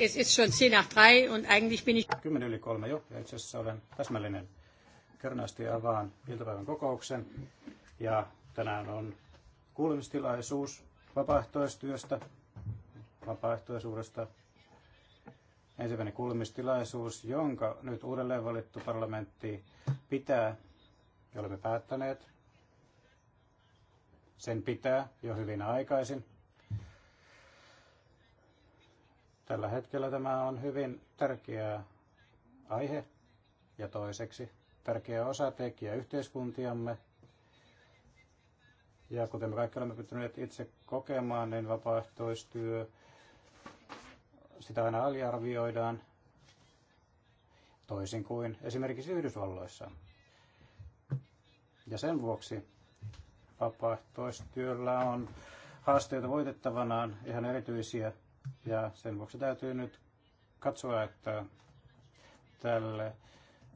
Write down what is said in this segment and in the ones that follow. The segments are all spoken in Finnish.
Es ist schon 10 nach 3 und eigentlich bin ich... 10 yli kolme jo, ja itse asiassa olen täsmällinen. Kernaasti avaan iltapäivän kokouksen ja tänään on kuulemistilaisuus vapaaehtoistyöstä, vapaaehtoisuudesta. Ensimmäinen kuulemistilaisuus, jonka nyt uudelleen valittu parlamentti pitää, ja olemme päättäneet, sen pitää jo hyvin aikaisin, Tällä hetkellä tämä on hyvin tärkeä aihe ja toiseksi tärkeä osatekijä yhteiskuntiamme. Ja kuten me kaikki olemme pystyneet itse kokemaan, niin vapaaehtoistyö, sitä aina aliarvioidaan toisin kuin esimerkiksi Yhdysvalloissa. Ja sen vuoksi vapaaehtoistyöllä on haasteita voitettavanaan ihan erityisiä ja sen vuoksi täytyy nyt katsoa, että tälle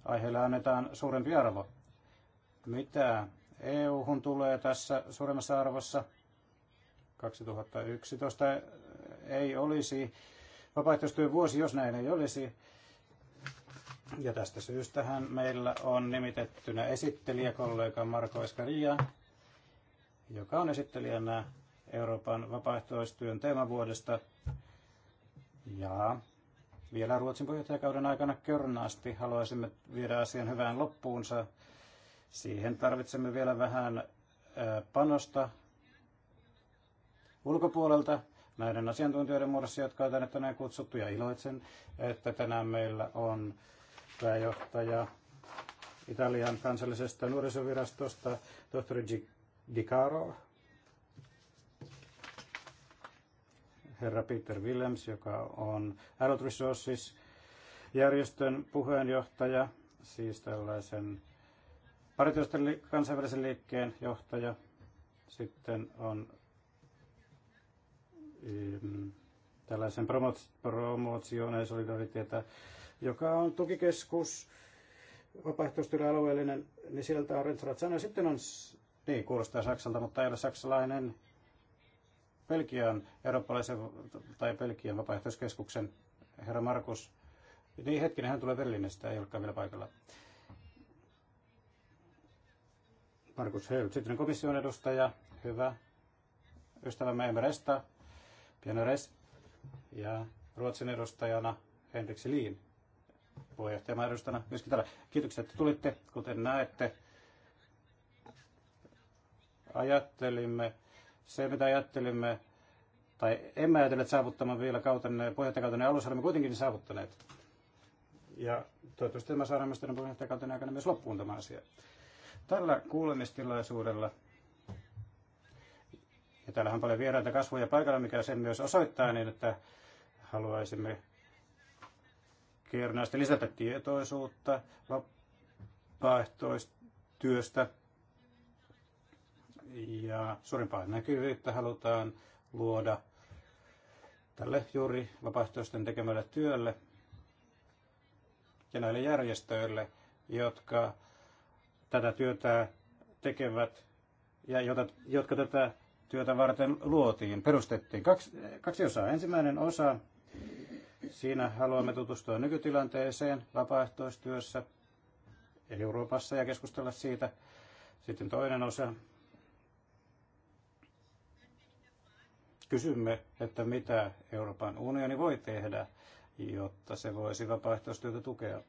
aiheelle annetaan suurempi arvo. Mitä EU-hun tulee tässä suuremmassa arvossa? 2011 ei olisi vapaaehtoistyön vuosi, jos näin ei olisi. Ja tästä syystähän meillä on nimitettynä esittelijäkollega Marko Eskaria, joka on esittelijänä Euroopan vapaaehtoistyön teemavuodesta ja vielä Ruotsin puheenjohtajakauden aikana körnaasti haluaisimme viedä asian hyvään loppuunsa. Siihen tarvitsemme vielä vähän panosta ulkopuolelta näiden asiantuntijoiden muodossa, jotka on tänne tänään kutsuttu. Ja iloitsen, että tänään meillä on pääjohtaja Italian kansallisesta nuorisovirastosta, tohtori Di Caro, herra Peter Willems, joka on Adult Resources järjestön puheenjohtaja, siis tällaisen parityösten li- kansainvälisen liikkeen johtaja. Sitten on mm, tällaisen promotioon solidariteetä, joka on tukikeskus, alueellinen, niin sieltä on Rentsalat sanoi. Sitten on, niin kuulostaa Saksalta, mutta ei ole saksalainen Belgian eurooppalaisen tai Belgian vapaaehtoiskeskuksen herra Markus. Niin hetkinen, hän tulee Berliinistä, ei olekaan vielä paikalla. Markus Höl, sitten komission edustaja, hyvä ystävämme Emresta, Pianores, ja Ruotsin edustajana Henrik Liin, puheenjohtajamaa edustajana myöskin täällä. Kiitoksia, että tulitte. Kuten näette, ajattelimme se, mitä ajattelimme, tai emme ajatelleet saavuttamaan vielä kautenne, puheenjohtajakautenne alussa, olemme kuitenkin saavuttaneet. Ja toivottavasti tämä saadaan myös tämän puheenjohtajakautenne aikana myös loppuun tämä asia. Tällä kuulemistilaisuudella ja täällähän on paljon vieraita kasvoja paikalla, mikä sen myös osoittaa, niin että haluaisimme kernaasti lisätä tietoisuutta vapaaehtoistyöstä ja suurimpaa näkyvyyttä halutaan luoda tälle juuri vapaaehtoisten tekemälle työlle ja näille järjestöille, jotka tätä työtä tekevät ja jota, jotka tätä työtä varten luotiin, perustettiin. Kaksi, kaksi osaa. Ensimmäinen osa, siinä haluamme tutustua nykytilanteeseen vapaaehtoistyössä Euroopassa ja keskustella siitä. Sitten toinen osa, kysymme, että mitä Euroopan unioni voi tehdä, jotta se voisi vapaaehtoistyötä tukea.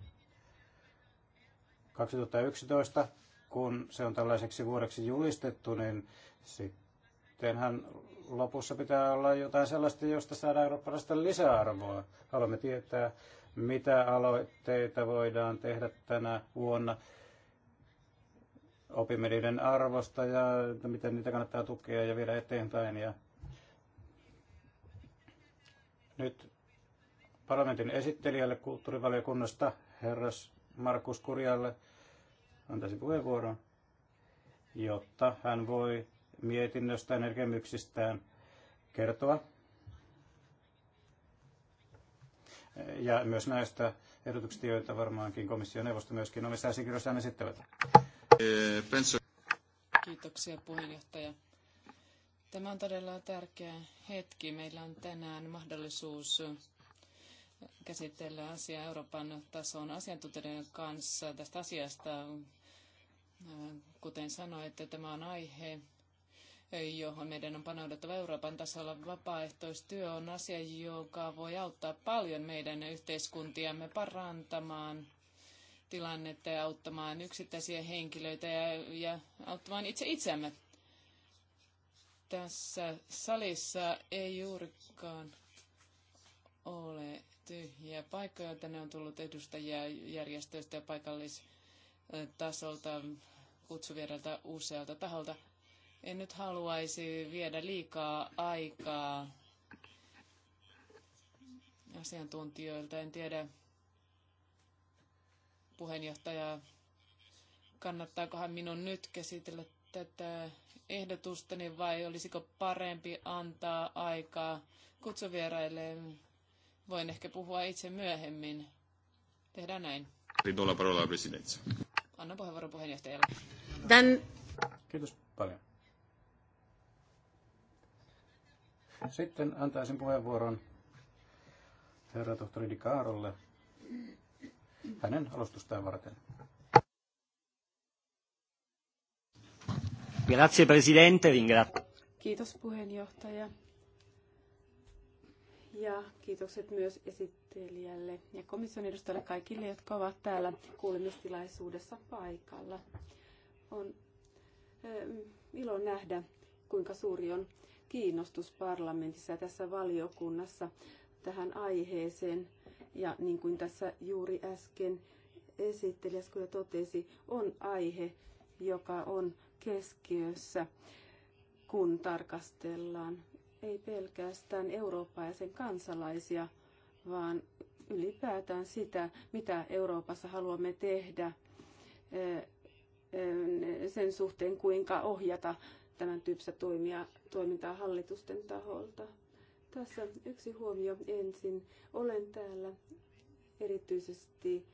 2011, kun se on tällaiseksi vuodeksi julistettu, niin sittenhän lopussa pitää olla jotain sellaista, josta saadaan eurooppalaista lisäarvoa. Haluamme tietää, mitä aloitteita voidaan tehdä tänä vuonna. opimedioiden arvosta ja miten niitä kannattaa tukea ja viedä eteenpäin ja nyt parlamentin esittelijälle kulttuurivaliokunnasta, herras Markus Kurjalle, antaisin puheenvuoron, jotta hän voi mietinnöstä ja näkemyksistään kertoa. Ja myös näistä ehdotuksista, joita varmaankin komission neuvosto myöskin omissa asiakirjoissaan esittävät. Eh, Kiitoksia puheenjohtaja. Tämä on todella tärkeä hetki. Meillä on tänään mahdollisuus käsitellä asiaa Euroopan tason asiantuntijoiden kanssa tästä asiasta. Kuten sanoin, että tämä on aihe, johon meidän on panoudettava Euroopan tasolla. Vapaaehtoistyö on asia, joka voi auttaa paljon meidän yhteiskuntiamme parantamaan tilannetta ja auttamaan yksittäisiä henkilöitä ja, ja auttamaan itse itseämme tässä salissa ei juurikaan ole tyhjiä paikkoja. Tänne on tullut edustajia järjestöistä ja paikallistasolta, kutsuvierailta usealta taholta. En nyt haluaisi viedä liikaa aikaa asiantuntijoilta. En tiedä, puheenjohtaja, kannattaakohan minun nyt käsitellä tätä ehdotustani niin vai olisiko parempi antaa aikaa kutsuvieraille? Voin ehkä puhua itse myöhemmin. Tehdään näin. Rido parola Anna puheenvuoro puheenjohtajalle. Tän... Kiitos paljon. Sitten antaisin puheenvuoron herra tohtori Di Kaarolle hänen alustustaan varten. Grazie Presidente, ringrazio. Kiitos puheenjohtaja. Ja kiitokset myös esittelijälle ja komission edustajalle kaikille, jotka ovat täällä kuulemistilaisuudessa paikalla. On ähm, ilo nähdä, kuinka suuri on kiinnostus parlamentissa ja tässä valiokunnassa tähän aiheeseen. Ja niin kuin tässä juuri äsken esittelijä totesi, on aihe, joka on keskiössä, kun tarkastellaan ei pelkästään Eurooppaa ja sen kansalaisia, vaan ylipäätään sitä, mitä Euroopassa haluamme tehdä eh, eh, sen suhteen, kuinka ohjata tämän tyyppistä toimia, toimintaa hallitusten taholta. Tässä yksi huomio ensin. Olen täällä erityisesti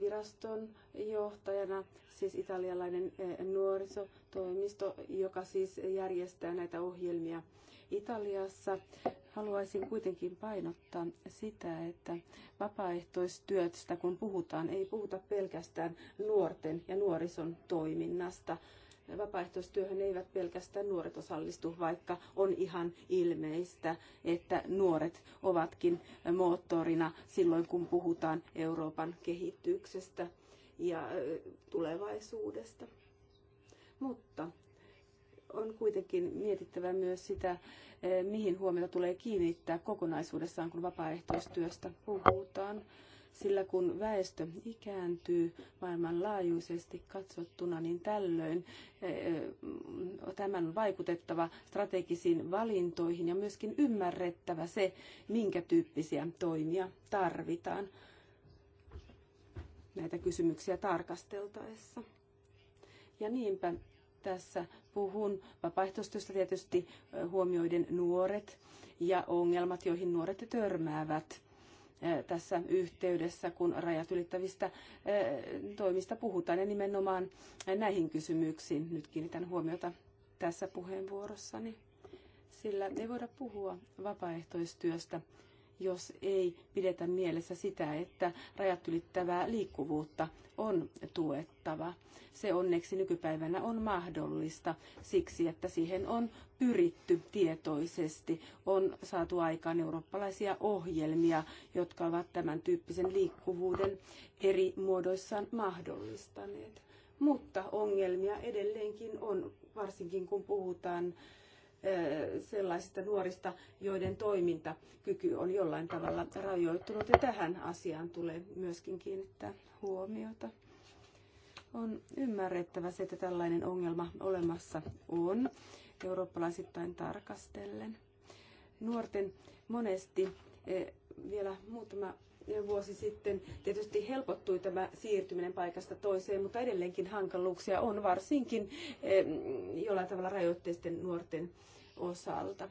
viraston johtajana, siis italialainen nuorisotoimisto, joka siis järjestää näitä ohjelmia Italiassa. Haluaisin kuitenkin painottaa sitä, että vapaaehtoistyöstä kun puhutaan, ei puhuta pelkästään nuorten ja nuorison toiminnasta, vapaaehtoistyöhön eivät pelkästään nuoret osallistu, vaikka on ihan ilmeistä, että nuoret ovatkin moottorina silloin, kun puhutaan Euroopan kehityksestä ja tulevaisuudesta. Mutta on kuitenkin mietittävä myös sitä, mihin huomiota tulee kiinnittää kokonaisuudessaan, kun vapaaehtoistyöstä puhutaan sillä kun väestö ikääntyy maailmanlaajuisesti katsottuna, niin tällöin eh, eh, tämän vaikutettava strategisiin valintoihin ja myöskin ymmärrettävä se, minkä tyyppisiä toimia tarvitaan näitä kysymyksiä tarkasteltaessa. Ja niinpä tässä puhun vapaaehtoistyöstä tietysti eh, huomioiden nuoret ja ongelmat, joihin nuoret törmäävät tässä yhteydessä, kun rajat ylittävistä toimista puhutaan. Ja nimenomaan näihin kysymyksiin nyt kiinnitän huomiota tässä puheenvuorossani. Sillä ei voida puhua vapaaehtoistyöstä, jos ei pidetä mielessä sitä, että rajat ylittävää liikkuvuutta on tuettava. Se onneksi nykypäivänä on mahdollista siksi, että siihen on pyritty tietoisesti. On saatu aikaan eurooppalaisia ohjelmia, jotka ovat tämän tyyppisen liikkuvuuden eri muodoissaan mahdollistaneet. Mutta ongelmia edelleenkin on, varsinkin kun puhutaan Eh, sellaisista nuorista, joiden toimintakyky on jollain tavalla rajoittunut. Ja tähän asiaan tulee myöskin kiinnittää huomiota. On ymmärrettävä se, että tällainen ongelma olemassa on eurooppalaisittain tarkastellen. Nuorten monesti eh, vielä muutama vuosi sitten tietysti helpottui tämä siirtyminen paikasta toiseen, mutta edelleenkin hankaluuksia on varsinkin jollain tavalla rajoitteisten nuorten osalta.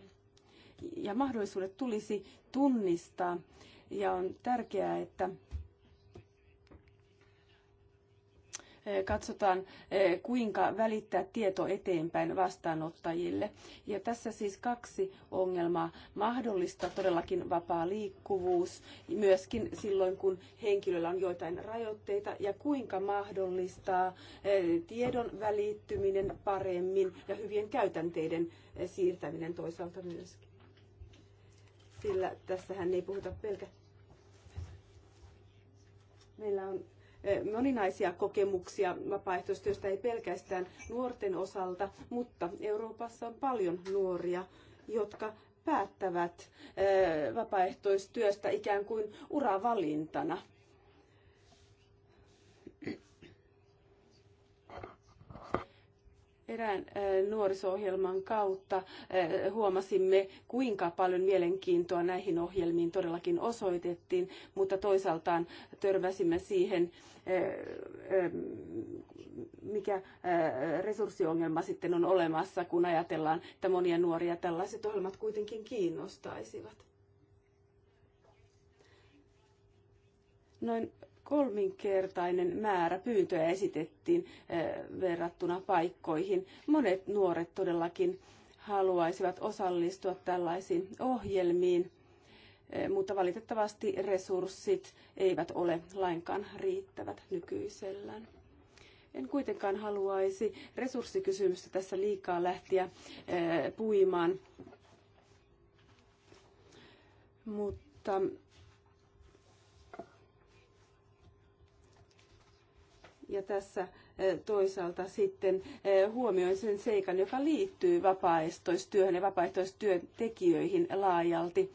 Ja mahdollisuudet tulisi tunnistaa ja on tärkeää, että Eh, katsotaan, eh, kuinka välittää tieto eteenpäin vastaanottajille. Ja tässä siis kaksi ongelmaa. Mahdollista todellakin vapaa liikkuvuus, myöskin silloin kun henkilöllä on joitain rajoitteita, ja kuinka mahdollistaa eh, tiedon välittyminen paremmin ja hyvien käytänteiden siirtäminen toisaalta myöskin. Sillä tässähän ei puhuta pelkästään. Meillä on moninaisia kokemuksia vapaaehtoistyöstä, ei pelkästään nuorten osalta, mutta Euroopassa on paljon nuoria, jotka päättävät vapaaehtoistyöstä ikään kuin uravalintana. erään nuoriso-ohjelman kautta huomasimme, kuinka paljon mielenkiintoa näihin ohjelmiin todellakin osoitettiin, mutta toisaaltaan törmäsimme siihen, mikä resurssiongelma sitten on olemassa, kun ajatellaan, että monia nuoria tällaiset ohjelmat kuitenkin kiinnostaisivat. Noin kolminkertainen määrä pyyntöjä esitettiin eh, verrattuna paikkoihin. Monet nuoret todellakin haluaisivat osallistua tällaisiin ohjelmiin, eh, mutta valitettavasti resurssit eivät ole lainkaan riittävät nykyisellään. En kuitenkaan haluaisi resurssikysymystä tässä liikaa lähteä eh, puimaan, mutta Ja tässä eh, toisaalta sitten eh, huomioin sen seikan, joka liittyy vapaaehtoistyöhön ja vapaaehtoistyöntekijöihin laajalti.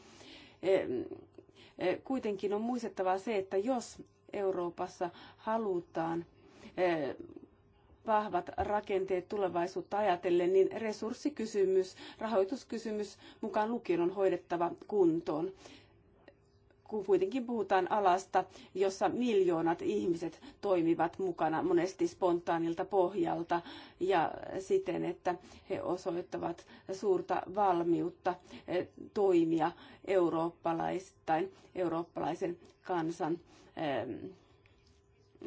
Eh, kuitenkin on muistettava se, että jos Euroopassa halutaan vahvat rakenteet tulevaisuutta ajatellen, niin resurssikysymys, rahoituskysymys mukaan lukien on hoidettava kuntoon kuitenkin puhutaan alasta, jossa miljoonat ihmiset toimivat mukana monesti spontaanilta pohjalta ja siten, että he osoittavat suurta valmiutta eh, toimia eurooppalaistain, eurooppalaisen kansan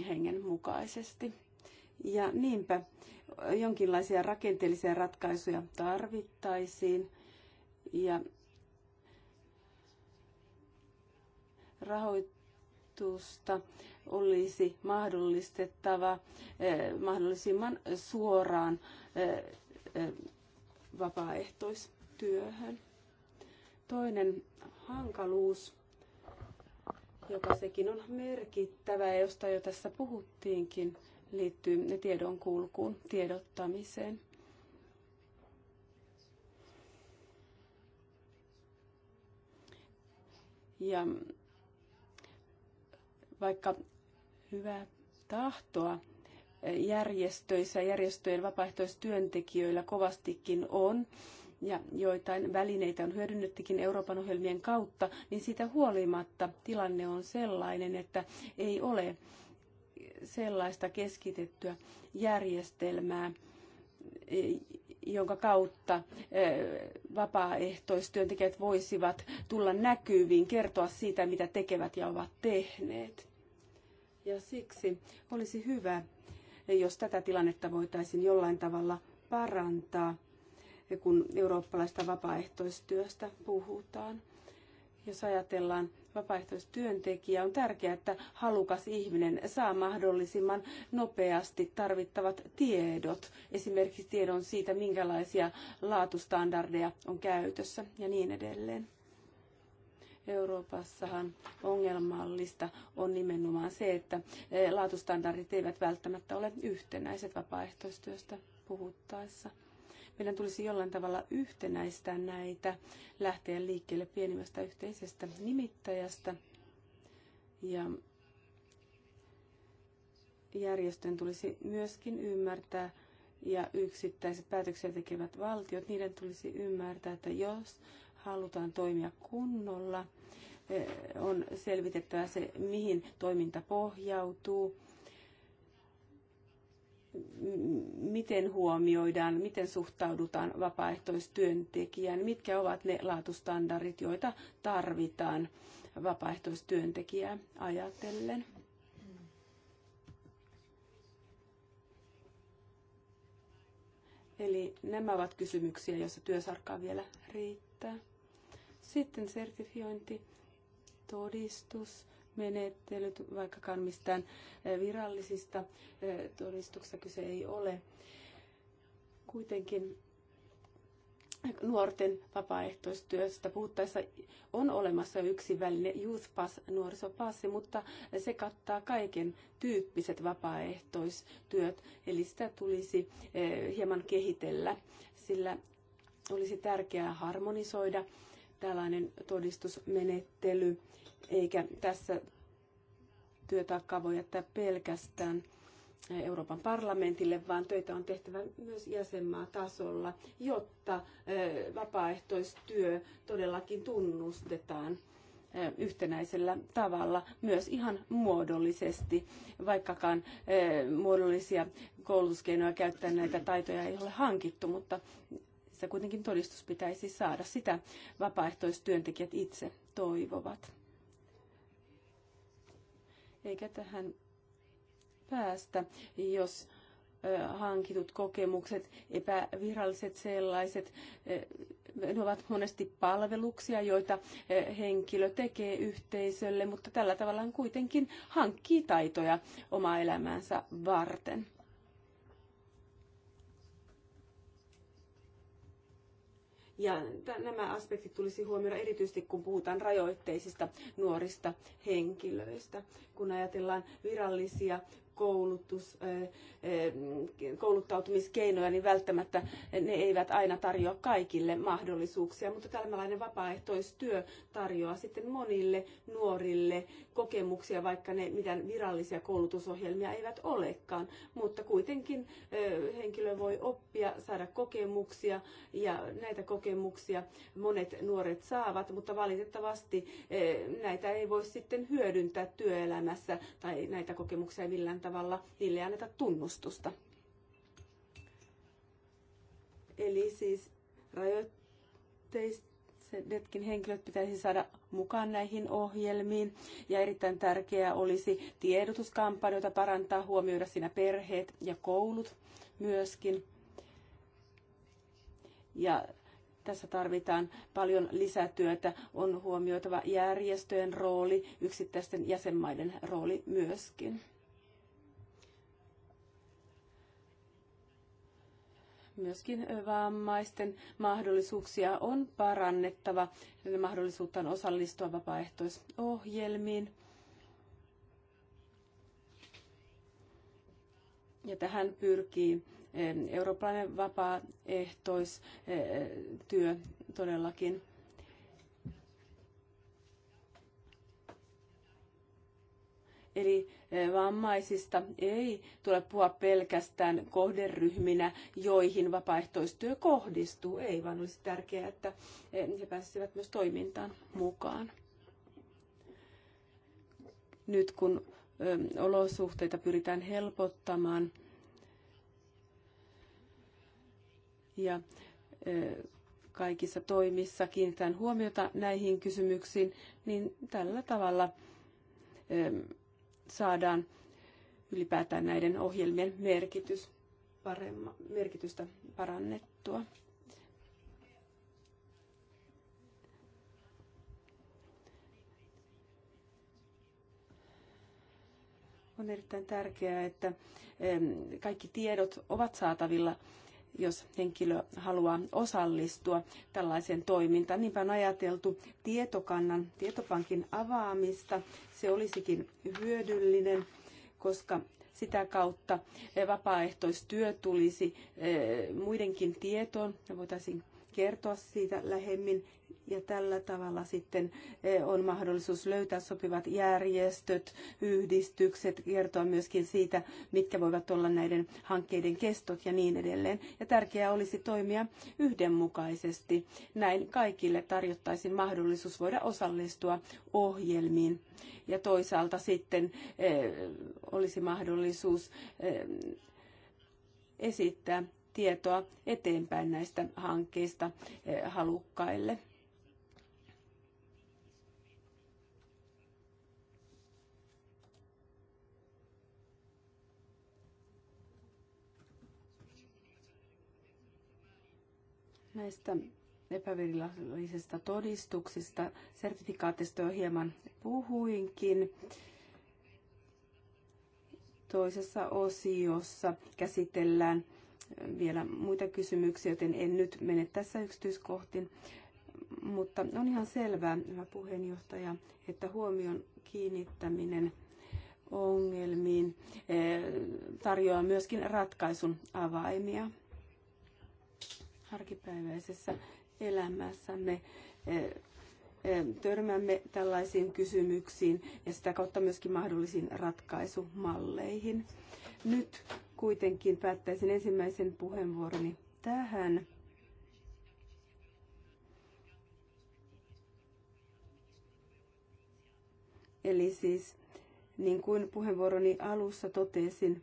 hengen mukaisesti. Ja niinpä eh, jonkinlaisia rakenteellisia ratkaisuja tarvittaisiin ja rahoitusta olisi mahdollistettava eh, mahdollisimman suoraan eh, eh, vapaaehtoistyöhön. Toinen hankaluus, joka sekin on merkittävä ja josta jo tässä puhuttiinkin, liittyy tiedonkulkuun, tiedottamiseen. Ja vaikka hyvää tahtoa järjestöissä, järjestöjen vapaaehtoistyöntekijöillä kovastikin on, ja joitain välineitä on hyödynnettykin Euroopan ohjelmien kautta, niin siitä huolimatta tilanne on sellainen, että ei ole sellaista keskitettyä järjestelmää, jonka kautta vapaaehtoistyöntekijät voisivat tulla näkyviin, kertoa siitä, mitä tekevät ja ovat tehneet. Ja siksi olisi hyvä, jos tätä tilannetta voitaisiin jollain tavalla parantaa, kun eurooppalaista vapaaehtoistyöstä puhutaan. Jos ajatellaan vapaaehtoistyöntekijä, on tärkeää, että halukas ihminen saa mahdollisimman nopeasti tarvittavat tiedot, esimerkiksi tiedon siitä, minkälaisia laatustandardeja on käytössä ja niin edelleen. Euroopassahan ongelmallista on nimenomaan se, että eh, laatustandardit eivät välttämättä ole yhtenäiset vapaaehtoistyöstä puhuttaessa. Meidän tulisi jollain tavalla yhtenäistää näitä, lähteä liikkeelle pienimmästä yhteisestä nimittäjästä. Ja järjestön tulisi myöskin ymmärtää, ja yksittäiset päätöksiä tekevät valtiot, niiden tulisi ymmärtää, että jos halutaan toimia kunnolla, e, on selvitettävä se, mihin toiminta pohjautuu, miten huomioidaan, miten suhtaudutaan vapaaehtoistyöntekijään, mitkä ovat ne laatustandardit, joita tarvitaan vapaaehtoistyöntekijää ajatellen. Eli nämä ovat kysymyksiä, joissa työsarkaa vielä riittää. Sitten sertifiointi, todistus, menettelyt, vaikkakaan mistään eh, virallisista eh, todistuksista kyse ei ole. Kuitenkin nuorten vapaaehtoistyöstä puhuttaessa on olemassa yksi väline Youth Pass, nuorisopassi, mutta se kattaa kaiken tyyppiset vapaaehtoistyöt, eli sitä tulisi eh, hieman kehitellä, sillä olisi tärkeää harmonisoida tällainen todistusmenettely, eikä tässä työtaakkaa voi jättää pelkästään Euroopan parlamentille, vaan töitä on tehtävä myös jäsenmaatasolla, jotta vapaaehtoistyö todellakin tunnustetaan yhtenäisellä tavalla, myös ihan muodollisesti, vaikkakaan muodollisia koulutuskeinoja käyttää näitä taitoja ei ole hankittu, mutta itse kuitenkin todistus pitäisi saada. Sitä vapaaehtoistyöntekijät itse toivovat. Eikä tähän päästä, jos hankitut kokemukset, epäviralliset sellaiset, ne ovat monesti palveluksia, joita henkilö tekee yhteisölle, mutta tällä tavalla kuitenkin hankkii taitoja omaa elämäänsä varten. Ja nämä aspektit tulisi huomioida erityisesti, kun puhutaan rajoitteisista nuorista henkilöistä. Kun ajatellaan virallisia koulutus, eh, eh, kouluttautumiskeinoja, niin välttämättä ne eivät aina tarjoa kaikille mahdollisuuksia, mutta tällainen vapaaehtoistyö tarjoaa sitten monille nuorille kokemuksia, vaikka ne mitään virallisia koulutusohjelmia eivät olekaan, mutta kuitenkin eh, henkilö voi oppia, saada kokemuksia ja näitä kokemuksia monet nuoret saavat, mutta valitettavasti näitä ei voi sitten hyödyntää työelämässä tai näitä kokemuksia millään tavalla tavalla niille anneta tunnustusta. Eli siis rajoitteistetkin henkilöt pitäisi saada mukaan näihin ohjelmiin. Ja erittäin tärkeää olisi tiedotuskampanjoita parantaa, huomioida siinä perheet ja koulut myöskin. Ja tässä tarvitaan paljon lisätyötä. On huomioitava järjestöjen rooli, yksittäisten jäsenmaiden rooli myöskin. Myöskin vammaisten mahdollisuuksia on parannettava, mahdollisuutta on osallistua vapaaehtoisohjelmiin. Ja tähän pyrkii eurooppalainen vapaaehtoistyö todellakin. Eli e, vammaisista ei tule puhua pelkästään kohderyhminä, joihin vapaaehtoistyö kohdistuu. Ei, vaan olisi tärkeää, että e, he pääsisivät myös toimintaan mukaan. Nyt kun e, olosuhteita pyritään helpottamaan ja kaikissa toimissa kiinnitään huomiota näihin kysymyksiin, niin tällä tavalla saadaan ylipäätään näiden ohjelmien merkitys paremma, merkitystä parannettua. On erittäin tärkeää, että kaikki tiedot ovat saatavilla jos henkilö haluaa osallistua tällaiseen toimintaan. Niinpä on ajateltu tietokannan, tietopankin avaamista. Se olisikin hyödyllinen, koska sitä kautta vapaaehtoistyö tulisi eh, muidenkin tietoon ja voitaisiin kertoa siitä lähemmin ja tällä tavalla sitten eh, on mahdollisuus löytää sopivat järjestöt, yhdistykset, kertoa myöskin siitä, mitkä voivat olla näiden hankkeiden kestot ja niin edelleen. Ja tärkeää olisi toimia yhdenmukaisesti. Näin kaikille tarjottaisiin mahdollisuus voida osallistua ohjelmiin. Ja toisaalta sitten eh, olisi mahdollisuus eh, esittää tietoa eteenpäin näistä hankkeista halukkaille. Näistä epävirallisista todistuksista, sertifikaatista jo hieman puhuinkin. Toisessa osiossa käsitellään vielä muita kysymyksiä, joten en nyt mene tässä yksityiskohtiin. Mutta on ihan selvää, hyvä puheenjohtaja, että huomion kiinnittäminen ongelmiin eh, tarjoaa myöskin ratkaisun avaimia arkipäiväisessä elämässämme e, e, törmäämme tällaisiin kysymyksiin ja sitä kautta myöskin mahdollisiin ratkaisumalleihin. Nyt kuitenkin päättäisin ensimmäisen puheenvuoroni tähän. Eli siis, niin kuin puheenvuoroni alussa totesin,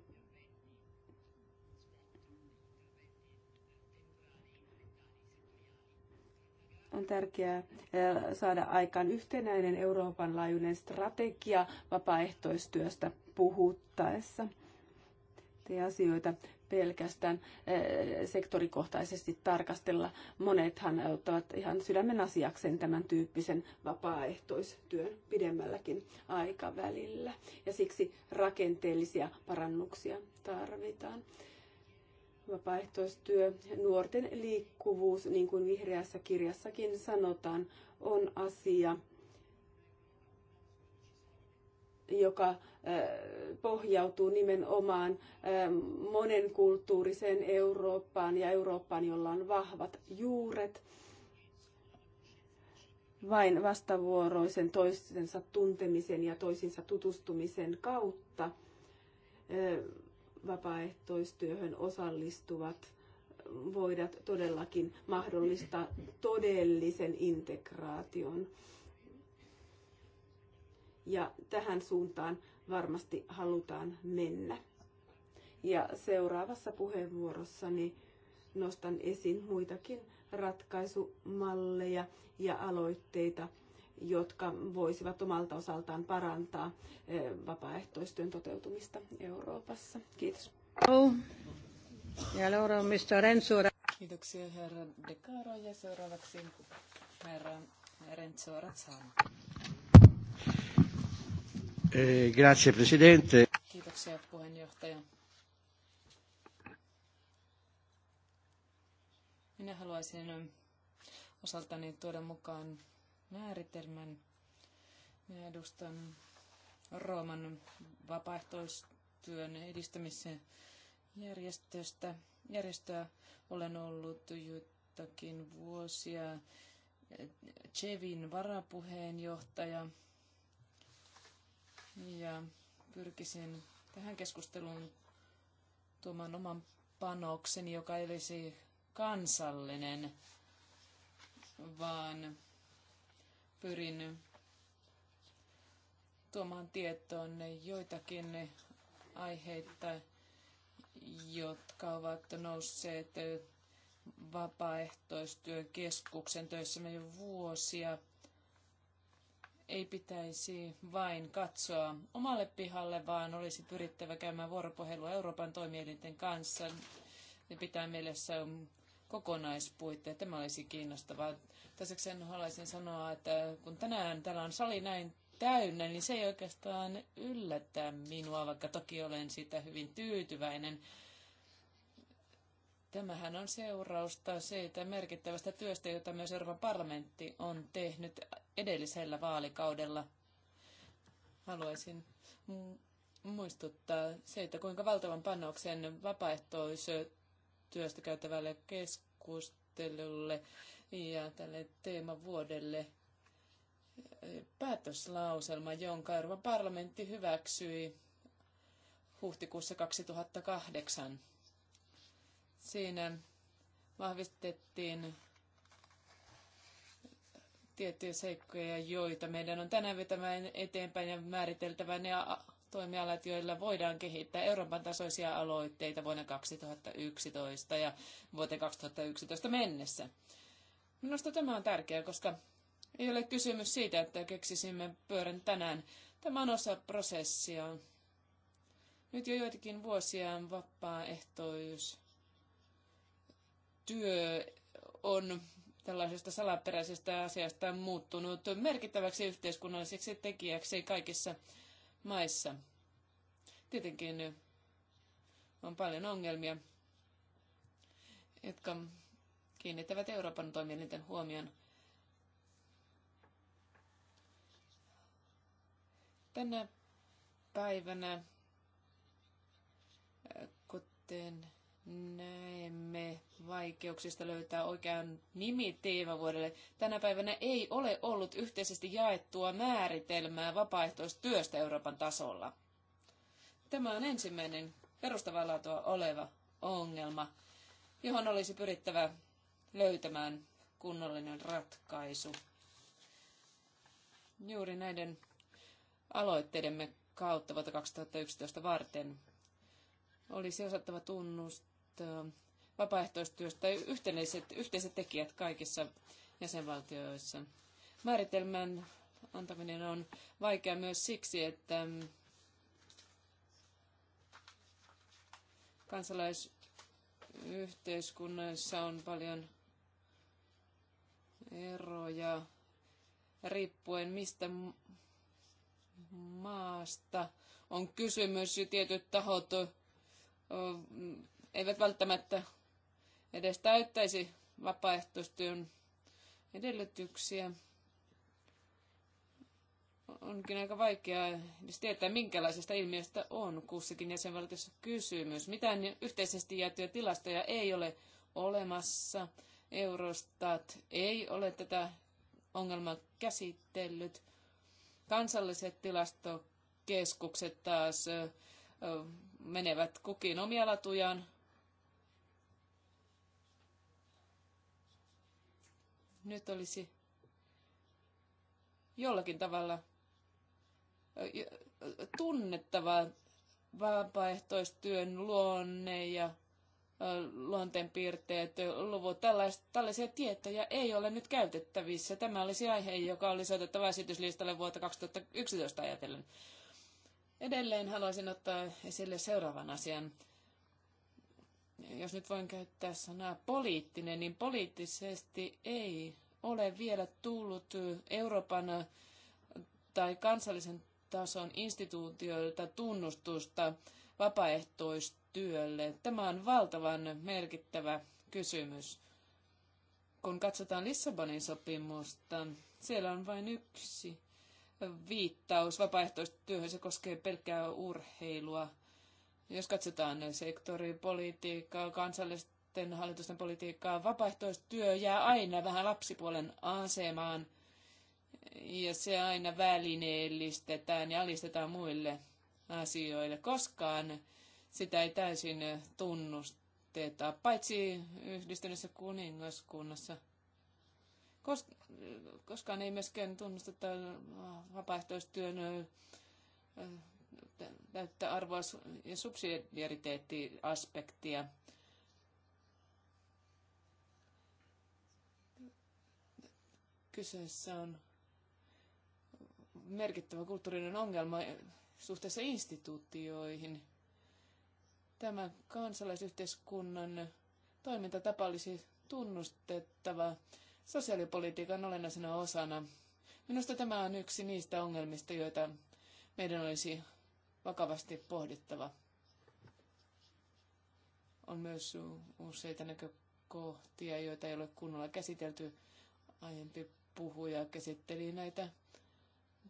On tärkeää saada aikaan yhtenäinen Euroopan laajuinen strategia vapaaehtoistyöstä puhuttaessa. Te asioita pelkästään sektorikohtaisesti tarkastella. Monethan ottavat ihan sydämen asiakseen tämän tyyppisen vapaaehtoistyön pidemmälläkin aikavälillä. Ja siksi rakenteellisia parannuksia tarvitaan. Vapaaehtoistyö, nuorten liikkuvuus, niin kuin vihreässä kirjassakin sanotaan, on asia, joka äh, pohjautuu nimenomaan äh, monenkulttuuriseen Eurooppaan ja Eurooppaan, jolla on vahvat juuret. Vain vastavuoroisen toistensa tuntemisen ja toisinsa tutustumisen kautta äh, vapaaehtoistyöhön osallistuvat voidat todellakin mahdollistaa todellisen integraation. Ja tähän suuntaan varmasti halutaan mennä. Ja seuraavassa puheenvuorossani nostan esiin muitakin ratkaisumalleja ja aloitteita, jotka voisivat omalta osaltaan parantaa eh, vapaaehtoistyön toteutumista Euroopassa. Kiitos. Renzo. Kiitoksia herra De Caro ja seuraavaksi herra Renzo Razzano. Eh, grazie Presidente. Kiitoksia puheenjohtaja. Minä haluaisin osaltani tuoda mukaan määritelmän. Minä edustan Rooman vapaaehtoistyön edistämisen järjestöstä. järjestöä. Olen ollut joitakin vuosia Chevin varapuheenjohtaja ja pyrkisin tähän keskusteluun tuomaan oman panokseni, joka ei olisi kansallinen, vaan pyrin tuomaan tietoon joitakin aiheita, jotka ovat nousseet keskuksen töissä jo vuosia. Ei pitäisi vain katsoa omalle pihalle, vaan olisi pyrittävä käymään vuoropuhelua Euroopan toimielinten kanssa Ne pitää mielessä kokonaispuitteet. Tämä olisi kiinnostavaa Toiseksi haluaisin sanoa, että kun tänään täällä on sali näin täynnä, niin se ei oikeastaan yllätä minua, vaikka toki olen siitä hyvin tyytyväinen. Tämähän on seurausta siitä merkittävästä työstä, jota myös Euroopan parlamentti on tehnyt edellisellä vaalikaudella. Haluaisin muistuttaa siitä, kuinka valtavan panoksen vapaaehtoistyöstä käytävälle keskustelulle ja tälle teemavuodelle eh, päätöslauselma, jonka Euroopan parlamentti hyväksyi huhtikuussa 2008. Siinä vahvistettiin tiettyjä seikkoja, joita meidän on tänään vetämään eteenpäin ja määriteltävä ne toimialat, joilla voidaan kehittää Euroopan tasoisia aloitteita vuonna 2011 ja vuoteen 2011 mennessä. Minusta tämä on tärkeää, koska ei ole kysymys siitä, että keksisimme pyörän tänään. Tämä on osa prosessia. Nyt jo joitakin vuosia vapaaehtoisuus työ on tällaisesta salaperäisestä asiasta muuttunut merkittäväksi yhteiskunnalliseksi tekijäksi kaikissa maissa. Tietenkin on paljon ongelmia, jotka kiinnittävät Euroopan toimielinten huomion. Tänä päivänä, kuten näemme vaikeuksista löytää oikean nimi teemavuodelle. Tänä päivänä ei ole ollut yhteisesti jaettua määritelmää vapaaehtoistyöstä Euroopan tasolla. Tämä on ensimmäinen perustavaa laatua oleva ongelma, johon olisi pyrittävä löytämään kunnollinen ratkaisu. Juuri näiden aloitteidemme kautta vuotta 2011 varten olisi osattava tunnustaa vapaaehtoistyöstä yhteiset, yhteiset tekijät kaikissa jäsenvaltioissa. Määritelmän antaminen on vaikea myös siksi, että kansalaisyhteiskunnassa on paljon eroja riippuen mistä maasta on kysymys. Tietyt tahot eivät välttämättä edes täyttäisi vapaaehtoistyön edellytyksiä. Onkin aika vaikeaa edes tietää, minkälaisesta ilmiöstä on kussakin jäsenvaltiossa kysymys. Mitään yhteisesti jaettuja tilastoja ei ole olemassa. Eurostat ei ole tätä ongelmaa käsitellyt. Kansalliset tilastokeskukset taas menevät kukin omia latujaan. Nyt olisi jollakin tavalla tunnettava vapaaehtoistyön luonne ja luonteenpiirteet, luvut, tällaisia tietoja ei ole nyt käytettävissä. Tämä olisi aihe, joka olisi otettava esityslistalle vuotta 2011 ajatellen. Edelleen haluaisin ottaa esille seuraavan asian. Jos nyt voin käyttää sanaa poliittinen, niin poliittisesti ei ole vielä tullut Euroopan tai kansallisen tason instituutioilta tunnustusta vapaaehtoista työlle. Tämä on valtavan merkittävä kysymys. Kun katsotaan Lissabonin sopimusta, siellä on vain yksi viittaus vapaaehtoistyöhön. Se koskee pelkkää urheilua. Jos katsotaan sektoripolitiikkaa, kansallisten hallitusten politiikkaa, vapaaehtoistyö jää aina vähän lapsipuolen asemaan – ja se aina välineellistetään ja alistetaan muille asioille. Koskaan sitä ei täysin eh, tunnusteta, paitsi yhdistyneessä kuningaskunnassa. Kos- koskaan ei myöskään tunnusteta eh, vapaaehtoistyön eh, täyttä arvoa ja subsidiariteettiaspektia. Kyseessä on merkittävä kulttuurinen ongelma suhteessa instituutioihin – Tämä kansalaisyhteiskunnan toimintatapa olisi tunnustettava sosiaalipolitiikan olennaisena osana. Minusta tämä on yksi niistä ongelmista, joita meidän olisi vakavasti pohdittava. On myös useita näkökohtia, joita ei ole kunnolla käsitelty. Aiempi puhuja käsitteli näitä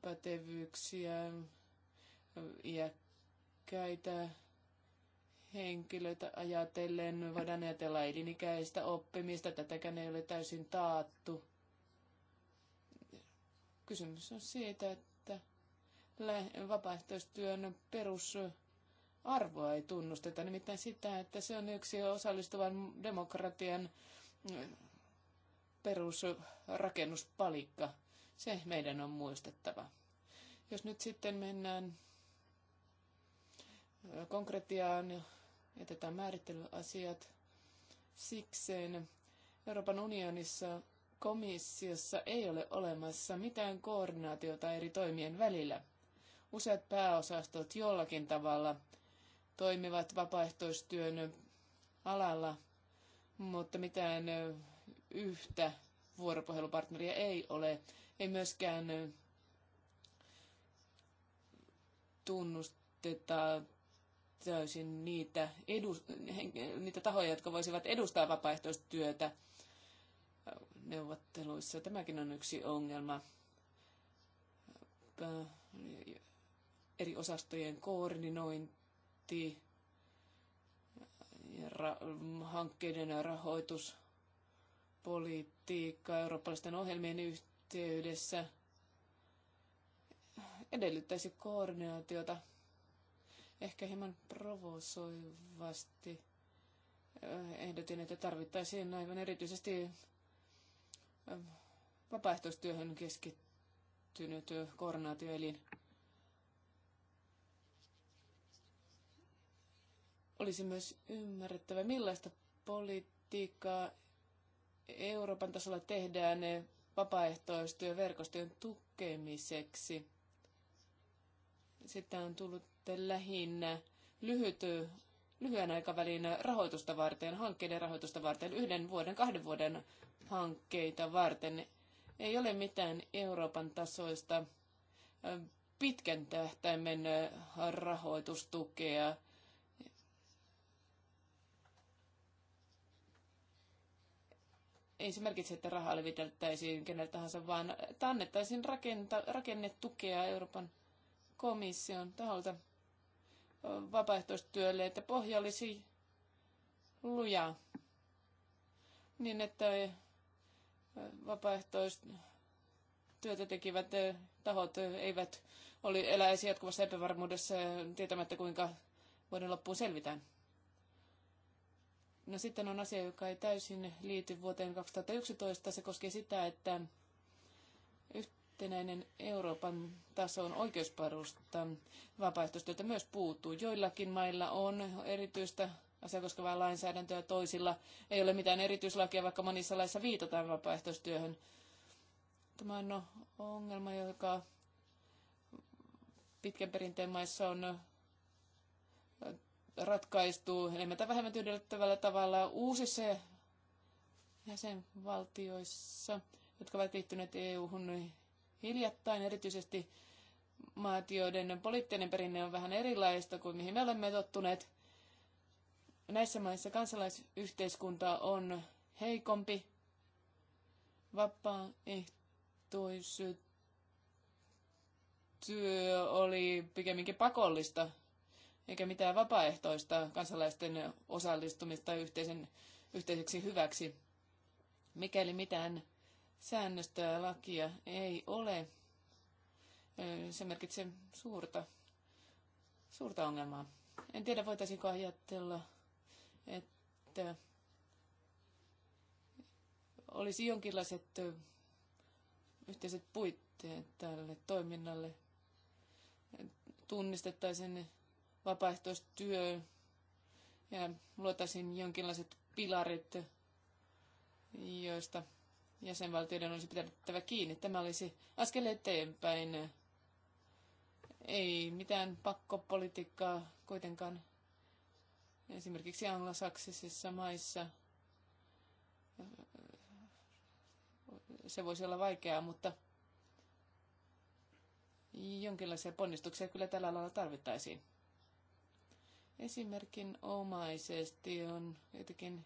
pätevyyksiä, iäkkäitä henkilöitä ajatellen. Voidaan ajatella elinikäistä oppimista. Tätäkään ei ole täysin taattu. Kysymys on siitä, että vapaaehtoistyön perusarvoa ei tunnusteta. Nimittäin sitä, että se on yksi osallistuvan demokratian mm, perusrakennuspalikka. Se meidän on muistettava. Jos nyt sitten mennään konkretiaan jätetään määrittelyasiat sikseen. Euroopan unionissa komissiossa ei ole olemassa mitään koordinaatiota eri toimien välillä. Useat pääosastot jollakin tavalla toimivat vapaaehtoistyön alalla, mutta mitään yhtä vuoropuhelupartneria ei ole. Ei myöskään tunnusteta täysin niitä, edu, niitä tahoja, jotka voisivat edustaa vapaaehtoistyötä neuvotteluissa. Tämäkin on yksi ongelma. Eri osastojen koordinointi, ra- hankkeiden rahoitus, politiikka eurooppalaisten ohjelmien yhteydessä edellyttäisi koordinaatiota ehkä hieman provosoivasti äh, ehdotin, että tarvittaisiin aivan erityisesti äh, vapaaehtoistyöhön keskittynyt äh, koordinaatioelin. Olisi myös ymmärrettävä, millaista politiikkaa Euroopan tasolla tehdään vapaaehtoistyöverkostojen tukemiseksi. Sitä on tullut sitten lähinnä lyhyt, lyhyen aikavälin rahoitusta varten, hankkeiden rahoitusta varten, yhden vuoden, kahden vuoden hankkeita varten. Ei ole mitään Euroopan tasoista pitkän tähtäimen rahoitustukea. Ei se merkitse, että rahaa leviteltäisiin kenelle tahansa, vaan että annettaisiin rakenta, rakennetukea Euroopan komission taholta vapaaehtoistyölle, että pohja olisi luja, niin että vapaaehtoistyötä tekivät tahot eivät oli eläisi jatkuvassa epävarmuudessa tietämättä, kuinka vuoden loppuun selvitään. No sitten on asia, joka ei täysin liity vuoteen 2011. Se koskee sitä, että yhtenäinen Euroopan tason oikeusperusta vapaaehtoistyötä myös puuttuu. Joillakin mailla on erityistä asiaa koskevaa lainsäädäntöä, toisilla ei ole mitään erityislakia, vaikka monissa laissa viitataan vapaaehtoistyöhön. Tämä on no ongelma, joka pitkän perinteen maissa on ratkaistu enemmän tai vähemmän tyydyttävällä tavalla uusissa jäsenvaltioissa, jotka ovat liittyneet EU-hun, hiljattain, erityisesti maat, joiden poliittinen perinne on vähän erilaista kuin mihin me olemme tottuneet. Näissä maissa kansalaisyhteiskunta on heikompi, vapaaehtoistyö oli pikemminkin pakollista, eikä mitään vapaaehtoista kansalaisten osallistumista yhteisen, yhteiseksi hyväksi. Mikäli mitään säännöstä ja lakia ei ole, se merkitsee suurta, suurta ongelmaa. En tiedä, voitaisiinko ajatella, että olisi jonkinlaiset yhteiset puitteet tälle toiminnalle. Tunnistettaisiin vapaaehtoistyö ja luotaisiin jonkinlaiset pilarit, joista jäsenvaltioiden olisi pidettävä kiinni. Tämä olisi askel eteenpäin. Ei mitään pakkopolitiikkaa kuitenkaan esimerkiksi anglosaksisissa maissa. Se voisi olla vaikeaa, mutta jonkinlaisia ponnistuksia kyllä tällä alalla tarvittaisiin. Esimerkin omaisesti on jotenkin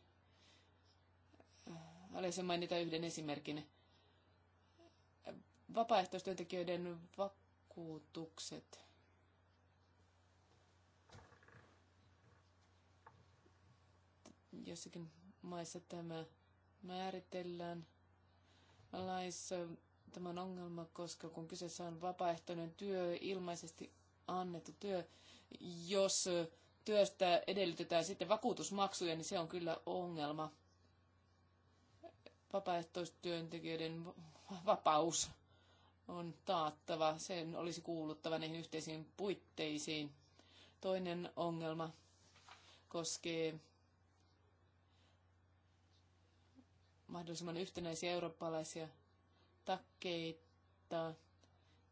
Haluaisin mainita yhden esimerkin. Vapaaehtoistyöntekijöiden vakuutukset. Jossakin maissa tämä määritellään laissa. Tämä on ongelma, koska kun kyseessä on vapaaehtoinen työ, ilmaisesti annettu työ, jos työstä edellytetään sitten vakuutusmaksuja, niin se on kyllä ongelma vapaaehtoistyöntekijöiden vapaus on taattava. Sen olisi kuuluttava niihin yhteisiin puitteisiin. Toinen ongelma koskee mahdollisimman yhtenäisiä eurooppalaisia takkeita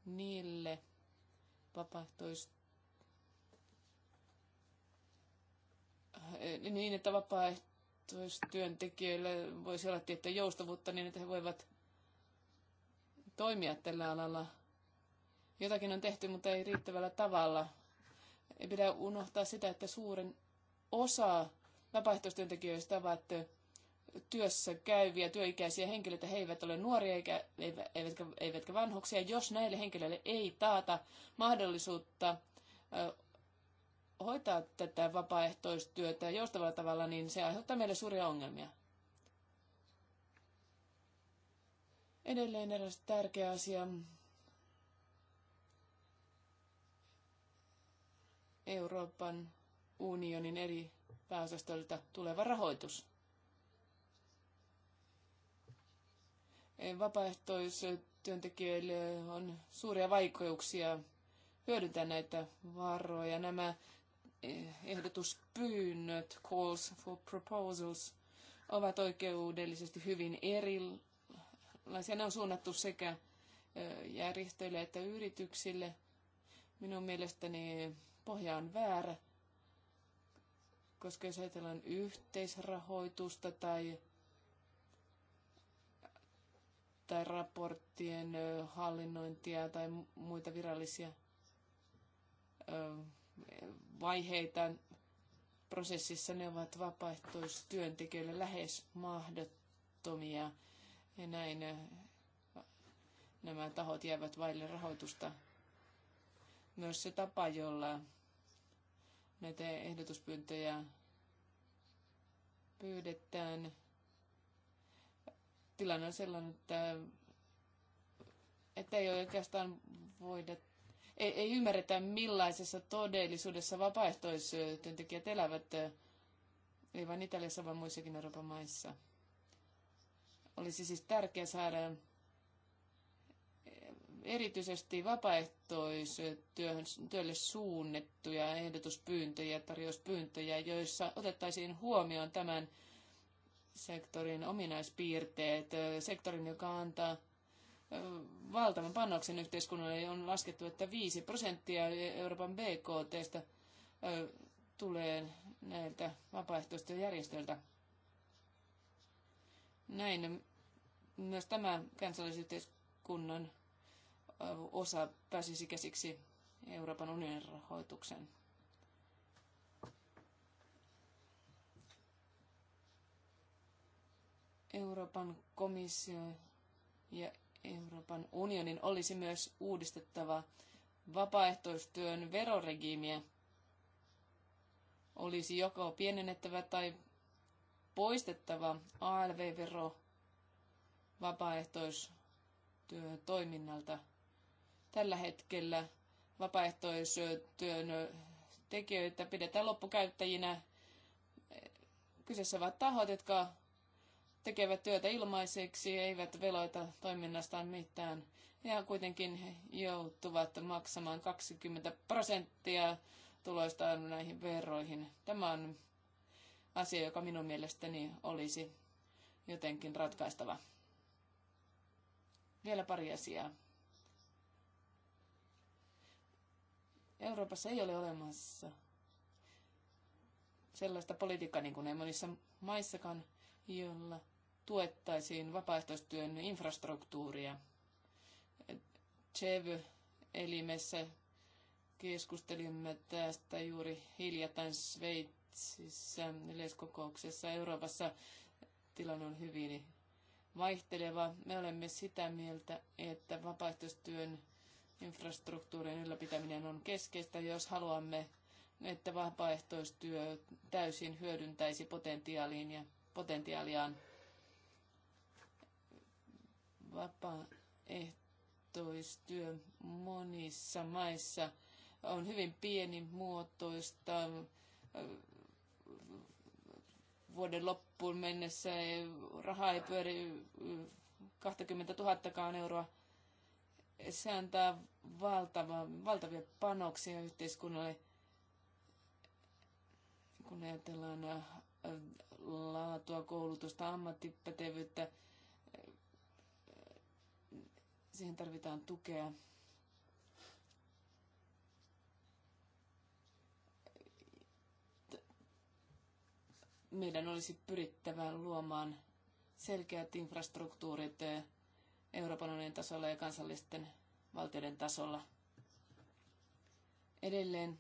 niille vapaaehtoistyöntekijöille, niin, että vapaa työntekijöille voisi olla tiettyä joustavuutta niin, että he voivat toimia tällä alalla. Jotakin on tehty, mutta ei riittävällä tavalla. Ei pidä unohtaa sitä, että suuren osa vapaaehtoistyöntekijöistä ovat työssä käyviä työikäisiä henkilöitä, he eivät ole nuoria eikä, eivätkä, eivätkä vanhuksia. Jos näille henkilöille ei taata mahdollisuutta hoitaa tätä vapaaehtoistyötä joustavalla tavalla, niin se aiheuttaa meille suuria ongelmia. Edelleen eräs tärkeä asia. Euroopan unionin eri pääosastoilta tuleva rahoitus. Vapaaehtoistyöntekijöille on suuria vaikeuksia hyödyntää näitä varoja. Nämä ehdotuspyynnöt, calls for proposals, ovat oikeudellisesti hyvin erilaisia. Ne on suunnattu sekä järjestöille että yrityksille. Minun mielestäni pohja on väärä, koska jos ajatellaan yhteisrahoitusta tai, tai raporttien hallinnointia tai muita virallisia vaiheita prosessissa. Ne ovat vapaaehtoistyöntekijöille lähes mahdottomia ja näin nämä tahot jäävät vaille rahoitusta. Myös se tapa, jolla näitä ehdotuspyyntöjä pyydetään. Tilanne on sellainen, että, että ei oikeastaan voida ei, ei ymmärretä millaisessa todellisuudessa vapaaehtoistyöntekijät elävät, eh, ei vain Italiassa, vaan muissakin Euroopan maissa. Olisi siis tärkeää saada eh, erityisesti vapaaehtoistyölle suunnettuja ehdotuspyyntöjä, tarjouspyyntöjä, joissa otettaisiin huomioon tämän sektorin ominaispiirteet, eh, sektorin, joka antaa – valtavan panoksen yhteiskunnalle. On laskettu, että 5 prosenttia Euroopan BKTstä tulee näiltä vapaaehtoisilta järjestöiltä. Näin myös tämä kansallisyhteiskunnan osa pääsisi käsiksi Euroopan unionin rahoituksen. Euroopan komissio ja Euroopan unionin olisi myös uudistettava vapaaehtoistyön veroregiimiä. Olisi joko pienennettävä tai poistettava ALV-vero vapaaehtoistyön toiminnalta. Tällä hetkellä vapaaehtoistyön tekijöitä pidetään loppukäyttäjinä. Kyseessä ovat tahot, jotka tekevät työtä ilmaiseksi, eivät veloita toiminnastaan mitään. Ja kuitenkin he joutuvat maksamaan 20 prosenttia tuloistaan näihin veroihin. Tämä on asia, joka minun mielestäni olisi jotenkin ratkaistava. Vielä pari asiaa. Euroopassa ei ole olemassa sellaista politiikkaa, niin kuin ei monissa maissakaan, jolla tuettaisiin vapaaehtoistyön infrastruktuuria. CEV-elimessä keskustelimme tästä juuri hiljattain Sveitsissä yleiskokouksessa Euroopassa. Tilanne on hyvin vaihteleva. Me olemme sitä mieltä, että vapaaehtoistyön infrastruktuurin ylläpitäminen on keskeistä, jos haluamme, että vapaaehtoistyö täysin hyödyntäisi potentiaaliin ja potentiaaliaan. Vapaaehtoistyö monissa maissa on hyvin pienimuotoista. Vuoden loppuun mennessä raha ei pyöri 20 000 euroa. Se antaa valtava, valtavia panoksia yhteiskunnalle kun ajatellaan laatua, koulutusta, ammattipätevyyttä. Siihen tarvitaan tukea. Meidän olisi pyrittävä luomaan selkeät infrastruktuurit Euroopan unionin tasolla ja kansallisten valtioiden tasolla. Edelleen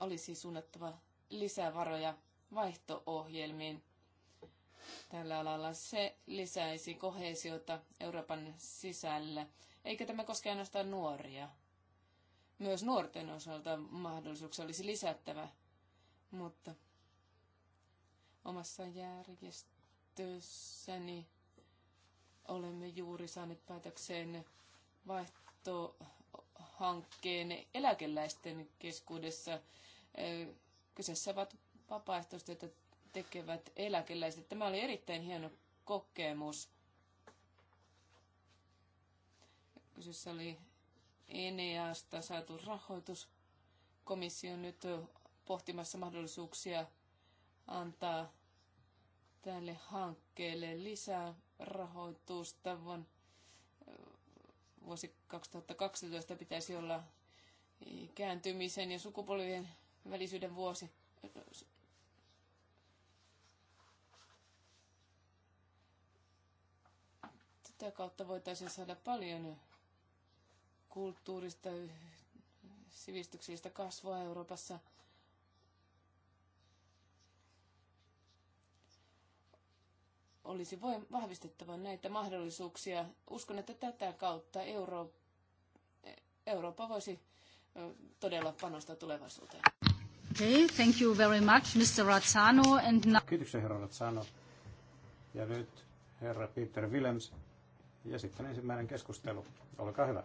olisi suunnattava lisää varoja vaihtoohjelmiin tällä alalla. Se lisäisi kohesiota Euroopan sisällä, eikä tämä koske ainoastaan nuoria. Myös nuorten osalta mahdollisuuksia olisi lisättävä, mutta omassa järjestössäni olemme juuri saaneet päätökseen vaihtohankkeen eläkeläisten keskuudessa. Kyseessä ovat vapaaehtoistyötä tekevät eläkeläiset. Tämä oli erittäin hieno kokemus. Kyseessä oli Eneasta saatu rahoitus. Komissio on nyt pohtimassa mahdollisuuksia antaa tälle hankkeelle lisää rahoitusta. vuosi 2012 pitäisi olla kääntymisen ja sukupolvien välisyyden vuosi. Sitä kautta voitaisiin saada paljon kulttuurista, sivistyksellistä kasvua Euroopassa. Olisi voin vahvistettava näitä mahdollisuuksia. Uskon, että tätä kautta Euro- Eurooppa voisi todella panostaa tulevaisuuteen. Okay, thank you very much, Mr. Razzano. And now... Kiitoksia, herra Razzano. Ja nyt herra Peter Willems. Ja sitten ensimmäinen keskustelu. Olkaa hyvä.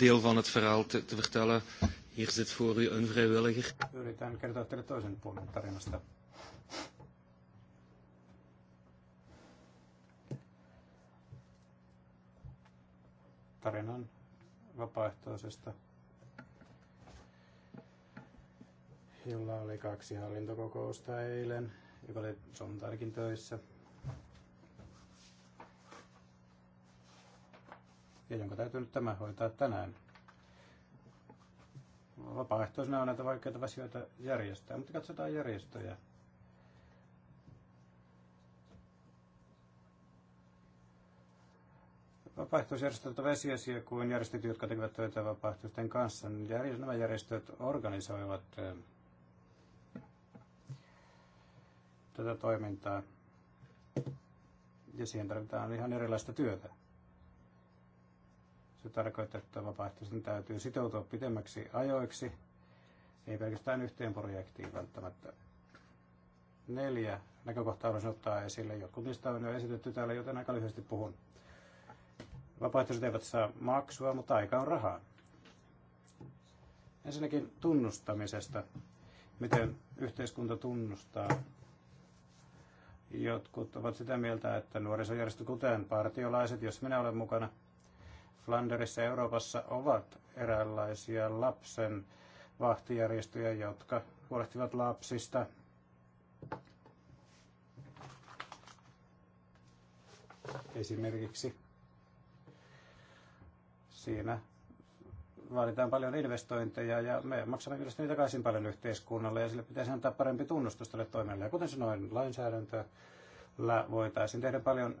Deel van het verhaal te, te vertellen. Hier zit voor u een vrijwilliger. Yritän kertoa teille toisen puolen tarinasta. Tarinan vapaaehtoisesta, jolla oli kaksi hallintokokousta eilen, joka oli suntainakin töissä. ja jonka täytyy nyt tämä hoitaa tänään. Vapaaehtoisena on näitä vaikeita asioita järjestää, mutta katsotaan järjestöjä. ovat vesiasia kuin järjestöt, jotka tekevät töitä vapaaehtoisten kanssa. Niin nämä järjestöt organisoivat eh, tätä toimintaa ja siihen tarvitaan ihan erilaista työtä. Se tarkoittaa, että vapaaehtoisen täytyy sitoutua pitemmäksi ajoiksi, ei pelkästään yhteen projektiin välttämättä. Neljä näkökohtaa haluaisin ottaa esille. Jotkut niistä on jo esitetty täällä, joten aika lyhyesti puhun. Vapaaehtoiset eivät saa maksua, mutta aika on rahaa. Ensinnäkin tunnustamisesta. Miten yhteiskunta tunnustaa jotkut ovat sitä mieltä, että nuorisojärjestö, kuten partiolaiset, jos minä olen mukana, Flanderissa Euroopassa ovat eräänlaisia lapsen vahtijärjestöjä, jotka huolehtivat lapsista. Esimerkiksi siinä vaaditaan paljon investointeja ja me maksamme niitä takaisin paljon yhteiskunnalle ja sille pitäisi antaa parempi tunnustus tälle toimelle. Ja kuten sanoin, lainsäädäntöllä voitaisiin tehdä paljon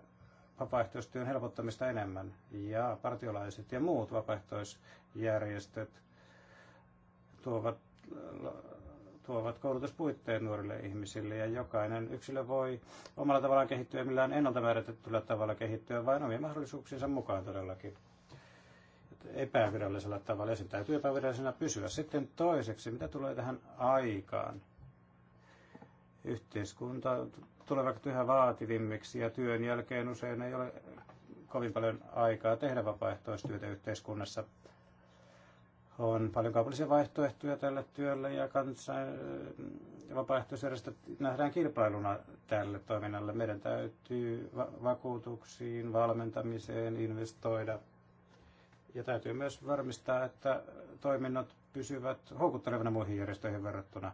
vapaaehtoistyön helpottamista enemmän. Ja partiolaiset ja muut vapaaehtoisjärjestöt tuovat, tuovat koulutuspuitteet nuorille ihmisille ja jokainen yksilö voi omalla tavallaan kehittyä, millään ennalta määritetyllä tavalla kehittyä, vain omien mahdollisuuksiensa mukaan todellakin epävirallisella tavalla ja sen täytyy epävirallisena pysyä. Sitten toiseksi, mitä tulee tähän aikaan? Yhteiskunta tulevat yhä vaativimmiksi ja työn jälkeen usein ei ole kovin paljon aikaa tehdä vapaaehtoistyötä yhteiskunnassa. On paljon kaupallisia vaihtoehtoja tälle työlle ja kansain, äh, vapaaehtoisjärjestöt nähdään kilpailuna tälle toiminnalle. Meidän täytyy va- vakuutuksiin, valmentamiseen investoida ja täytyy myös varmistaa, että toiminnot pysyvät houkuttelevina muihin järjestöihin verrattuna.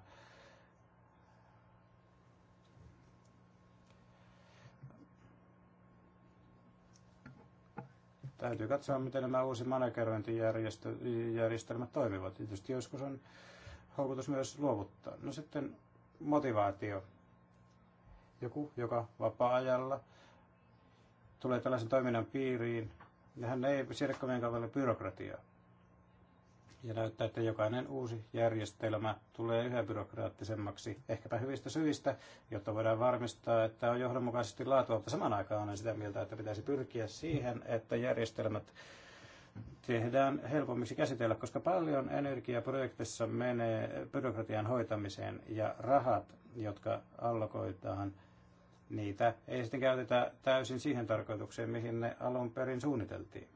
Täytyy katsoa, miten nämä uusi managerointijärjestelmät toimivat. Tietysti joskus on houkutus myös luovuttaa. No sitten motivaatio. Joku, joka vapaa-ajalla tulee tällaisen toiminnan piiriin, ja hän ei siedä kovin kauan byrokratiaa ja näyttää, että jokainen uusi järjestelmä tulee yhä byrokraattisemmaksi, ehkäpä hyvistä syistä, jotta voidaan varmistaa, että on johdonmukaisesti laatua, mutta saman aikaan olen sitä mieltä, että pitäisi pyrkiä siihen, että järjestelmät tehdään helpommiksi käsitellä, koska paljon energiaa projektissa menee byrokratian hoitamiseen ja rahat, jotka allokoitaan, niitä ei sitten käytetä täysin siihen tarkoitukseen, mihin ne alun perin suunniteltiin.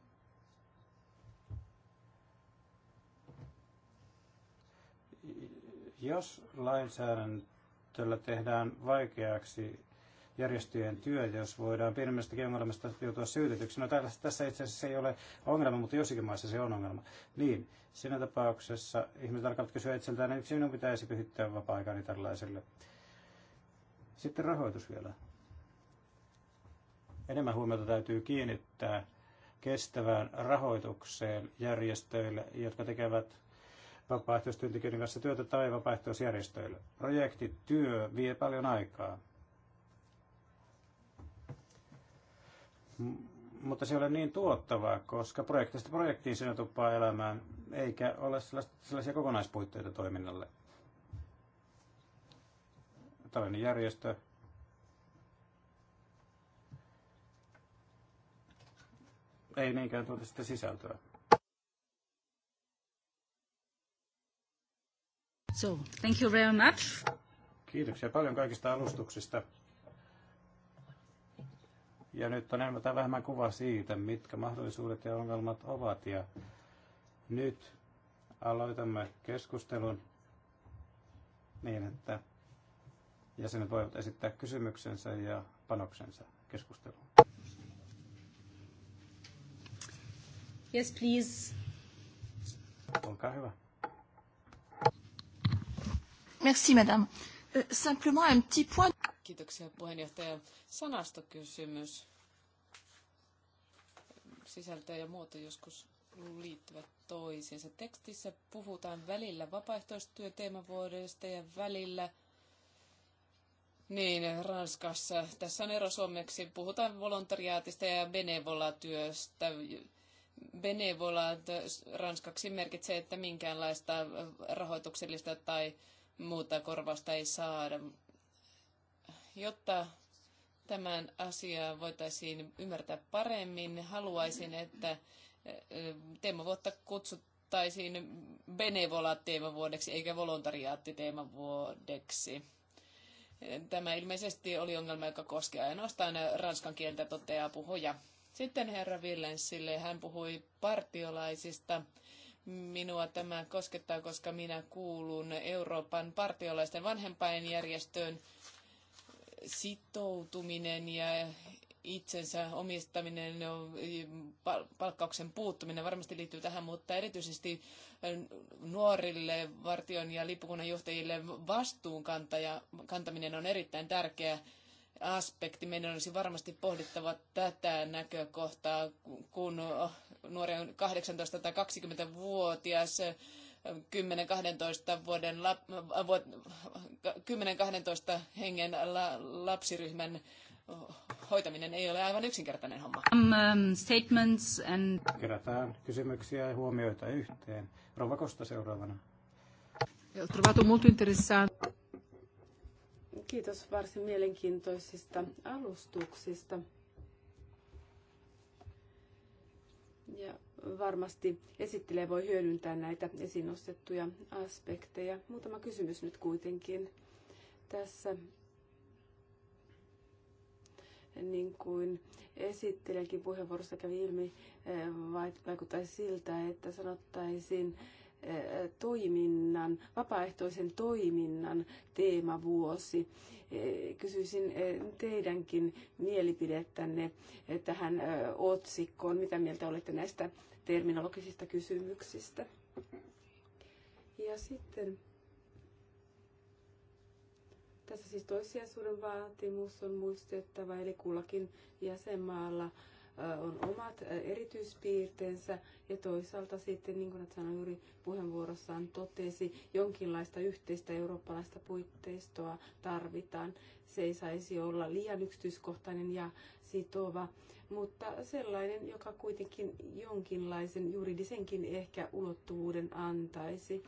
Jos lainsäädäntöllä tehdään vaikeaksi järjestöjen työ, jos voidaan pienemmästäkin ongelmasta joutua syytetyksi. No tässä itse asiassa ei ole ongelma, mutta jossakin maissa se on ongelma. Niin, siinä tapauksessa ihmiset alkavat kysyä itseltään, miksi minun pitäisi pyhittää vapaa-aikani tällaiselle. Sitten rahoitus vielä. Enemmän huomiota täytyy kiinnittää kestävään rahoitukseen järjestöille, jotka tekevät vapaaehtoistyöntekijöiden kanssa työtä tai vapaaehtoisjärjestöillä. Projektityö vie paljon aikaa. mutta se ei ole niin tuottavaa, koska projektista projektiin sinä tuppaa elämään, eikä ole sellaisia kokonaispuitteita toiminnalle. Tällainen järjestö ei niinkään tuota sitä sisältöä. So, thank you very much. Kiitoksia paljon kaikista alustuksista. Ja nyt on enemmän tai vähemmän kuva siitä, mitkä mahdollisuudet ja ongelmat ovat. Ja nyt aloitamme keskustelun niin, että jäsenet voivat esittää kysymyksensä ja panoksensa keskusteluun. Yes, please. Olkaa hyvä. Merci, madame. Euh, simplement un petit point. Kiitoksia puheenjohtaja. Sanastokysymys. Sisältö ja muoto joskus liittyvät toisiinsa. Tekstissä puhutaan välillä vapaaehtoistyöteemavuodesta ja välillä niin, Ranskassa. Tässä on ero suomeksi. Puhutaan volontariaatista ja benevolatyöstä. Benevola äh, ranskaksi merkitsee, että minkäänlaista rahoituksellista tai muuta korvausta ei saada. Jotta tämän asian voitaisiin ymmärtää paremmin, haluaisin, että äh, teemavuotta kutsuttaisiin benevola-teemavuodeksi eikä volontariaatti-teemavuodeksi. Tämä ilmeisesti oli ongelma, joka koski ainoastaan ranskan kieltä toteaa puhuja. Sitten herra Villensille, hän puhui partiolaisista Minua tämä koskettaa, koska minä kuulun Euroopan partiolaisten vanhempainjärjestöön. Sitoutuminen ja itsensä omistaminen, no, palkkauksen puuttuminen varmasti liittyy tähän, mutta erityisesti nuorille vartion ja lippukunnan johtajille vastuun kantaminen on erittäin tärkeä aspekti. Meidän olisi varmasti pohdittava tätä näkökohtaa, kun nuori on 18 tai 20-vuotias, 10-12 vuoden lap, vu, 10-12 hengen la, lapsiryhmän hoitaminen ei ole aivan yksinkertainen homma. Um, um statements and... Kerätään kysymyksiä ja huomioita yhteen. Rova Kosta seuraavana. Kiitos varsin mielenkiintoisista alustuksista. varmasti esittelee voi hyödyntää näitä esiin nostettuja aspekteja. Muutama kysymys nyt kuitenkin tässä. Niin kuin esittelijäkin puheenvuorossa kävi ilmi, eh, vaikuttaisi siltä, että sanottaisiin eh, toiminnan, vapaaehtoisen toiminnan teemavuosi. Eh, kysyisin teidänkin mielipidettänne tähän otsikkoon. Mitä mieltä olette näistä terminologisista kysymyksistä. Ja sitten tässä siis toissijaisuuden vaatimus on muistettava, eli kullakin jäsenmaalla on omat erityispiirteensä ja toisaalta sitten, niin kuin sanoin juuri puheenvuorossaan totesi, jonkinlaista yhteistä eurooppalaista puitteistoa tarvitaan. Se ei saisi olla liian yksityiskohtainen ja sitova, mutta sellainen, joka kuitenkin jonkinlaisen juridisenkin ehkä ulottuvuuden antaisi.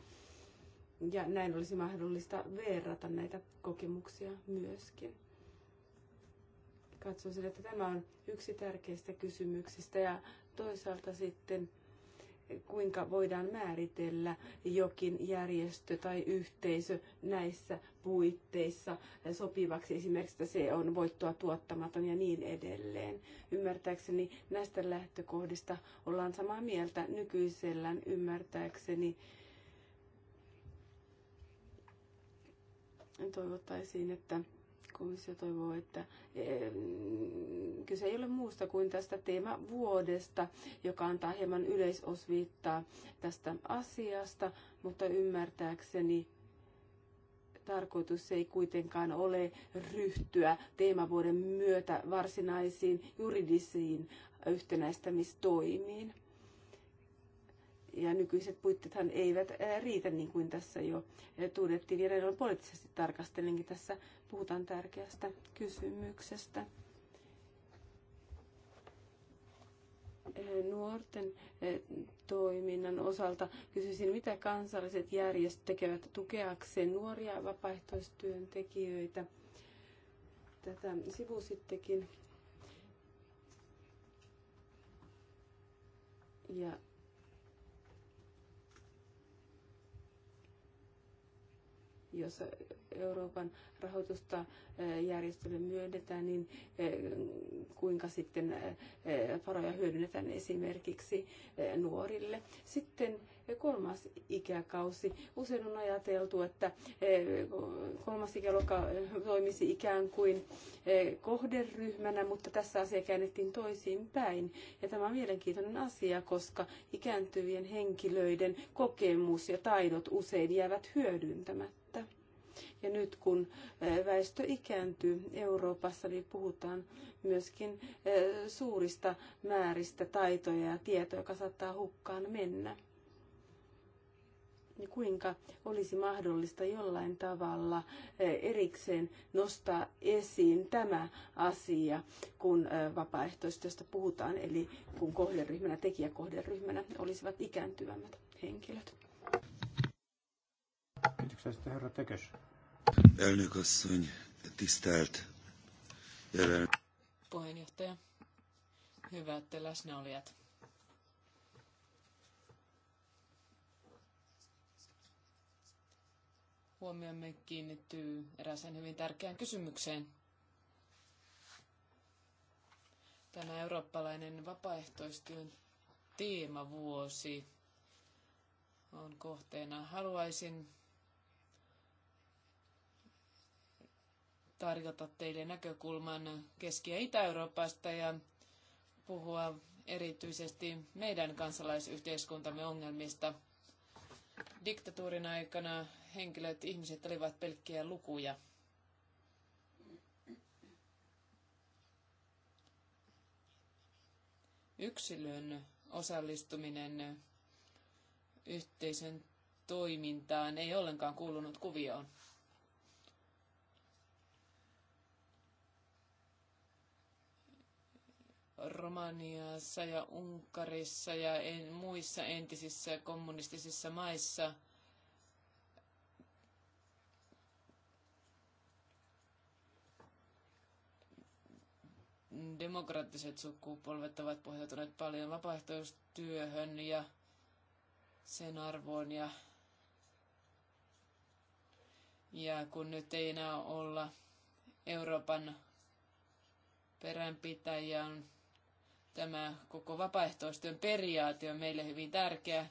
Ja näin olisi mahdollista verrata näitä kokemuksia myöskin. Katsoisin, että tämä on yksi tärkeistä kysymyksistä ja toisaalta sitten kuinka voidaan määritellä jokin järjestö tai yhteisö näissä puitteissa sopivaksi, esimerkiksi että se on voittoa tuottamaton ja niin edelleen. Ymmärtääkseni näistä lähtökohdista ollaan samaa mieltä nykyisellään ymmärtääkseni. Toivottaisiin, että komissio toivoo, että kyse ei ole muusta kuin tästä teemavuodesta, joka antaa hieman yleisosviittaa tästä asiasta, mutta ymmärtääkseni tarkoitus ei kuitenkaan ole ryhtyä teemavuoden myötä varsinaisiin juridisiin yhtenäistämistoimiin. Ja nykyiset puitteethan eivät riitä, niin kuin tässä jo tuudettiin. vielä on poliittisesti tarkastelinkin. tässä puhutaan tärkeästä kysymyksestä. nuorten toiminnan osalta kysyisin, mitä kansalliset järjestöt tekevät tukeakseen nuoria vapaaehtoistyöntekijöitä. Tätä sivusittekin. Ja jos Euroopan rahoitusta eh, järjestölle myönnetään, niin eh, kuinka sitten eh, varoja hyödynnetään esimerkiksi nuorille. Sitten kolmas ikäkausi. Usein on ajateltu, että kolmas ikäluokka toimisi ikään kuin kohderyhmänä, mutta tässä asia käännettiin toisiin päin. Ja tämä on mielenkiintoinen asia, koska ikääntyvien henkilöiden kokemus ja taidot usein jäävät hyödyntämättä ja nyt kun eh, väestö ikääntyy Euroopassa, niin puhutaan myöskin eh, suurista määristä taitoja ja tietoja, joka saattaa hukkaan mennä. Niin kuinka olisi mahdollista jollain tavalla eh, erikseen nostaa esiin tämä asia, kun vapaaehtoistyöstä puhutaan, eli kun kohderyhmänä, tekijäkohderyhmänä olisivat ikääntyvämmät henkilöt. Kiitoksia sitten herra Tekes. Elnök asszony, tisztelt jelen... Puheenjohtaja, hyvät läsnäolijat. Huomiomme kiinnittyy erääseen hyvin tärkeään kysymykseen. Tämä eurooppalainen vapaaehtoistyön teemavuosi on kohteena. Haluaisin tarjota teille näkökulman Keski- ja Itä-Euroopasta ja puhua erityisesti meidän kansalaisyhteiskuntamme ongelmista. Diktatuurin aikana henkilöt, ihmiset olivat pelkkiä lukuja. Yksilön osallistuminen yhteisön toimintaan ei ollenkaan kuulunut kuvioon. Romaniassa ja Unkarissa ja en, muissa entisissä kommunistisissa maissa demokraattiset sukupolvet ovat pohjautuneet paljon vapaaehtoistyöhön ja sen arvoon ja, ja kun nyt ei enää olla Euroopan peränpitäjä on Tämä koko vapaaehtoistyön periaate on meille hyvin tärkeä.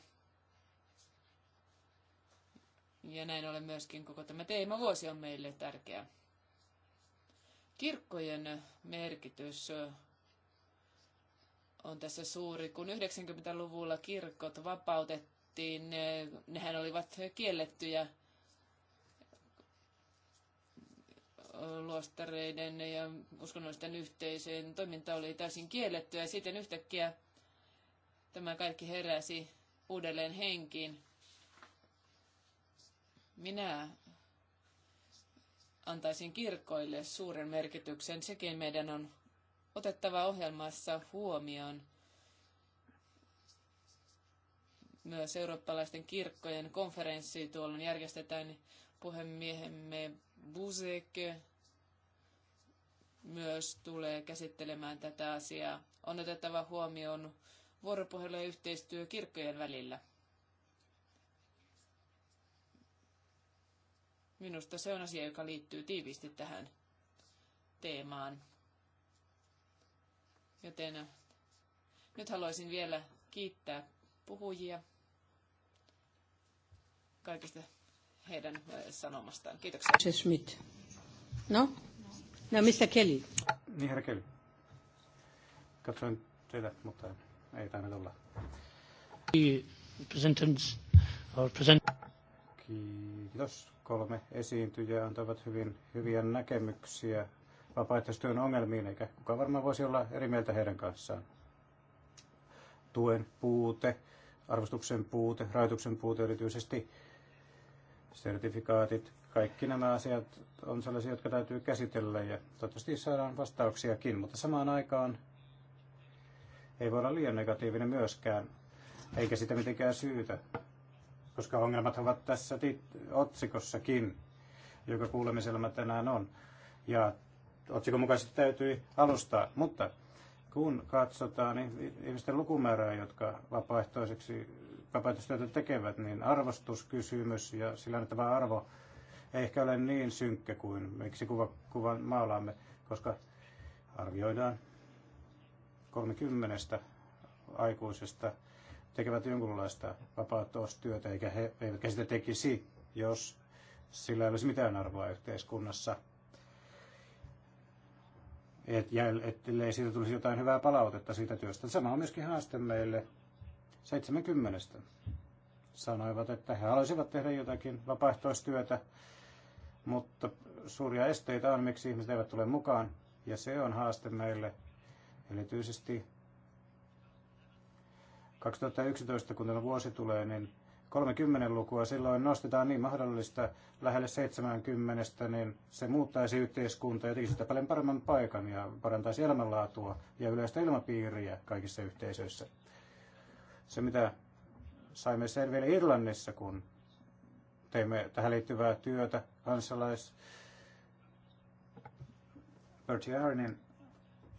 Ja näin ollen myöskin koko tämä teemavuosi on meille tärkeä. Kirkkojen merkitys on tässä suuri. Kun 90-luvulla kirkot vapautettiin, nehän olivat kiellettyjä luostareiden ja uskonnollisten yhteisöjen toiminta oli täysin kielletty ja sitten yhtäkkiä tämä kaikki heräsi uudelleen henkiin. Minä antaisin kirkoille suuren merkityksen. Sekin meidän on otettava ohjelmassa huomioon. Myös eurooppalaisten kirkkojen konferenssi tuolloin järjestetään puhemiehemme musiikki myös tulee käsittelemään tätä asiaa. On otettava huomioon vuoropuhelu ja yhteistyö kirkkojen välillä. Minusta se on asia, joka liittyy tiiviisti tähän teemaan. Joten nyt haluaisin vielä kiittää puhujia kaikista heidän sanomastaan. Kiitoksia. Schmidt. No? No, mistä Kelly? Niin, herra Kelly. Katsoin teitä, mutta ei tainnut olla. Kiitos. Kolme esiintyjää antavat hyvin hyviä näkemyksiä vapaaehtoistyön ongelmiin, eikä kukaan varmaan voisi olla eri mieltä heidän kanssaan. Tuen puute, arvostuksen puute, rajoituksen puute erityisesti sertifikaatit, kaikki nämä asiat on sellaisia, jotka täytyy käsitellä ja toivottavasti saadaan vastauksiakin, mutta samaan aikaan ei voi olla liian negatiivinen myöskään, eikä sitä mitenkään syytä, koska ongelmat ovat tässä otsikossakin, joka kuulemisella tänään on. Ja otsikon mukaisesti täytyy alustaa, mutta kun katsotaan ihmisten lukumäärää, jotka vapaaehtoiseksi vapaaehtoistyötä tekevät, niin arvostuskysymys ja sillä annettava arvo ei ehkä ole niin synkkä kuin miksi kuva, kuvan maalaamme, koska arvioidaan 30 aikuisesta tekevät jonkunlaista vapaaehtoistyötä, eikä he eivätkä sitä tekisi, jos sillä ei olisi mitään arvoa yhteiskunnassa. Et, ja ettei siitä tulisi jotain hyvää palautetta siitä työstä. Sama on myöskin haaste meille 70 sanoivat, että he haluaisivat tehdä jotakin vapaaehtoistyötä, mutta suuria esteitä on, miksi ihmiset eivät tule mukaan, ja se on haaste meille, erityisesti 2011, kun tämä vuosi tulee, niin 30 lukua silloin nostetaan niin mahdollista lähelle 70, niin se muuttaisi yhteiskuntaa ja tekisi sitä paljon paremman paikan ja parantaisi elämänlaatua ja yleistä ilmapiiriä kaikissa yhteisöissä. Se, mitä saimme selville Irlannissa, kun teimme tähän liittyvää työtä kansalais Bertie Arnin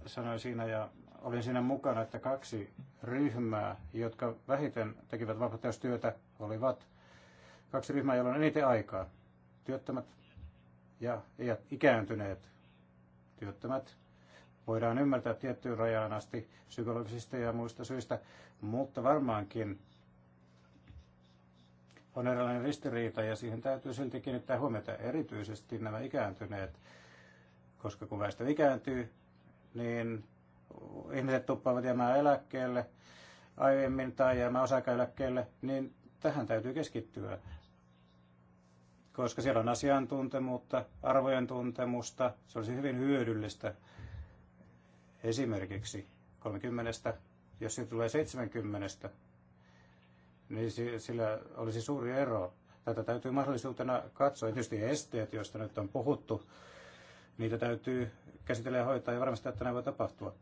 sanoi siinä ja olin siinä mukana, että kaksi ryhmää, jotka vähiten tekivät vapauttajustyötä, olivat kaksi ryhmää, joilla on eniten aikaa. Työttömät ja ikääntyneet työttömät voidaan ymmärtää tiettyyn rajaan asti psykologisista ja muista syistä, mutta varmaankin on erilainen ristiriita ja siihen täytyy silti kiinnittää huomiota erityisesti nämä ikääntyneet, koska kun väestö ikääntyy, niin ihmiset tuppaavat jäämään eläkkeelle aiemmin tai jäämään osakaeläkkeelle, niin tähän täytyy keskittyä, koska siellä on asiantuntemuutta, arvojen tuntemusta, se olisi hyvin hyödyllistä Esimerkiksi 30, jos siitä tulee 70, niin sillä olisi suuri ero. Tätä täytyy mahdollisuutena katsoa. Ja tietysti esteet, joista nyt on puhuttu, niitä täytyy käsitellä ja hoitaa ja varmistaa, että näin voi tapahtua.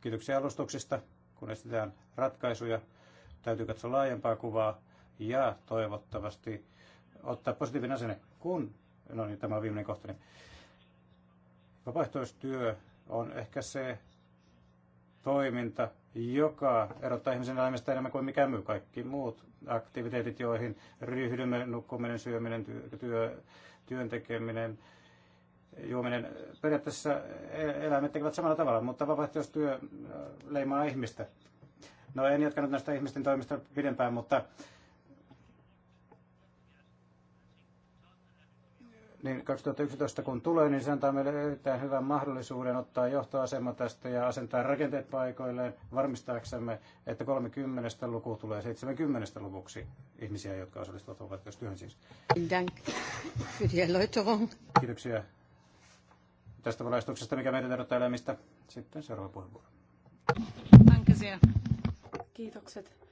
Kiitoksia alustuksista, kun esitetään ratkaisuja. Täytyy katsoa laajempaa kuvaa ja toivottavasti ottaa positiivinen asenne, kun, no niin, tämä on viimeinen kohta, niin Vapaaehtoistyö on ehkä se toiminta, joka erottaa ihmisen elämästä enemmän kuin mikä myy kaikki muut aktiviteetit, joihin ryhdymme, nukkuminen, syöminen, työ, työn tekeminen, juominen. Periaatteessa e-, eläimet tekevät samalla tavalla, mutta vapaaehtoistyö äh, leimaa ihmistä. No en jatkanut näistä ihmisten toimista pidempään, mutta niin 2011 kun tulee, niin se antaa meille erittäin hyvän mahdollisuuden ottaa johtoasema tästä ja asentaa rakenteet paikoilleen varmistaaksemme, että 30 luku tulee 70 luvuksi ihmisiä, jotka osallistuvat vapaaehtoistyöhön siis. Kiitoksia tästä valaistuksesta, mikä meidän tarvitaan elämistä. Sitten seuraava puheenvuoro. Kiitokset.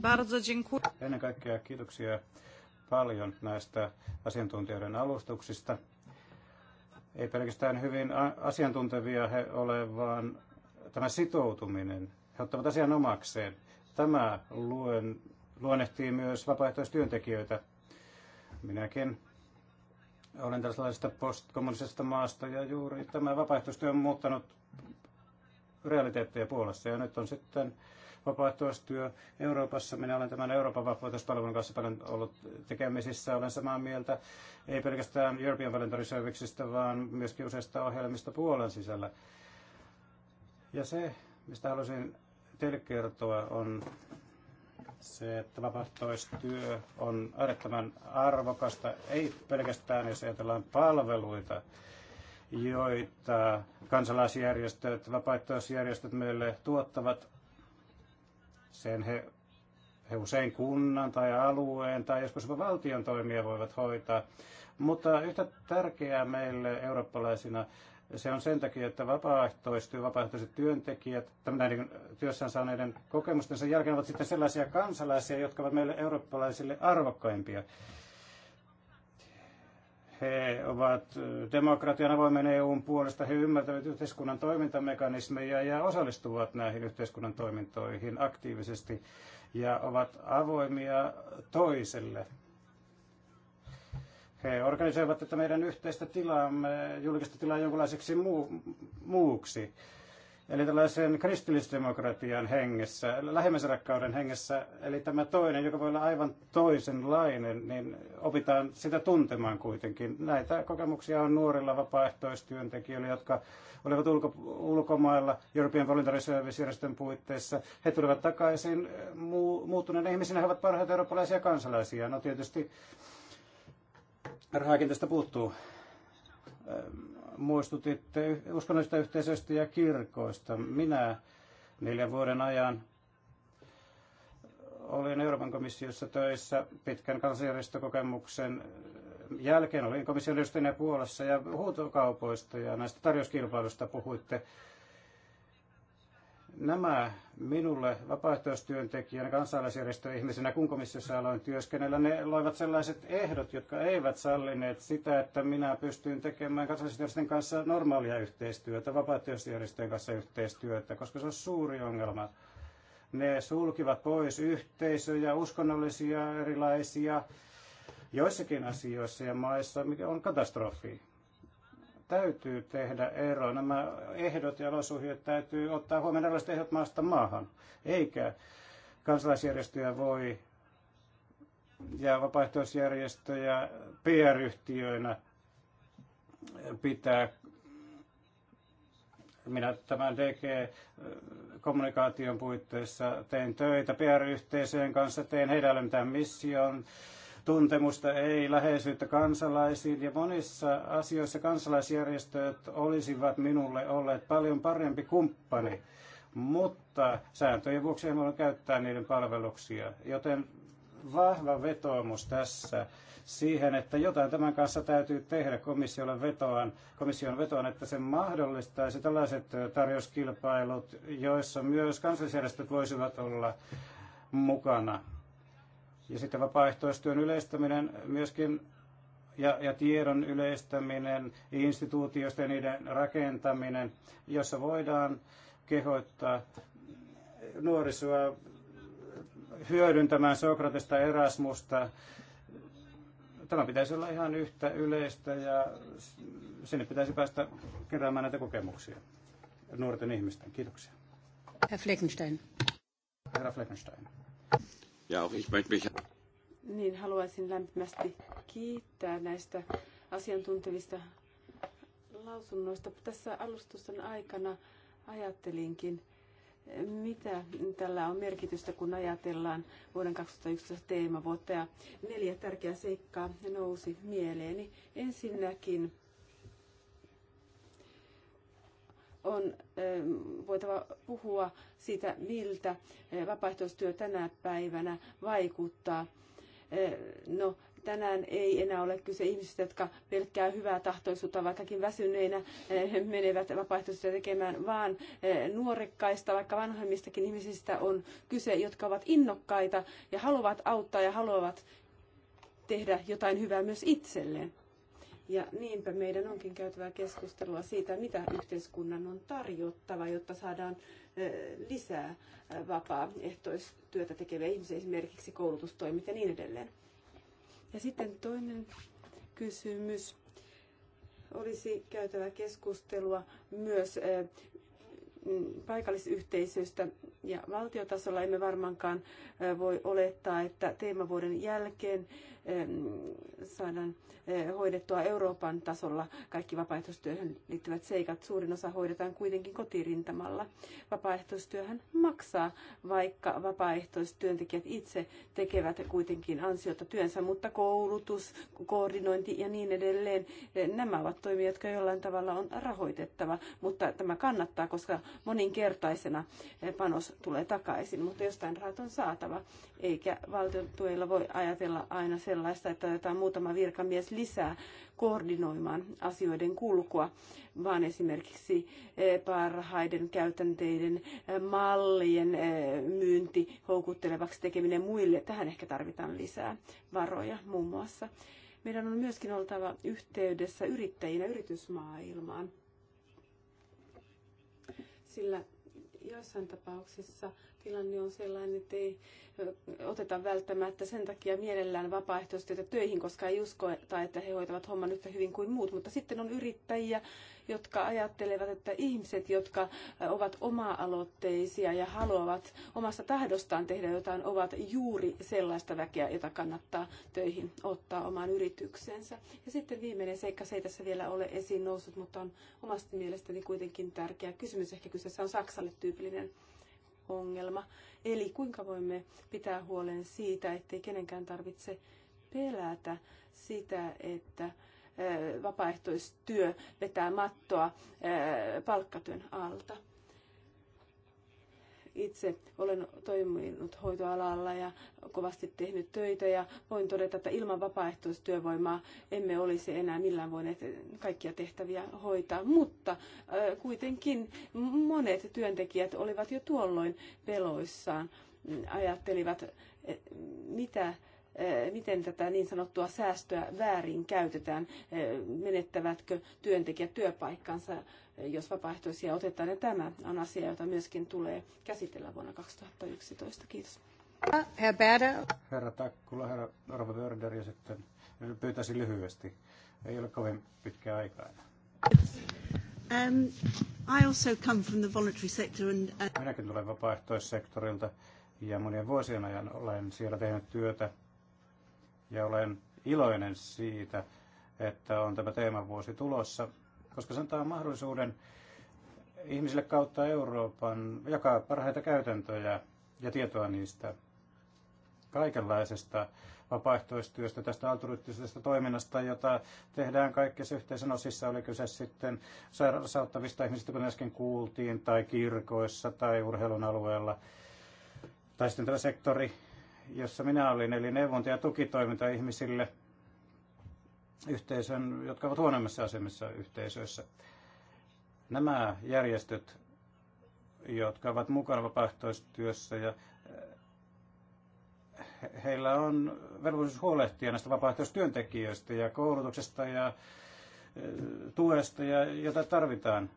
Bardzo dziękuję. Ennen kaikkea kiitoksia paljon näistä asiantuntijoiden alustuksista. Ei pelkästään hyvin asiantuntevia he ole, vaan tämä sitoutuminen, he ottavat asian omakseen. Tämä luen, luonnehtii myös vapaaehtoistyöntekijöitä. Minäkin olen tällaisesta postkommunisesta maasta ja juuri tämä vapaaehtoistyö on muuttanut realiteetteja Puolassa ja nyt on sitten vapaaehtoistyö Euroopassa. Minä olen tämän Euroopan vapaaehtoispalvelun kanssa paljon ollut tekemisissä. Olen samaa mieltä ei pelkästään European Voluntary Servicesista, vaan myöskin useista ohjelmista Puolan sisällä. Ja se, mistä halusin teille kertoa, on se, että vapaaehtoistyö on äärettömän arvokasta, ei pelkästään jos ajatellaan palveluita, joita kansalaisjärjestöt, vapaaehtoisjärjestöt meille tuottavat, sen he, he usein kunnan tai alueen tai joskus jopa valtion toimia voivat hoitaa. Mutta yhtä tärkeää meille eurooppalaisina se on sen takia, että vapaaehtoistyö, vapaaehtoiset työntekijät, näiden työssään saaneiden kokemustensa jälkeen ovat sitten sellaisia kansalaisia, jotka ovat meille eurooppalaisille arvokkaimpia. He ovat demokratian avoimen EUn puolesta, he ymmärtävät yhteiskunnan toimintamekanismeja ja osallistuvat näihin yhteiskunnan toimintoihin aktiivisesti ja ovat avoimia toiselle. He organisoivat tätä meidän yhteistä tilaamme, julkista tilaa jonkinlaiseksi muu, muuksi Eli tällaisen kristillisdemokratian hengessä, lähimmäisenrakkauden hengessä, eli tämä toinen, joka voi olla aivan toisenlainen, niin opitaan sitä tuntemaan kuitenkin. Näitä kokemuksia on nuorilla vapaaehtoistyöntekijöillä, jotka olivat ulko- ulkomailla European Voluntary Service-järjestön puitteissa. He tulevat takaisin mu- muuttuneen ihmisinä, he ovat parhaita eurooppalaisia kansalaisia. No tietysti rahakin tästä puuttuu muistutitte uskonnollisista yhteisöistä ja kirkoista. Minä neljän vuoden ajan olin Euroopan komissiossa töissä pitkän kansanjärjestökokemuksen jälkeen. Olin komission edustajana Puolassa ja huutokaupoista ja näistä tarjouskilpailuista puhuitte. Nämä minulle vapaaehtoistyöntekijänä, kansalaisjärjestöihmisenä, kun komissiossa aloin työskennellä, ne loivat sellaiset ehdot, jotka eivät sallineet sitä, että minä pystyin tekemään kansalaisjärjestöjen kanssa normaalia yhteistyötä, vapaaehtoistyöjärjestöjen kanssa yhteistyötä, koska se on suuri ongelma. Ne sulkivat pois yhteisöjä, uskonnollisia erilaisia, joissakin asioissa ja maissa, mikä on katastrofi täytyy tehdä ero. Nämä ehdot ja olosuhteet täytyy ottaa huomioon erilaiset ehdot maasta maahan, eikä kansalaisjärjestöjä voi ja vapaaehtoisjärjestöjä PR-yhtiöinä pitää minä tämän DG-kommunikaation puitteissa tein töitä PR-yhteisöjen kanssa, tein heidän mitään mission, tuntemusta, ei läheisyyttä kansalaisiin. Ja monissa asioissa kansalaisjärjestöt olisivat minulle olleet paljon parempi kumppani, mutta sääntöjen vuoksi en voinut käyttää niiden palveluksia. Joten vahva vetoomus tässä siihen, että jotain tämän kanssa täytyy tehdä komissiolle vetoan, komission vetoan, että se mahdollistaisi tällaiset tarjouskilpailut, joissa myös kansallisjärjestöt voisivat olla mukana. Ja sitten vapaaehtoistyön yleistäminen myöskin ja, ja tiedon yleistäminen, instituutioista ja niiden rakentaminen, jossa voidaan kehoittaa nuorisoa hyödyntämään Sokratesta Erasmusta. Tämä pitäisi olla ihan yhtä yleistä ja sinne pitäisi päästä keräämään näitä kokemuksia nuorten ihmisten. Kiitoksia. Herr Fleckenstein. Herra Fleckenstein. Ja auch ich möchte mich... Niin, haluaisin lämpimästi kiittää näistä asiantuntevista lausunnoista. Tässä alustusten aikana ajattelinkin, mitä tällä on merkitystä, kun ajatellaan vuoden 2011 teemavuotta. Ja neljä tärkeää seikkaa nousi mieleeni. Ensinnäkin on ähm, voitava puhua siitä, miltä äh, vapaaehtoistyö tänä päivänä vaikuttaa. Äh, no, tänään ei enää ole kyse ihmisistä, jotka pelkkää hyvää tahtoisuutta, vaikkakin väsyneinä äh, menevät vapaaehtoistyötä tekemään, vaan nuorekkaista, vaikka vanhemmistakin ihmisistä on kyse, jotka ovat innokkaita ja haluavat auttaa ja haluavat tehdä jotain hyvää myös itselleen. Ja niinpä meidän onkin käytävää keskustelua siitä, mitä yhteiskunnan on tarjottava, jotta saadaan lisää vapaaehtoistyötä tekeviä ihmisiä, esimerkiksi koulutustoimit ja niin edelleen. Ja sitten toinen kysymys olisi käytävä keskustelua myös paikallisyhteisöistä ja valtiotasolla emme varmaankaan voi olettaa, että teemavuoden jälkeen saadaan eh, hoidettua Euroopan tasolla kaikki vapaaehtoistyöhön liittyvät seikat. Suurin osa hoidetaan kuitenkin kotirintamalla. Vapaaehtoistyöhän maksaa, vaikka vapaaehtoistyöntekijät itse tekevät kuitenkin ansiota työnsä, mutta koulutus, koordinointi ja niin edelleen, eh, nämä ovat toimia, jotka jollain tavalla on rahoitettava, mutta tämä kannattaa, koska moninkertaisena eh, panos tulee takaisin, mutta jostain rahat on saatava, eikä valtion tuella voi ajatella aina se sellaista, että otetaan muutama virkamies lisää koordinoimaan asioiden kulkua, vaan esimerkiksi eh, parhaiden käytänteiden eh, mallien eh, myynti houkuttelevaksi tekeminen muille, tähän ehkä tarvitaan lisää varoja muun muassa. Meidän on myöskin oltava yhteydessä yrittäjinä yritysmaailmaan, sillä joissain tapauksissa tilanne on sellainen, että ei oteta välttämättä sen takia mielellään vapaaehtoistyötä töihin, koska ei usko, että he hoitavat homman yhtä hyvin kuin muut. Mutta sitten on yrittäjiä, jotka ajattelevat, että ihmiset, jotka ovat oma-aloitteisia ja haluavat omasta tahdostaan tehdä jotain, ovat juuri sellaista väkeä, jota kannattaa töihin ottaa omaan yritykseensä. Ja sitten viimeinen seikka, se ei tässä vielä ole esiin noussut, mutta on omasta mielestäni kuitenkin tärkeä kysymys. Ehkä kyseessä on Saksalle tyypillinen ongelma. Eli kuinka voimme pitää huolen siitä, ettei kenenkään tarvitse pelätä sitä, että vapaaehtoistyö vetää mattoa palkkatyön alta. Itse olen toiminut hoitoalalla ja kovasti tehnyt töitä ja voin todeta, että ilman vapaaehtoistyövoimaa emme olisi enää millään voineet kaikkia tehtäviä hoitaa. Mutta äh, kuitenkin monet työntekijät olivat jo tuolloin peloissaan, ajattelivat, mitä Eh, miten tätä niin sanottua säästöä väärin käytetään, eh, menettävätkö työntekijät työpaikkansa, eh, jos vapaaehtoisia otetaan. Ja tämä on asia, jota myöskin tulee käsitellä vuonna 2011. Kiitos. Herr Herra Takkula, herra Orva Börder ja sitten pyytäisin lyhyesti. Ei ole kovin pitkä aika enää. Um, I also come from the voluntary sector and, uh... Minäkin tulen vapaaehtoissektorilta ja monien vuosien ajan olen siellä tehnyt työtä ja olen iloinen siitä, että on tämä teemavuosi tulossa, koska se antaa mahdollisuuden ihmisille kautta Euroopan jakaa parhaita käytäntöjä ja tietoa niistä kaikenlaisesta vapaaehtoistyöstä, tästä altruistisesta toiminnasta, jota tehdään kaikissa yhteisön osissa, oli kyse sitten sairaalassa ihmisistä, kun äsken kuultiin, tai kirkoissa tai urheilun alueella, tai sitten tällä sektori, jossa minä olin, eli neuvonta ja tukitoiminta ihmisille, yhteisön, jotka ovat huonommissa asemissa yhteisöissä. Nämä järjestöt, jotka ovat mukana vapaaehtoistyössä ja eh, heillä on velvollisuus huolehtia näistä vapaaehtoistyöntekijöistä ja koulutuksesta ja eh, tuesta, ja, jota tarvitaan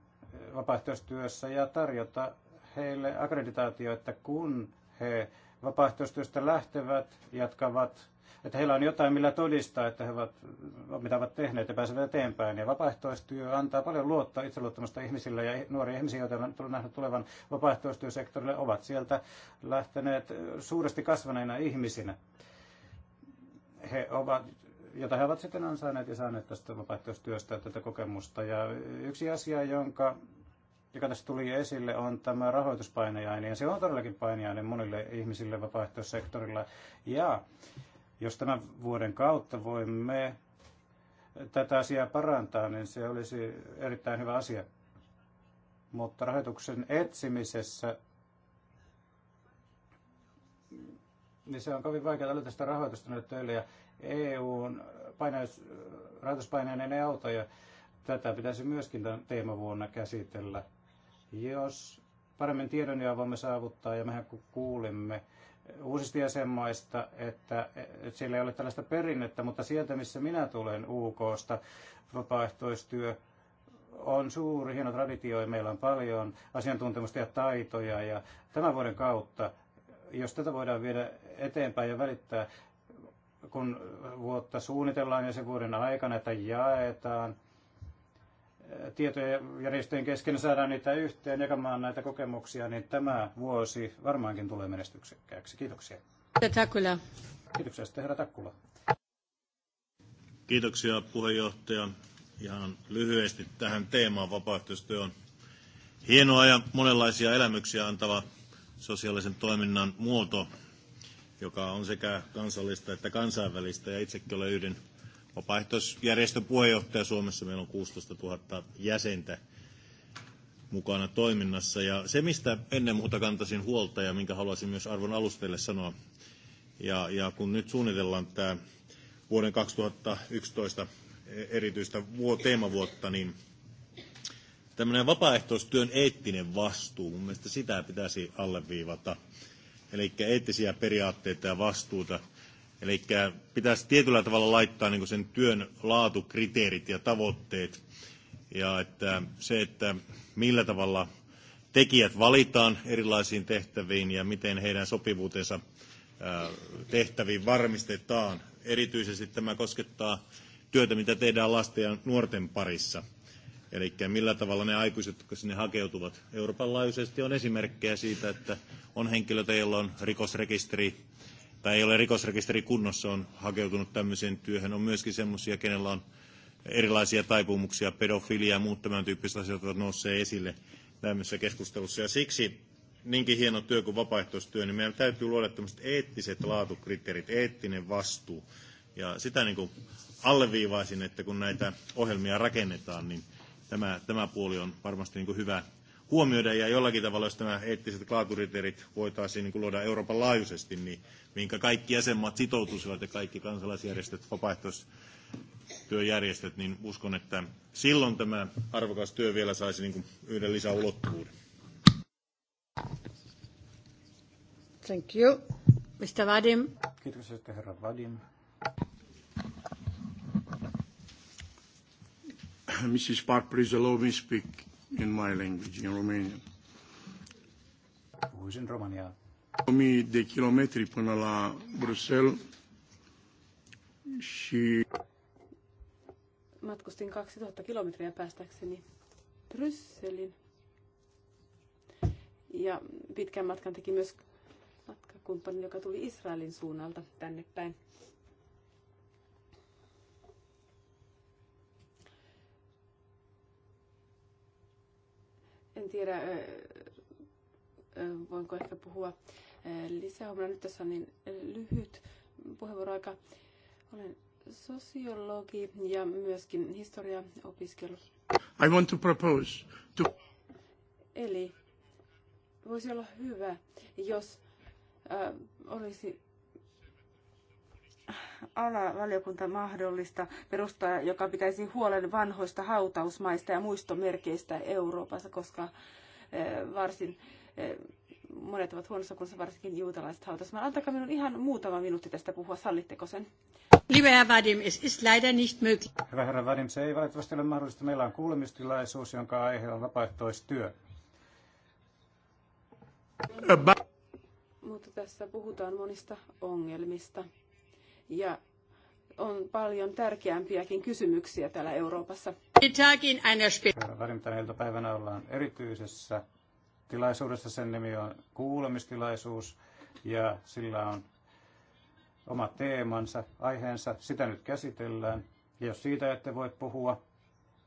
vapaaehtoistyössä ja tarjota heille akkreditaatio, että kun he vapaaehtoistyöstä lähtevät jatkavat, että heillä on jotain, millä todistaa, että he ovat, mitä ovat tehneet ja pääsevät eteenpäin. Ja vapaaehtoistyö antaa paljon luottaa itseluottamusta ihmisille ja nuoria ihmisiä, joita on nähnyt tulevan vapaaehtoistyösektorille, ovat sieltä lähteneet suuresti kasvaneina ihmisinä. He ovat jota he ovat sitten ansainneet ja saaneet tästä vapaaehtoistyöstä tätä kokemusta. Ja yksi asia, jonka joka tässä tuli esille, on tämä rahoituspainajainen. Ja se on todellakin painajainen monille ihmisille vapaaehtoissektorilla. Ja jos tämän vuoden kautta voimme tätä asiaa parantaa, niin se olisi erittäin hyvä asia. Mutta rahoituksen etsimisessä niin se on kovin vaikea löytää sitä rahoitusta nyt töille. Ja EUn painais, rahoituspaineinen ei auta ja tätä pitäisi myöskin tämän teemavuonna käsitellä. Jos paremmin tiedon ja voimme saavuttaa, ja mehän kuulimme uusista jäsenmaista, että, että siellä ei ole tällaista perinnettä, mutta sieltä, missä minä tulen UKsta, vapaaehtoistyö on suuri, hieno traditio, ja meillä on paljon asiantuntemusta ja taitoja, ja tämän vuoden kautta, jos tätä voidaan viedä eteenpäin ja välittää, kun vuotta suunnitellaan ja sen vuoden aikana, että jaetaan – tietojärjestöjen kesken saadaan niitä yhteen jakamaan näitä kokemuksia, niin tämä vuosi varmaankin tulee menestyksekkääksi. Kiitoksia. Takkula. Kiitoksia sitten herra Takkula. Kiitoksia puheenjohtaja. Ihan lyhyesti tähän teemaan vapaaehtoistyö on hienoa ja monenlaisia elämyksiä antava sosiaalisen toiminnan muoto, joka on sekä kansallista että kansainvälistä. Ja itsekin olen yhden vapaaehtoisjärjestön puheenjohtaja Suomessa. Meillä on 16 000 jäsentä mukana toiminnassa. Ja se, mistä ennen muuta kantaisin huolta ja minkä haluaisin myös arvon alustajille sanoa, ja, ja kun nyt suunnitellaan tämä vuoden 2011 erityistä teemavuotta, niin tämmöinen vapaaehtoistyön eettinen vastuu, mun mielestä sitä pitäisi alleviivata. Eli eettisiä periaatteita ja vastuuta – Eli pitäisi tietyllä tavalla laittaa niin sen työn laatukriteerit ja tavoitteet. Ja että se, että millä tavalla tekijät valitaan erilaisiin tehtäviin ja miten heidän sopivuutensa tehtäviin varmistetaan. Erityisesti tämä koskettaa työtä, mitä tehdään lasten ja nuorten parissa. Eli millä tavalla ne aikuiset, jotka sinne hakeutuvat. Euroopan laajuisesti on esimerkkejä siitä, että on henkilöitä, joilla on rikosrekisteri, tai ei ole rikosrekisteri kunnossa, on hakeutunut tämmöiseen työhön. On myöskin semmoisia, kenellä on erilaisia taipumuksia, pedofilia ja muut tämän tyyppiset asiat ovat nousseet esille tämmöisessä keskustelussa. Ja siksi niinkin hieno työ kuin vapaaehtoistyö, niin meidän täytyy luoda tämmöiset eettiset laatukriteerit, eettinen vastuu. Ja sitä niin kuin alleviivaisin, että kun näitä ohjelmia rakennetaan, niin tämä, tämä puoli on varmasti niin kuin hyvä huomioida ja jollakin tavalla, jos nämä eettiset laatukriteerit voitaisiin niin luoda Euroopan laajuisesti, niin minkä kaikki jäsenmaat sitoutuisivat ja kaikki kansalaisjärjestöt, vapaaehtoistyöjärjestöt, niin uskon, että silloin tämä arvokas työ vielä saisi niin kuin yhden lisäulottuvuuden. Thank you. Mr. Vadim. Kiitos, että herra Vadim. Mrs. Park, please allow me speak in my language, in Romanian. în România. 1000 de kilometri până la Bruxelles și... Matkustin 2000 kilometriä päästäkseni Brysselin. Ja pitkän matkan teki myös matkakumppani, joka tuli Israelin suunnalta tänne päin. En tiedä, voinko ehkä puhua lisää huomenna. Nyt tässä on niin lyhyt puheenvuoroaika. Olen sosiologi ja myöskin historiaopiskelu. I want to propose to... Eli voisi olla hyvä, jos äh, olisi alavaliokunta mahdollista perustaa, joka pitäisi huolen vanhoista hautausmaista ja muistomerkeistä Euroopassa, koska eh, varsin eh, monet ovat huonossa kunnossa, varsinkin juutalaiset hautausmaat. Antakaa minun ihan muutama minuutti tästä puhua, sallitteko sen? Lieber Herr Vadim, es ist leider nicht möglich. Hyvä herra Vadim, se ei valitettavasti ole mahdollista. Meillä on kuulemistilaisuus, jonka aihe on vapaaehtoistyö. Äh, Mutta tässä puhutaan monista ongelmista ja on paljon tärkeämpiäkin kysymyksiä täällä Euroopassa. Välimitän iltapäivänä ollaan erityisessä tilaisuudessa. Sen nimi on kuulemistilaisuus ja sillä on oma teemansa, aiheensa. Sitä nyt käsitellään. Ja jos siitä ette voi puhua,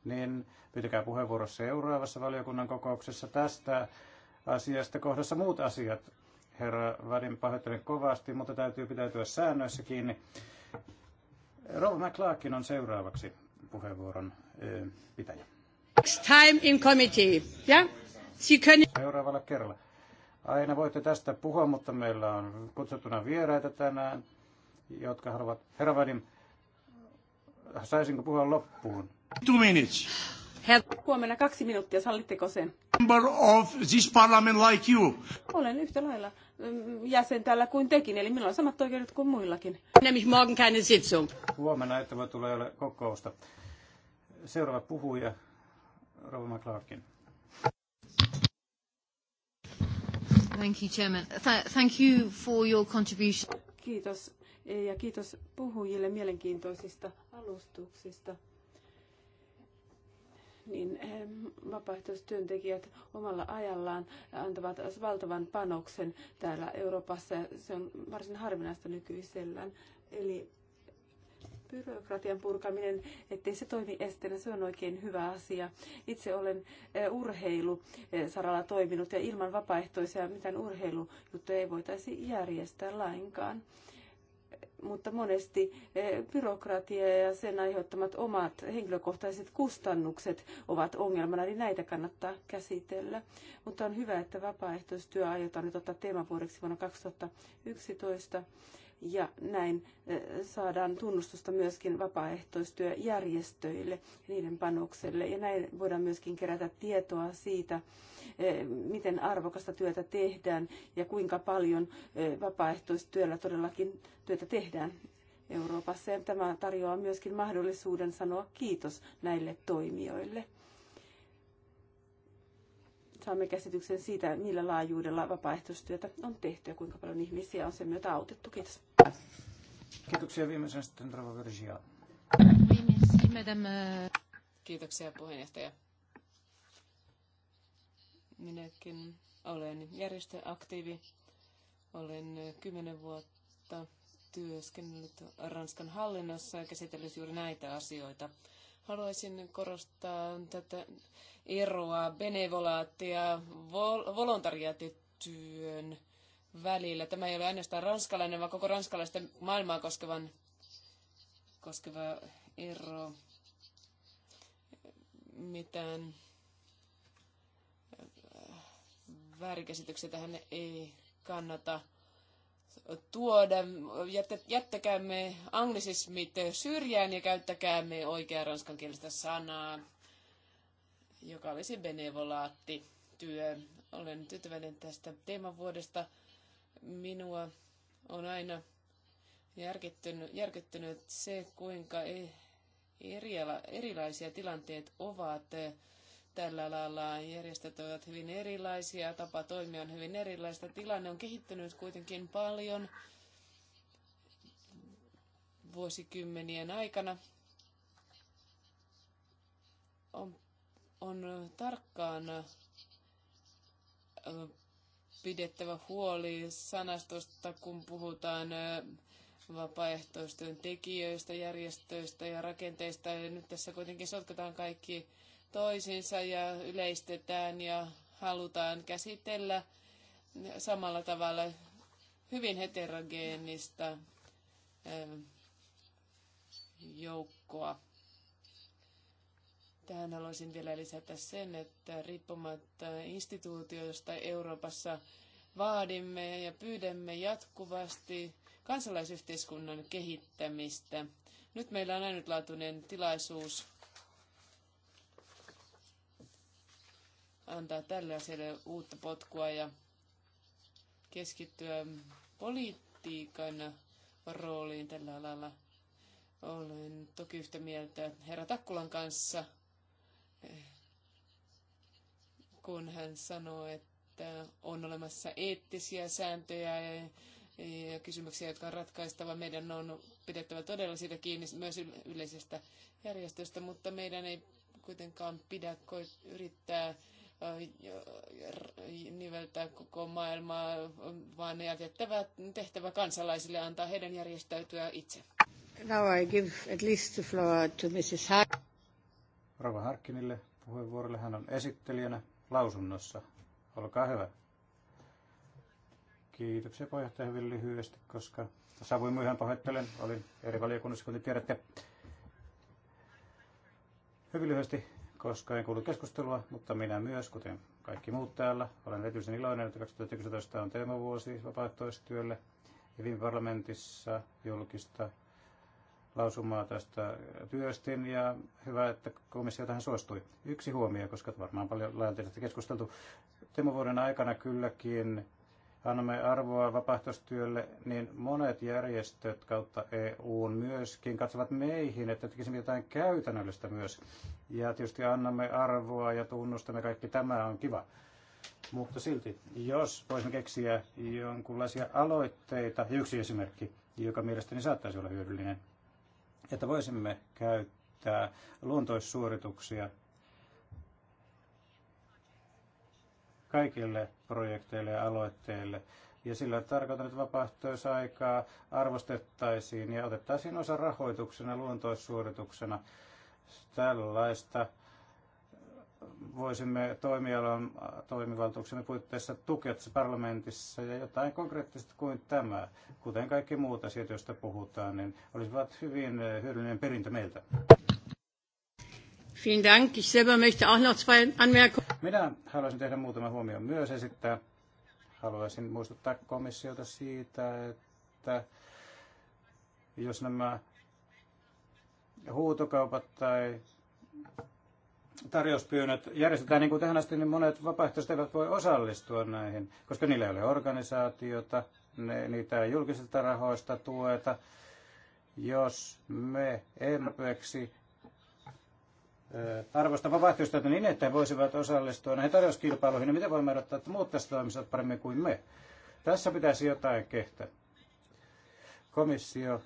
niin pyytäkää puheenvuoro seuraavassa valiokunnan kokouksessa tästä asiasta kohdassa muut asiat Herra Vadin, pahoittelen kovasti, mutta täytyy pitäytyä säännöissä kiinni. Rova McClarkin on seuraavaksi puheenvuoron pitäjä. Next time in committee, yeah? Sie Seuraavalla kerralla. Aina voitte tästä puhua, mutta meillä on kutsuttuna vieraita tänään, jotka haluavat. Herra Vadim, saisinko puhua loppuun? Two minutes. Huomenna kaksi minuuttia, sallitteko sen? Member of this parliament like you. Olen yhtä lailla mm, jäsen täällä kuin tekin, eli minulla on samat oikeudet kuin muillakin. Nämlich morgen keine niin Sitzung. Huomenna ettävä tulee ole kokousta. Seuraava puhuja, Rova McClarkin. Thank you, Chairman. Th- thank you for your contribution. Kiitos ja kiitos puhujille mielenkiintoisista alustuksista niin vapaaehtoistyöntekijät omalla ajallaan antavat valtavan panoksen täällä Euroopassa ja se on varsin harvinaista nykyisellään. Eli byrokratian purkaminen, ettei se toimi esteenä, se on oikein hyvä asia. Itse olen eh, urheilusaralla eh, toiminut ja ilman vapaaehtoisia mitään urheilujuttuja ei voitaisi järjestää lainkaan mutta monesti eh, byrokratia ja sen aiheuttamat omat henkilökohtaiset kustannukset ovat ongelmana, niin näitä kannattaa käsitellä. Mutta on hyvä, että vapaaehtoistyö aiotaan nyt ottaa teemavuodeksi vuonna 2011 ja näin saadaan tunnustusta myöskin vapaaehtoistyöjärjestöille ja niiden panokselle. Ja näin voidaan myöskin kerätä tietoa siitä, miten arvokasta työtä tehdään ja kuinka paljon vapaaehtoistyöllä todellakin työtä tehdään Euroopassa. Ja tämä tarjoaa myöskin mahdollisuuden sanoa kiitos näille toimijoille saamme käsityksen siitä, millä laajuudella vapaaehtoistyötä on tehty ja kuinka paljon ihmisiä on sen myötä autettu. Kiitos. Kiitoksia viimeisenä sitten Rova Virgia. Kiitoksia puheenjohtaja. Minäkin olen järjestöaktiivi. Olen kymmenen vuotta työskennellyt Ranskan hallinnossa ja käsitellyt juuri näitä asioita. Haluaisin korostaa tätä eroa benevolaatia, ja vol- välillä. Tämä ei ole ainoastaan ranskalainen, vaan koko ranskalaista maailmaa koskevan, koskeva ero. Mitään äh, väärinkäsityksiä tähän ei kannata tuoda. Jättäkäämme anglisismit syrjään ja käyttäkäämme oikea ranskankielistä sanaa, joka olisi benevolaatti työ. Olen tyytyväinen tästä teemavuodesta. vuodesta Minua on aina järkyttynyt, järkyttynyt se, kuinka e, eriala, erilaisia tilanteet ovat tällä lailla. Järjestöt ovat hyvin erilaisia, tapa toimia on hyvin erilaista. Tilanne on kehittynyt kuitenkin paljon vuosikymmenien aikana. On, on tarkkaan pidettävä huoli sanastosta, kun puhutaan vapaaehtoistyön tekijöistä, järjestöistä ja rakenteista. Ja nyt tässä kuitenkin sotketaan kaikki toisiinsa ja yleistetään ja halutaan käsitellä samalla tavalla hyvin heterogeenista joukkoa Tähän haluaisin vielä lisätä sen, että riippumatta instituutioista Euroopassa vaadimme ja pyydämme jatkuvasti kansalaisyhteiskunnan kehittämistä. Nyt meillä on ainutlaatuinen tilaisuus antaa tälle asialle uutta potkua ja keskittyä politiikan rooliin tällä alalla. Olen toki yhtä mieltä herra Takkulan kanssa – kun hän sanoo, että on olemassa eettisiä sääntöjä ja, ja kysymyksiä, jotka on ratkaistava. Meidän on pidettävä todella siitä kiinni myös yleisestä järjestöstä, mutta meidän ei kuitenkaan pidä yrittää niveltää koko maailmaa, vaan jätettävä tehtävä kansalaisille antaa heidän järjestäytyä itse. Now I give at least the floor to Mrs. Harkin. Rova Harkkinille puheenvuorolle. Hän on esittelijänä lausunnossa. Olkaa hyvä. Kiitoksia puheenjohtaja hyvin lyhyesti, koska savuin myöhään pahoittelen. Olin eri valiokunnassa, kuten tiedätte. Hyvin lyhyesti, koska en kuullut keskustelua, mutta minä myös, kuten kaikki muut täällä. Olen erityisen iloinen, että 2019 on teemavuosi vapaaehtoistyölle. Ja viime parlamentissa julkista lausumaa tästä työstin ja hyvä, että komissio tähän suostui. Yksi huomio, koska varmaan paljon laajalti tästä keskusteltu. Timo vuoden aikana kylläkin annamme arvoa vapaaehtoistyölle, niin monet järjestöt kautta EUn myöskin katsovat meihin, että tekisimme jotain käytännöllistä myös. Ja tietysti annamme arvoa ja tunnustamme kaikki, tämä on kiva. Mutta silti, jos voisimme keksiä jonkinlaisia aloitteita, yksi esimerkki, joka mielestäni saattaisi olla hyödyllinen, että voisimme käyttää luontoissuorituksia kaikille projekteille ja aloitteille. Ja sillä tarkoitan, että vapaaehtoisaikaa arvostettaisiin ja otettaisiin osa rahoituksena luontoissuorituksena tällaista voisimme toimialan toimivaltuuksemme puitteissa tukea tässä parlamentissa ja jotain konkreettista kuin tämä, kuten kaikki muut asiat, joista puhutaan, niin olisivat hyvin eh, hyödyllinen perintö meiltä. Vielen Dank. Ich selber möchte auch noch zwei Anmerkungen. Minä haluaisin tehdä muutama huomio. myös esittää. Haluaisin muistuttaa komissiota siitä, että jos nämä huutokaupat tai tarjouspyynnöt järjestetään niin kuin tähän asti, niin monet vapaaehtoiset eivät voi osallistua näihin, koska niillä ei ole organisaatiota, ne, niitä ei julkisilta rahoista tueta. Jos me empeksi arvosta vapaaehtoista, että niin että he voisivat osallistua näihin tarjouskilpailuihin, niin miten voimme odottaa, että muut tässä toimisivat paremmin kuin me? Tässä pitäisi jotain kehtää. Komissio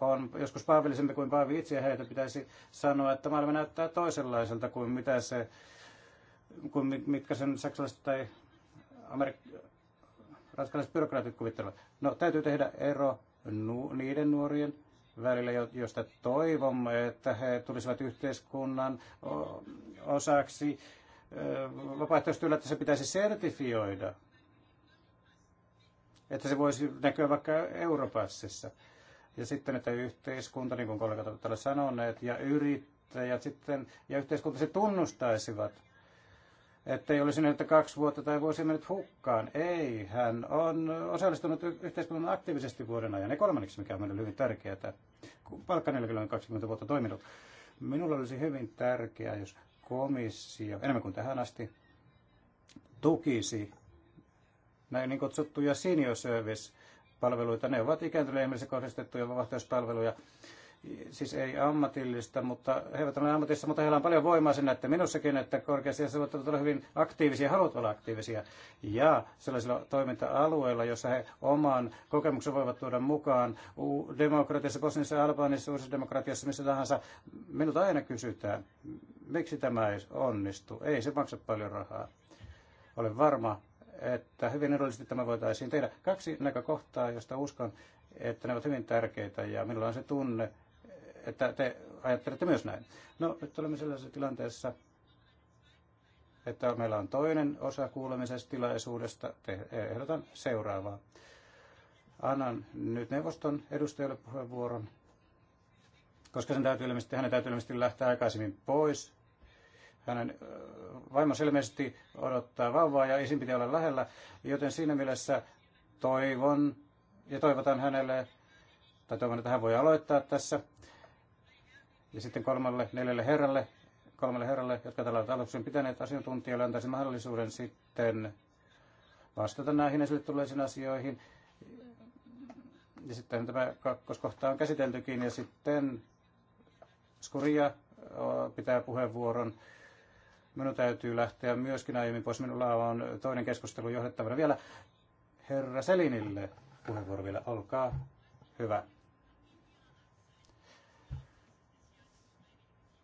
on joskus paavillisempi kuin paavi itse, ja heitä pitäisi sanoa, että maailma näyttää toisenlaiselta kuin mitä se, kuin mitkä sen saksalaiset tai amerik- ranskalaiset byrokraatit kuvittelevat. No, täytyy tehdä ero nu- niiden nuorien välillä, joista toivomme, että he tulisivat yhteiskunnan osaksi vapaaehtoistyöllä, että se pitäisi sertifioida, että se voisi näkyä vaikka Europassissa. Ja sitten, että yhteiskunta, niin kuin kollegat ovat täällä sanoneet, ja yrittäjät sitten, ja yhteiskunta se tunnustaisivat, niin, että ei olisi näitä kaksi vuotta tai vuosi mennyt hukkaan. Ei, hän on osallistunut yhteiskunnan aktiivisesti vuoden ajan. Ja kolmanneksi, mikä on meille hyvin tärkeää, 40 on 20 vuotta toiminut. Minulla olisi hyvin tärkeää, jos komissio, enemmän kuin tähän asti, tukisi näin niin kutsuttuja senior service palveluita. Ne ovat ikääntyneille ihmisille kohdistettuja vapaaehtoispalveluja. Siis ei ammatillista, mutta he eivät ole ammatissa, mutta heillä on paljon voimaa sen, että minussakin, että korkeasti voivat olla hyvin aktiivisia, haluavat olla aktiivisia. Ja sellaisilla toiminta-alueilla, jossa he oman kokemuksen voivat tuoda mukaan demokratiassa, Bosnissa, Albanissa, uusissa demokratiassa, missä tahansa, minulta aina kysytään, miksi tämä ei onnistu. Ei se maksa paljon rahaa. Olen varma, että hyvin edullisesti tämä voitaisiin tehdä. Kaksi näkökohtaa, josta uskon, että ne ovat hyvin tärkeitä ja minulla on se tunne, että te ajattelette myös näin. No, nyt olemme sellaisessa tilanteessa, että meillä on toinen osa kuulemisesta tilaisuudesta. Ehdotan seuraavaa. Annan nyt neuvoston edustajalle puheenvuoron, koska sen täytyy ilmeisesti, hänen täytyy ilmeisesti lähteä aikaisemmin pois. Hänen vaimo ilmeisesti odottaa vauvaa ja isin pitää olla lähellä, joten siinä mielessä toivon ja toivotan hänelle, tai toivon, että hän voi aloittaa tässä. Ja sitten kolmalle, neljälle herralle, kolmelle herralle, jotka tällä ovat aluksen pitäneet asiantuntijoille, antaisin mahdollisuuden sitten vastata näihin esille tulleisiin asioihin. Ja sitten tämä kakkoskohta on käsiteltykin ja sitten Skuria pitää puheenvuoron Minun täytyy lähteä myöskin aiemmin pois. Minulla on toinen keskustelu johdettavana vielä herra Selinille puheenvuoro vielä. Olkaa hyvä.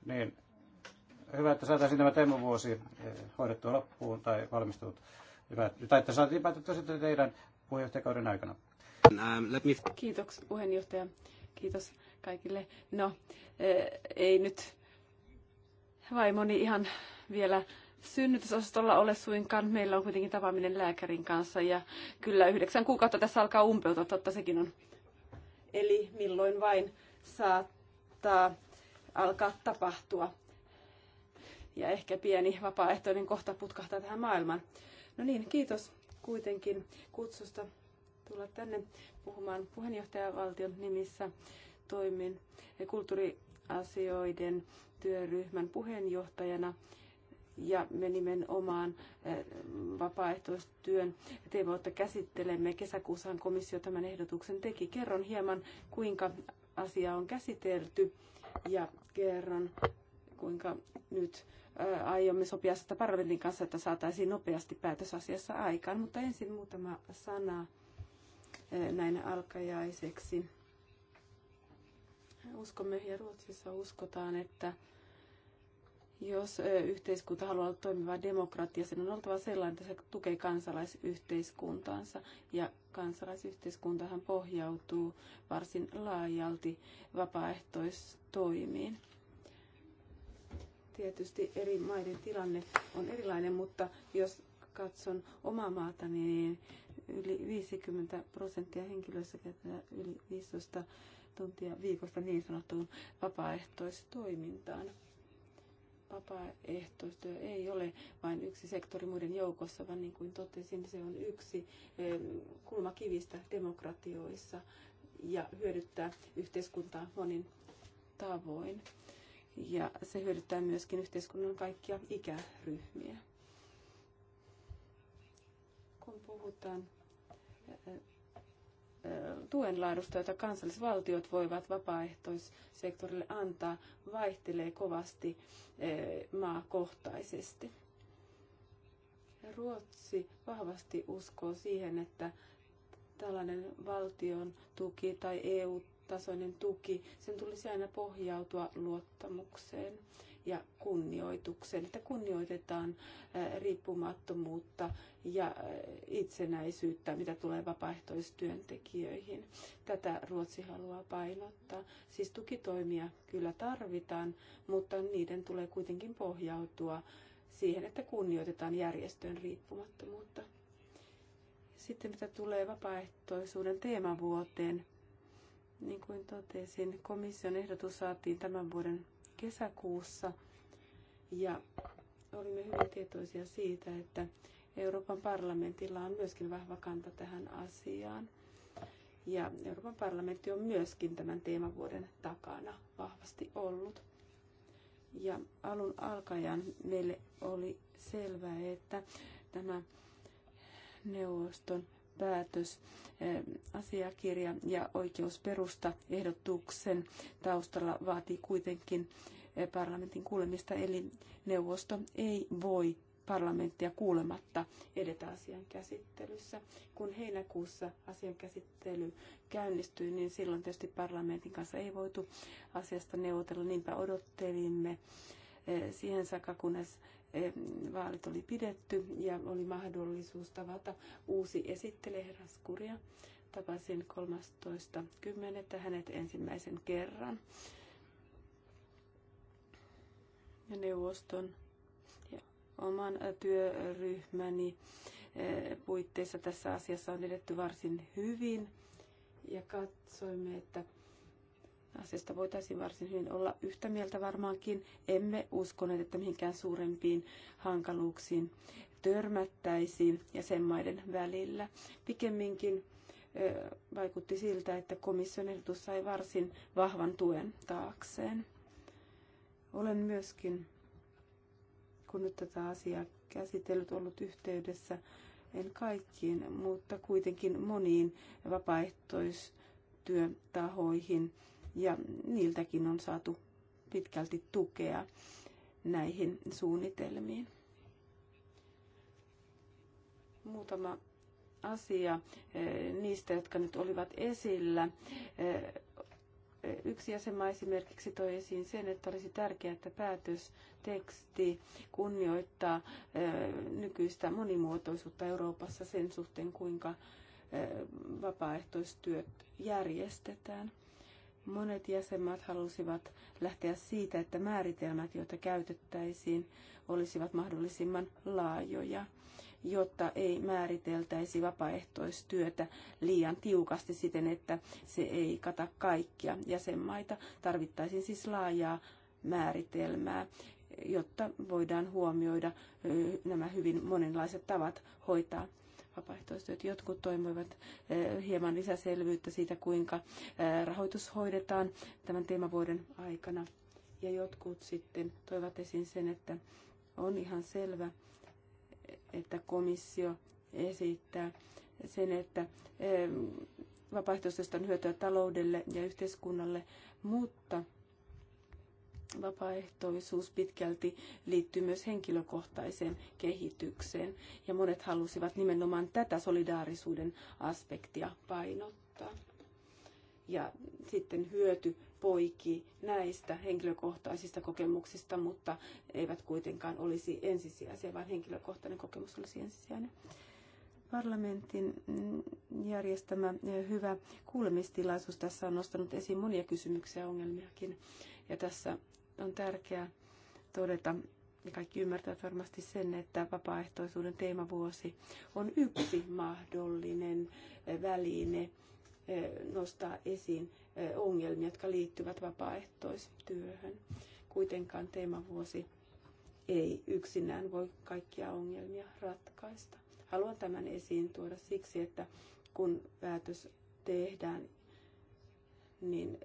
Niin, hyvä, että saataisiin tämä teemavuosi eh, hoidettua loppuun tai valmistunut. Hyvä, tai että saatiin päätettyä sitten teidän puheenjohtajakauden aikana. Um, Kiitoksia puheenjohtaja. Kiitos kaikille. No, eh, ei nyt vaimoni ihan vielä synnytysosastolla ole suinkaan. Meillä on kuitenkin tapaaminen lääkärin kanssa ja kyllä yhdeksän kuukautta tässä alkaa umpeutua, totta sekin on. Eli milloin vain saattaa alkaa tapahtua. Ja ehkä pieni vapaaehtoinen kohta putkahtaa tähän maailmaan. No niin, kiitos kuitenkin kutsusta tulla tänne puhumaan puheenjohtajavaltion nimissä. Toimin kulttuuriasioiden työryhmän puheenjohtajana ja me nimenomaan eh, vapaaehtoistyön teevoutta käsittelemme. Kesäkuussahan komissio tämän ehdotuksen teki. Kerron hieman, kuinka asia on käsitelty ja kerron, kuinka nyt eh, aiomme sopia sitä parlamentin kanssa, että saataisiin nopeasti päätös asiassa aikaan. Mutta ensin muutama sana eh, näin alkajaiseksi. Uskomme ja Ruotsissa uskotaan, että jos yhteiskunta haluaa olla toimiva demokratia, sen on oltava sellainen, että se tukee kansalaisyhteiskuntaansa. Ja kansalaisyhteiskuntahan pohjautuu varsin laajalti vapaaehtoistoimiin. Tietysti eri maiden tilanne on erilainen, mutta jos katson omaa maata, niin yli 50 prosenttia henkilöistä käyttää yli 15 tuntia viikosta niin sanottuun vapaaehtoistoimintaan vapaaehtoistyö ei ole vain yksi sektori muiden joukossa, vaan niin kuin totesin, se on yksi eh, kulmakivistä demokratioissa ja hyödyttää yhteiskuntaa monin tavoin. Ja se hyödyttää myöskin yhteiskunnan kaikkia ikäryhmiä. Kun puhutaan eh, tuen laadusta, jota kansallisvaltiot voivat vapaaehtoissektorille antaa, vaihtelee kovasti eh, maakohtaisesti. Ruotsi vahvasti uskoo siihen, että tällainen valtion tuki tai EU-tasoinen tuki, sen tulisi aina pohjautua luottamukseen ja kunnioituksen, että kunnioitetaan riippumattomuutta ja itsenäisyyttä, mitä tulee vapaaehtoistyöntekijöihin. Tätä Ruotsi haluaa painottaa. Siis tukitoimia kyllä tarvitaan, mutta niiden tulee kuitenkin pohjautua siihen, että kunnioitetaan järjestön riippumattomuutta. Sitten mitä tulee vapaaehtoisuuden teemavuoteen, niin kuin totesin, komission ehdotus saatiin tämän vuoden kesäkuussa ja olimme hyvin tietoisia siitä, että Euroopan parlamentilla on myöskin vahva kanta tähän asiaan. Ja Euroopan parlamentti on myöskin tämän teemavuoden takana vahvasti ollut. Ja alun alkajan meille oli selvää, että tämä neuvoston päätös eh, asiakirja ja oikeusperusta ehdotuksen taustalla vaatii kuitenkin eh, parlamentin kuulemista, eli neuvosto ei voi parlamenttia kuulematta edetä asian käsittelyssä. Kun heinäkuussa asian käsittely käynnistyi, niin silloin tietysti parlamentin kanssa ei voitu asiasta neuvotella, niinpä odottelimme eh, siihen saakka, kunnes vaalit oli pidetty ja oli mahdollisuus tavata uusi esittelijä Heras Kuria. Tapasin 13.10. hänet ensimmäisen kerran. Ja neuvoston ja oman työryhmäni eh, puitteissa tässä asiassa on edetty varsin hyvin ja katsoimme, että Asiasta voitaisiin varsin hyvin olla yhtä mieltä varmaankin. Emme uskoneet, että mihinkään suurempiin hankaluuksiin törmättäisiin jäsenmaiden välillä. Pikemminkin vaikutti siltä, että komission ehdotus sai varsin vahvan tuen taakseen. Olen myöskin, kun nyt tätä asiaa käsitellyt, ollut yhteydessä en kaikkiin, mutta kuitenkin moniin vapaaehtoistyötahoihin, ja niiltäkin on saatu pitkälti tukea näihin suunnitelmiin. Muutama asia eh, niistä, jotka nyt olivat esillä. Eh, eh, yksi jäsenmaa esimerkiksi toi esiin sen, että olisi tärkeää, että päätösteksti kunnioittaa nykyistä monimuotoisuutta Euroopassa sen suhteen, kuinka vapaaehtoistyöt järjestetään. Monet jäsenmaat halusivat lähteä siitä, että määritelmät, joita käytettäisiin, olisivat mahdollisimman laajoja, jotta ei määriteltäisi vapaaehtoistyötä liian tiukasti siten, että se ei kata kaikkia jäsenmaita. Tarvittaisiin siis laajaa määritelmää, jotta voidaan huomioida nämä hyvin monenlaiset tavat hoitaa vapaaehtoistyöt. Jotkut toimivat eh, hieman lisäselvyyttä siitä, kuinka eh, rahoitus hoidetaan tämän teemavuoden aikana. Ja jotkut sitten toivat esiin sen, että on ihan selvä, että komissio esittää sen, että eh, vapaaehtoistyöstä on hyötyä taloudelle ja yhteiskunnalle, mutta vapaaehtoisuus pitkälti liittyy myös henkilökohtaiseen kehitykseen ja monet halusivat nimenomaan tätä solidaarisuuden aspektia painottaa. Ja sitten hyöty poiki näistä henkilökohtaisista kokemuksista, mutta eivät kuitenkaan olisi ensisijaisia, vaan henkilökohtainen kokemus olisi ensisijainen parlamentin järjestämä hyvä kuulemistilaisuus tässä on nostanut esiin monia kysymyksiä ja ongelmiakin. Ja tässä on tärkeää todeta, ja kaikki ymmärtävät varmasti sen, että vapaaehtoisuuden teemavuosi on yksi mahdollinen eh, väline eh, nostaa esiin eh, ongelmia, jotka liittyvät vapaaehtoistyöhön. Kuitenkaan teemavuosi ei yksinään voi kaikkia ongelmia ratkaista. Haluan tämän esiin tuoda siksi, että kun päätös tehdään, niin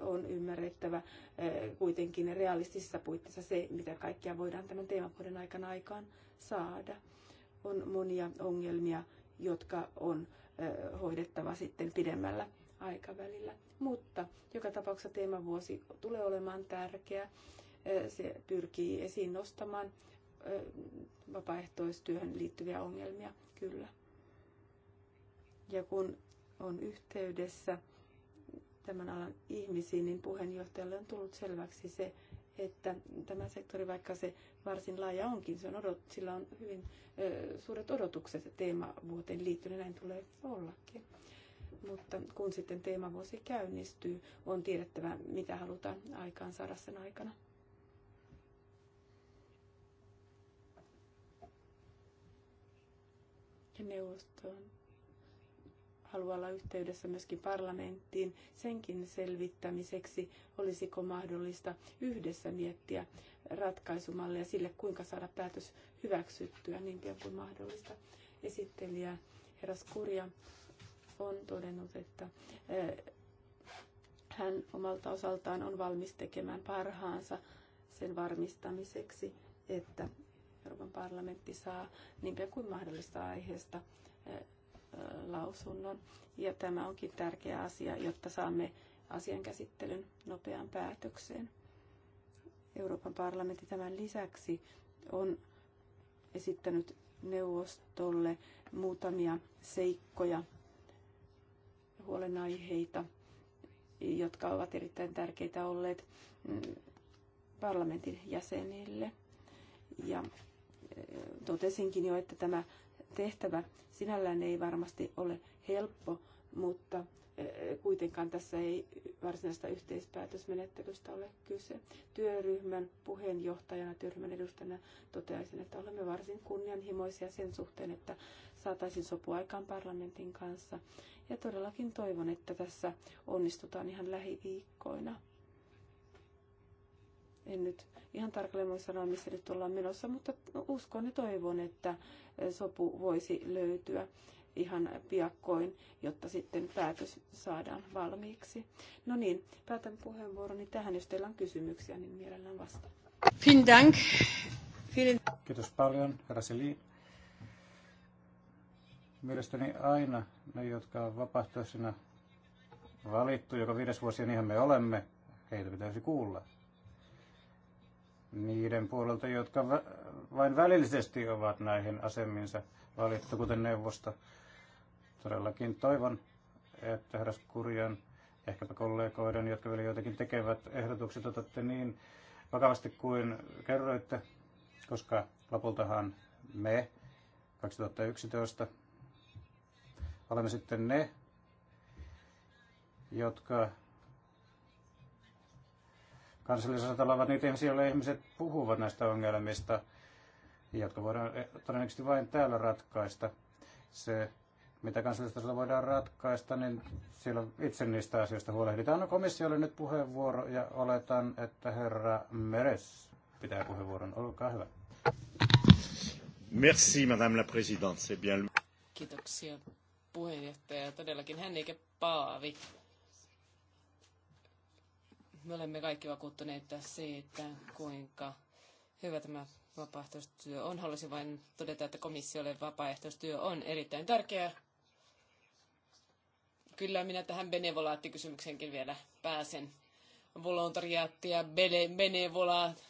on ymmärrettävä kuitenkin realistisissa puitteissa se, mitä kaikkea voidaan tämän teemavuoden aikana aikaan saada. On monia ongelmia, jotka on hoidettava sitten pidemmällä aikavälillä. Mutta joka tapauksessa teemavuosi tulee olemaan tärkeä. Se pyrkii esiin nostamaan vapaaehtoistyöhön liittyviä ongelmia, kyllä. Ja kun on yhteydessä tämän alan ihmisiin, niin puheenjohtajalle on tullut selväksi se, että tämä sektori, vaikka se varsin laaja onkin, se on odot, sillä on hyvin ö, suuret odotukset teemavuoteen liittyen, näin tulee ollakin. Mutta kun sitten teemavuosi käynnistyy, on tiedettävä, mitä halutaan aikaan saada sen aikana. Ja neuvostoon haluaa olla yhteydessä myöskin parlamenttiin senkin selvittämiseksi, olisiko mahdollista yhdessä miettiä ratkaisumalleja sille, kuinka saada päätös hyväksyttyä niin pian kuin mahdollista. Esittelijä Heras Kurja on todennut, että eh, hän omalta osaltaan on valmis tekemään parhaansa sen varmistamiseksi, että Euroopan parlamentti saa niin pian kuin mahdollista aiheesta eh, lausunnon. Ja tämä onkin tärkeä asia, jotta saamme asian käsittelyn nopeaan päätökseen. Euroopan parlamentti tämän lisäksi on esittänyt neuvostolle muutamia seikkoja, huolenaiheita, jotka ovat erittäin tärkeitä olleet mm, parlamentin jäsenille. Ja totesinkin jo, että tämä tehtävä sinällään ei varmasti ole helppo, mutta eh, kuitenkaan tässä ei varsinaista yhteispäätösmenettelystä ole kyse. Työryhmän puheenjohtajana, työryhmän edustajana toteaisin, että olemme varsin kunnianhimoisia sen suhteen, että saataisiin sopua aikaan parlamentin kanssa. Ja todellakin toivon, että tässä onnistutaan ihan lähiviikkoina en nyt ihan tarkalleen voi sanoa, missä nyt ollaan menossa, mutta uskon ja toivon, että eh, sopu voisi löytyä ihan piakkoin, jotta sitten päätös saadaan valmiiksi. No niin, päätän puheenvuoroni tähän. Jos teillä on kysymyksiä, niin mielellään vastaan. Vielen dank. Kiitos paljon, herra Seli. Mielestäni aina ne, jotka on vapaaehtoisena valittu, joka viides vuosi, niin ihan me olemme, heitä pitäisi kuulla niiden puolelta, jotka vain välillisesti ovat näihin asemiinsa valittu, kuten neuvosto. Todellakin toivon, että herras Kurjan, ehkäpä kollegoiden, jotka vielä joitakin tekevät ehdotukset, otatte niin vakavasti kuin kerroitte, koska lopultahan me 2011 olemme sitten ne, jotka kansallisella nyt ovat niitä ihmisiä, ihmiset puhuvat näistä ongelmista, jotka voidaan eh, todennäköisesti vain täällä ratkaista. Se, mitä kansallistasolla voidaan ratkaista, niin silloin itse niistä asioista huolehditaan. No komissiolle nyt puheenvuoro ja oletan, että herra Meres pitää puheenvuoron. Olkaa hyvä. Merci, madame la présidente. C'est bien. Kiitoksia puheenjohtaja. Todellakin hän eikä paavi me olemme kaikki vakuuttuneita siitä, kuinka hyvä tämä vapaaehtoistyö on. Haluaisin vain todeta, että komissiolle vapaaehtoistyö on erittäin tärkeää. Kyllä minä tähän benevolaattikysymykseenkin vielä pääsen. Volontariaatti ja benevolaattyö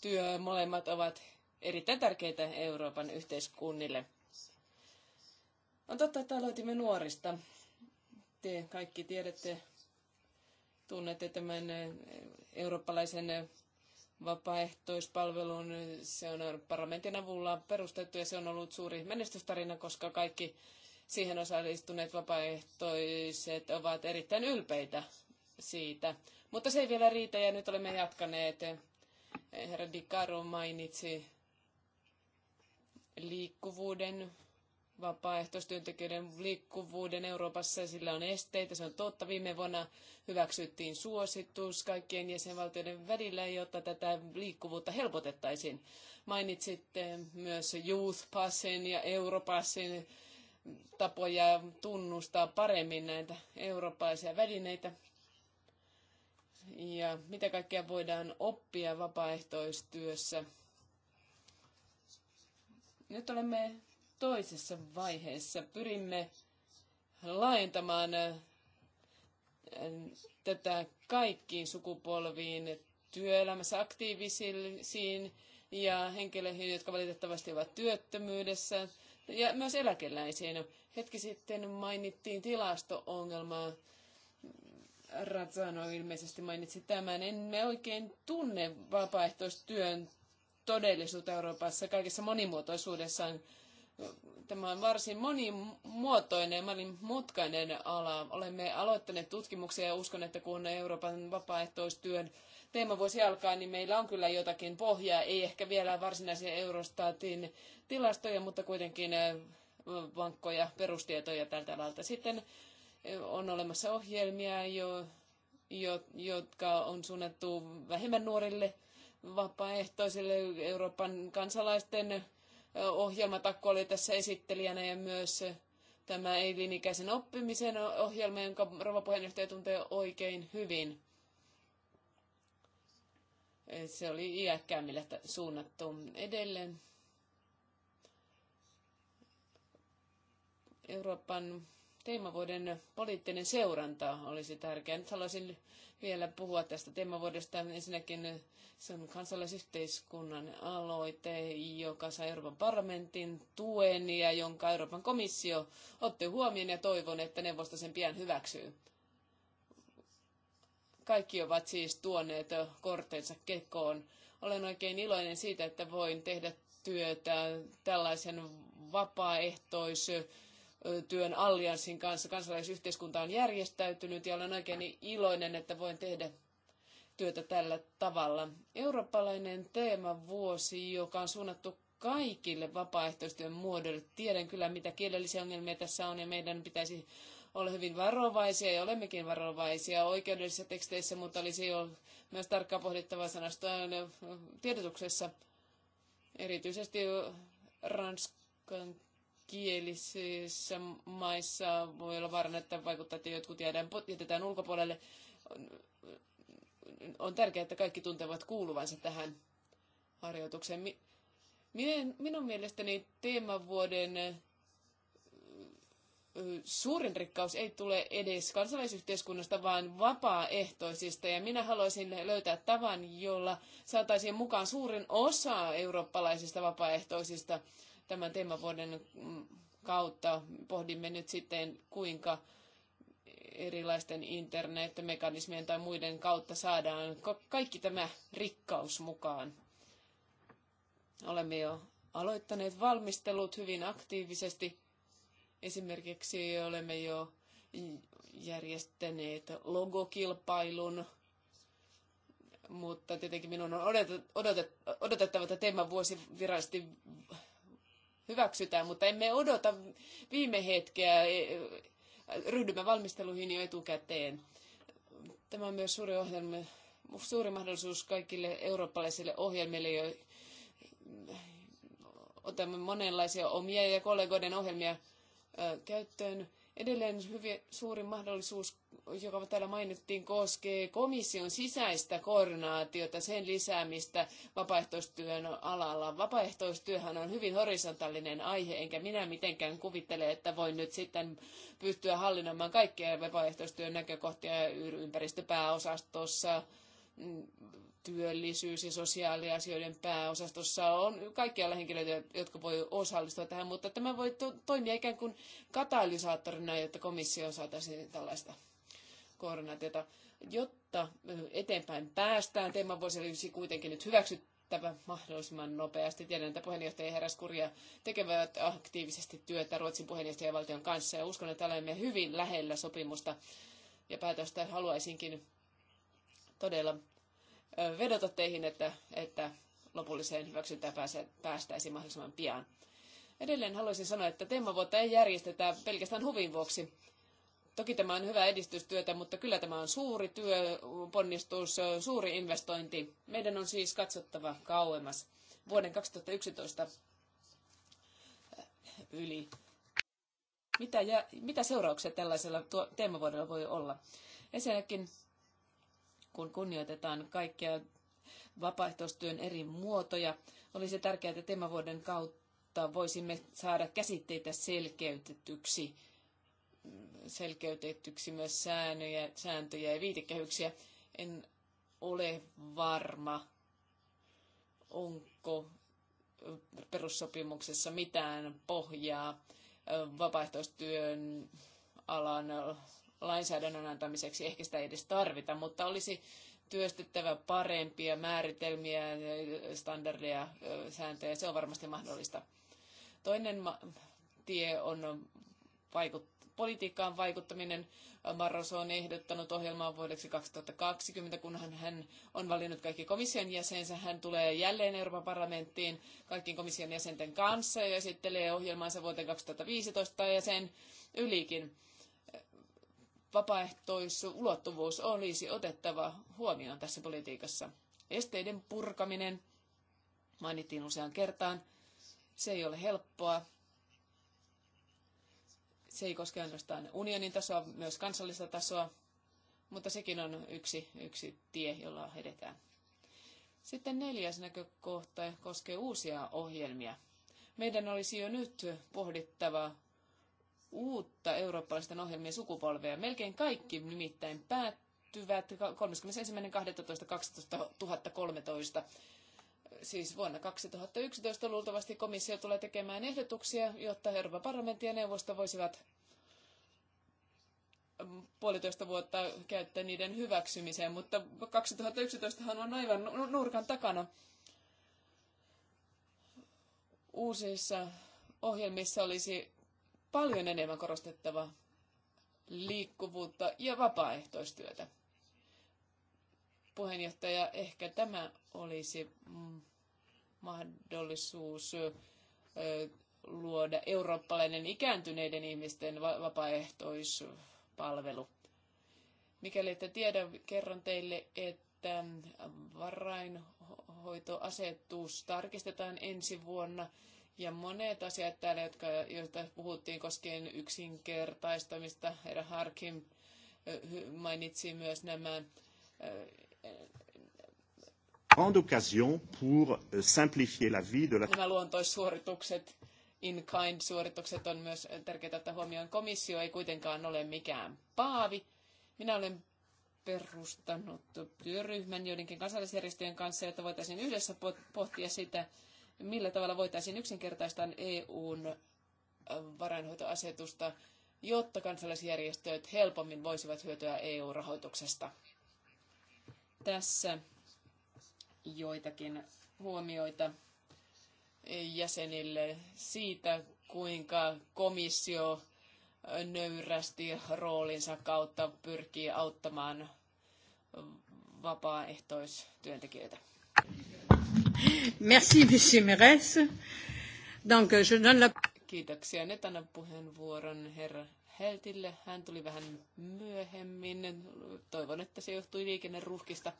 työ molemmat ovat erittäin tärkeitä Euroopan yhteiskunnille. On totta, että aloitimme nuorista. Te kaikki tiedätte, Tunnette tämän eh, eurooppalaisen vapaaehtoispalvelun. Se on parlamentin avulla perustettu ja se on ollut suuri menestystarina, koska kaikki siihen osallistuneet vapaaehtoiset ovat erittäin ylpeitä siitä. Mutta se ei vielä riitä ja nyt olemme jatkaneet. Herra Di Caro mainitsi liikkuvuuden vapaaehtoistyöntekijöiden liikkuvuuden Euroopassa ja sillä on esteitä. Se on totta. Viime vuonna hyväksyttiin suositus kaikkien jäsenvaltioiden välillä, jotta tätä liikkuvuutta helpotettaisiin. Mainitsitte myös Youth Passin ja Europassin tapoja tunnustaa paremmin näitä eurooppalaisia välineitä. Ja mitä kaikkea voidaan oppia vapaaehtoistyössä. Nyt olemme toisessa vaiheessa pyrimme laajentamaan äh, tätä kaikkiin sukupolviin työelämässä aktiivisiin ja henkilöihin, jotka valitettavasti ovat työttömyydessä ja myös eläkeläisiin. Hetki sitten mainittiin tilasto-ongelmaa. Ratsano ilmeisesti mainitsi tämän. Emme oikein tunne vapaaehtoistyön todellisuutta Euroopassa kaikessa monimuotoisuudessaan. Tämä on varsin monimuotoinen ja monimutkainen ala. Olemme aloittaneet tutkimuksia ja uskon, että kun Euroopan vapaaehtoistyön teema voisi alkaa, niin meillä on kyllä jotakin pohjaa. Ei ehkä vielä varsinaisia Eurostatin tilastoja, mutta kuitenkin äh, vankkoja perustietoja tältä alalta. Sitten äh, on olemassa ohjelmia, jo, jo, jotka on suunnattu vähemmän nuorille vapaaehtoisille Euroopan kansalaisten ohjelmatakko oli tässä esittelijänä ja myös tämä elinikäisen oppimisen ohjelma, jonka rouva puheenjohtaja tuntee oikein hyvin. Se oli iäkkäämmille suunnattu edelleen. Euroopan teemavuoden poliittinen seuranta olisi tärkeää. Nyt haluaisin vielä puhua tästä teemavuodesta. Ensinnäkin se on kansalaisyhteiskunnan aloite, joka sai Euroopan parlamentin tuen ja jonka Euroopan komissio otti huomioon ja toivon, että neuvosto sen pian hyväksyy. Kaikki ovat siis tuoneet kortensa kekoon. Olen oikein iloinen siitä, että voin tehdä työtä tällaisen vapaaehtoisen työn allianssin kanssa. Kansalaisyhteiskunta on järjestäytynyt ja olen oikein iloinen, että voin tehdä työtä tällä tavalla. Eurooppalainen teemavuosi, joka on suunnattu kaikille vapaaehtoistyön muodoille. Tiedän kyllä, mitä kielellisiä ongelmia tässä on ja meidän pitäisi olla hyvin varovaisia ja olemmekin varovaisia oikeudellisissa teksteissä, mutta olisi jo myös tarkkaan pohdittava sanastoa tiedotuksessa, erityisesti Ranskan kielisissä maissa voi olla vaarana, että vaikuttaa, että jotkut jäädään, jätetään ulkopuolelle. On, on tärkeää, että kaikki tuntevat kuuluvansa tähän harjoitukseen. Minun, minun mielestäni teemavuoden suurin rikkaus ei tule edes kansalaisyhteiskunnasta, vaan vapaaehtoisista. Ja minä haluaisin löytää tavan, jolla saataisiin mukaan suurin osa eurooppalaisista vapaaehtoisista tämän teemavuoden kautta pohdimme nyt sitten, kuinka erilaisten internetmekanismien tai muiden kautta saadaan kaikki tämä rikkaus mukaan. Olemme jo aloittaneet valmistelut hyvin aktiivisesti. Esimerkiksi olemme jo järjestäneet logokilpailun, mutta tietenkin minun on odotettava, että teema vuosi virallisesti hyväksytään, mutta emme odota viime hetkeä, e, ryhdymme valmisteluihin jo etukäteen. Tämä on myös suuri, ohjelma, suuri mahdollisuus kaikille eurooppalaisille ohjelmille, jo otamme monenlaisia omia ja kollegoiden ohjelmia käyttöön Edelleen hyvin suuri mahdollisuus, joka täällä mainittiin, koskee komission sisäistä koordinaatiota, sen lisäämistä vapaaehtoistyön alalla. Vapaaehtoistyöhän on hyvin horisontaalinen aihe, enkä minä mitenkään kuvittele, että voin nyt sitten pystyä hallinnoimaan kaikkia vapaaehtoistyön näkökohtia ympäristöpääosastossa mm, työllisyys- ja sosiaaliasioiden pääosastossa on kaikkialla henkilöitä, jotka voi osallistua tähän, mutta tämä voi to- toimia ikään kuin katalysaattorina, jotta komissio saataisiin tällaista koordinaatiota. Jotta eteenpäin päästään, teema voisi olisi kuitenkin nyt hyväksyttävä mahdollisimman nopeasti. Tiedän, että puheenjohtaja Heräs Kurja tekevät aktiivisesti työtä Ruotsin puheenjohtajavaltion kanssa ja uskon, että olemme hyvin lähellä sopimusta ja päätöstä haluaisinkin todella vedota teihin, että, että lopulliseen hyväksyntään päästäisiin mahdollisimman pian. Edelleen haluaisin sanoa, että teemavuotta ei järjestetä pelkästään huvin vuoksi. Toki tämä on hyvä edistystyötä, mutta kyllä tämä on suuri työponnistus, suuri investointi. Meidän on siis katsottava kauemmas vuoden 2011 yli. Mitä, ja, mitä seurauksia tällaisella teemavuodella voi olla? Ensinnäkin kun kunnioitetaan kaikkia vapaaehtoistyön eri muotoja. Olisi tärkeää, että tämän vuoden kautta voisimme saada käsitteitä selkeytetyksi, selkeytetyksi myös säännöjä, sääntöjä ja viitekehyksiä. En ole varma, onko perussopimuksessa mitään pohjaa vapaaehtoistyön alan lainsäädännön antamiseksi. Ehkä sitä ei edes tarvita, mutta olisi työstettävä parempia määritelmiä, standardeja, sääntöjä. Se on varmasti mahdollista. Toinen tie on vaikut- politiikkaan vaikuttaminen. Marros on ehdottanut ohjelmaa vuodeksi 2020, kunhan hän on valinnut kaikki komission jäsensä. Hän tulee jälleen Euroopan parlamenttiin kaikkien komission jäsenten kanssa ja esittelee ohjelmansa vuoteen 2015 ja sen ylikin vapaaehtoisulottuvuus olisi otettava huomioon tässä politiikassa. Esteiden purkaminen mainittiin useaan kertaan. Se ei ole helppoa. Se ei koske ainoastaan unionin tasoa, myös kansallista tasoa, mutta sekin on yksi, yksi tie, jolla edetään. Sitten neljäs näkökohta koskee uusia ohjelmia. Meidän olisi jo nyt pohdittava uutta eurooppalaisten ohjelmien sukupolvea. Melkein kaikki nimittäin päättyvät 31.12.2013. Siis vuonna 2011 luultavasti komissio tulee tekemään ehdotuksia, jotta Euroopan parlamentti ja neuvosto voisivat puolitoista vuotta käyttää niiden hyväksymiseen, mutta 2011han on aivan nurkan takana. Uusissa ohjelmissa olisi paljon enemmän korostettava liikkuvuutta ja vapaaehtoistyötä. Puheenjohtaja, ehkä tämä olisi mm, mahdollisuus luoda eurooppalainen ikääntyneiden ihmisten vapaaehtoispalvelu. Mikäli ette tiedä, kerron teille, että varainhoitoasetus tarkistetaan ensi vuonna ja monet asiat täällä, jotka, joista puhuttiin koskien yksinkertaistamista, herra Harkin mainitsi myös nämä grande occasion pour euh, simplifier la vie de la... Nämä luontoissuoritukset, in-kind-suoritukset on myös tärkeää ottaa huomioon. Komissio ei kuitenkaan ole mikään paavi. Minä olen perustanut työryhmän joidenkin kansalaisjärjestöjen kanssa, jotta voitaisiin yhdessä pohtia sitä, millä tavalla voitaisiin yksinkertaistaa EUn varainhoitoasetusta, jotta kansalaisjärjestöt helpommin voisivat hyötyä EU-rahoituksesta. Tässä joitakin huomioita jäsenille siitä, kuinka komissio nöyrästi roolinsa kautta pyrkii auttamaan vapaaehtoistyöntekijöitä. Merci, monsieur Meres. Donc, je donne la... Kiitoksia. Nyt annan puheenvuoron herra Heltille. Hän tuli vähän myöhemmin. Toivon, että se johtui liikenneruhkista.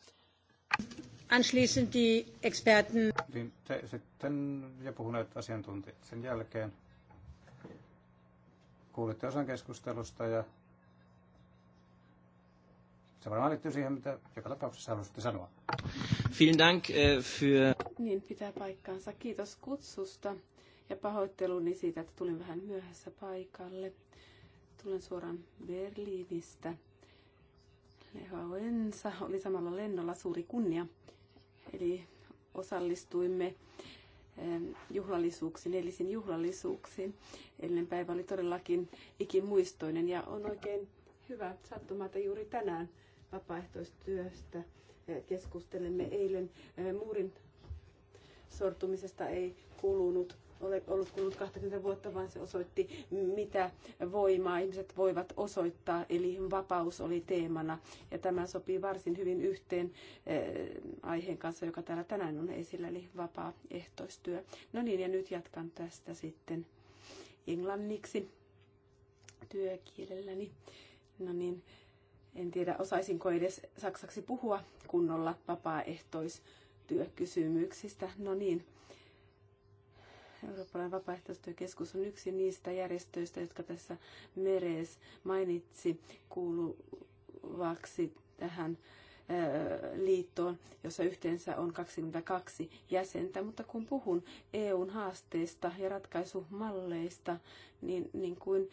Anschließend die Experten. Niin, sitten ja puhuneet asiantuntijat sen jälkeen. Kuulitte osan keskustelusta ja se varmaan liittyy siihen, mitä joka tapauksessa haluaisitte sanoa. Vielen Dank äh, für... Niin, pitää paikkaansa. Kiitos kutsusta ja pahoitteluni siitä, että tulin vähän myöhässä paikalle. Tulen suoraan Berliinistä. Lehoensa oli samalla lennolla suuri kunnia. Eli osallistuimme ähm, juhlallisuuksiin, eilisin juhlallisuuksiin. Eilinen päivä oli todellakin ikimuistoinen ja on oikein hyvä sattuma, että juuri tänään vapaaehtoistyöstä eh, keskustelemme eilen eh, muurin sortumisesta ei kulunut ole ollut kulunut 20 vuotta, vaan se osoitti, mitä voimaa ihmiset voivat osoittaa. Eli vapaus oli teemana. Ja tämä sopii varsin hyvin yhteen eh, aiheen kanssa, joka täällä tänään on esillä, eli vapaaehtoistyö. No niin, ja nyt jatkan tästä sitten englanniksi työkielelläni. No niin, en tiedä, osaisinko edes saksaksi puhua kunnolla vapaaehtoistyökysymyksistä. No niin, Eurooppalainen vapaaehtoistyökeskus on yksi niistä järjestöistä, jotka tässä merees mainitsi kuuluvaksi tähän liittoon, jossa yhteensä on 22 jäsentä. Mutta kun puhun EUn haasteista ja ratkaisumalleista, niin, niin kuin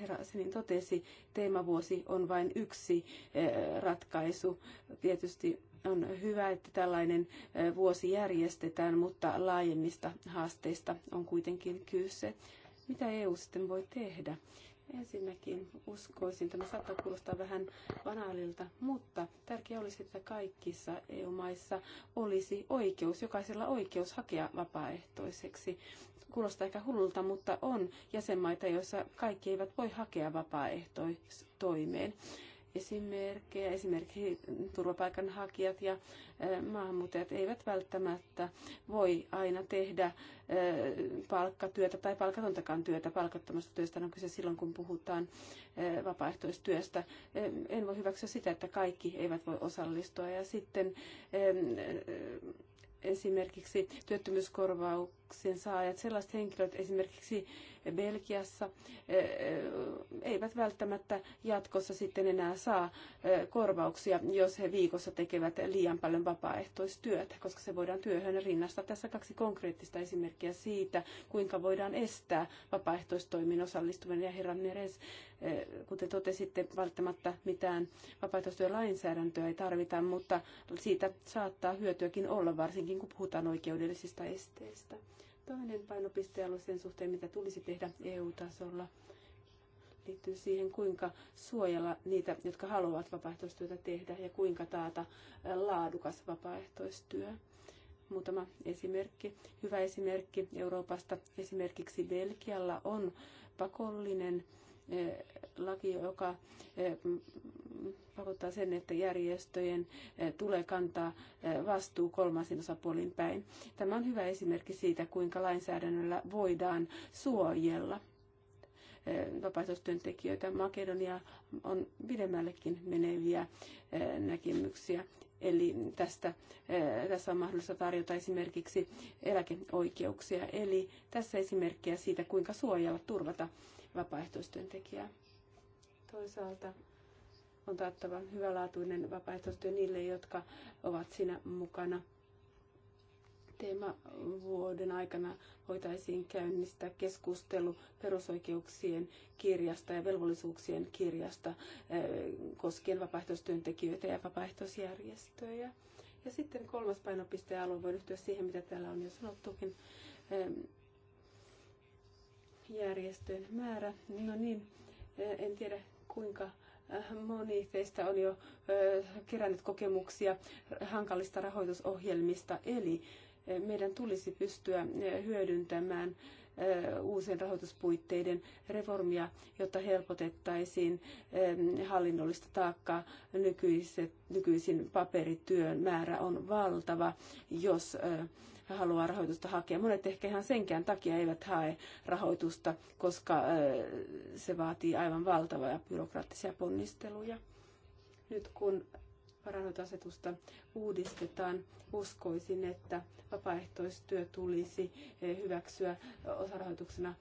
herra Sinin totesi, teemavuosi on vain yksi eh, ratkaisu. Tietysti on hyvä, että tällainen eh, vuosi järjestetään, mutta laajemmista haasteista on kuitenkin kyse. Mitä EU sitten voi tehdä? Ensinnäkin uskoisin, tämä saattaa kuulostaa vähän banaalilta, mutta tärkeää olisi, että kaikissa EU-maissa olisi oikeus, jokaisella oikeus hakea vapaaehtoiseksi. Kuulostaa ehkä hullulta, mutta on jäsenmaita, joissa kaikki eivät voi hakea vapaaehtoistoimeen esimerkkejä. Esimerkiksi turvapaikanhakijat ja maahanmuuttajat eivät välttämättä voi aina tehdä palkkatyötä tai palkatontakaan työtä. Palkattomasta työstä on no, kyse silloin, kun puhutaan vapaaehtoistyöstä. En voi hyväksyä sitä, että kaikki eivät voi osallistua. Ja sitten esimerkiksi työttömyyskorvauksia etuuksien saajat, sellaiset henkilöt esimerkiksi Belgiassa, eh, eh, eivät välttämättä jatkossa sitten enää saa eh, korvauksia, jos he viikossa tekevät liian paljon vapaaehtoistyötä, koska se voidaan työhön rinnastaa. Tässä kaksi konkreettista esimerkkiä siitä, kuinka voidaan estää vapaaehtoistoimin osallistuminen. Ja herran Neres, kuten totesitte, välttämättä mitään vapaaehtoistyön lainsäädäntöä ei tarvita, mutta siitä saattaa hyötyäkin olla, varsinkin kun puhutaan oikeudellisista esteistä. Toinen painopistealue sen suhteen, mitä tulisi tehdä EU-tasolla, liittyy siihen, kuinka suojella niitä, jotka haluavat vapaaehtoistyötä tehdä ja kuinka taata laadukas vapaaehtoistyö. Muutama esimerkki, hyvä esimerkki Euroopasta. Esimerkiksi Belgialla on pakollinen eh, laki, joka eh, pakottaa sen, että järjestöjen eh, tulee kantaa eh, vastuu kolmasin osapuolin päin. Tämä on hyvä esimerkki siitä, kuinka lainsäädännöllä voidaan suojella eh, vapaaehtoistyöntekijöitä. Makedonia on pidemmällekin meneviä näkemyksiä. Eli tästä, tässä on mahdollista tarjota esimerkiksi eläkeoikeuksia. Eli tässä esimerkkiä siitä, kuinka suojella, turvata vapaaehtoistyöntekijää. Toisaalta on taattava hyvälaatuinen vapaaehtoistyö niille, jotka ovat siinä mukana. Teemavuoden aikana voitaisiin käynnistää keskustelu perusoikeuksien kirjasta ja velvollisuuksien kirjasta eh, koskien vapaaehtoistyöntekijöitä ja vapaaehtoisjärjestöjä. Ja sitten kolmas painopistealue voi yhtyä siihen, mitä täällä on jo sanottukin, eh, järjestöjen määrä. No niin, eh, en tiedä kuinka Moni teistä on jo kerännyt kokemuksia hankalista rahoitusohjelmista, eli meidän tulisi pystyä hyödyntämään uusien rahoituspuitteiden reformia, jotta helpotettaisiin hallinnollista taakkaa. Nykyiset, nykyisin paperityön määrä on valtava, jos haluaa rahoitusta hakea. Monet ehkä ihan senkään takia eivät hae rahoitusta, koska äh, se vaatii aivan valtavia byrokraattisia ponnisteluja. Nyt kun varainhoitoasetusta uudistetaan, uskoisin, että vapaaehtoistyö tulisi äh, hyväksyä osarahoituksena äh,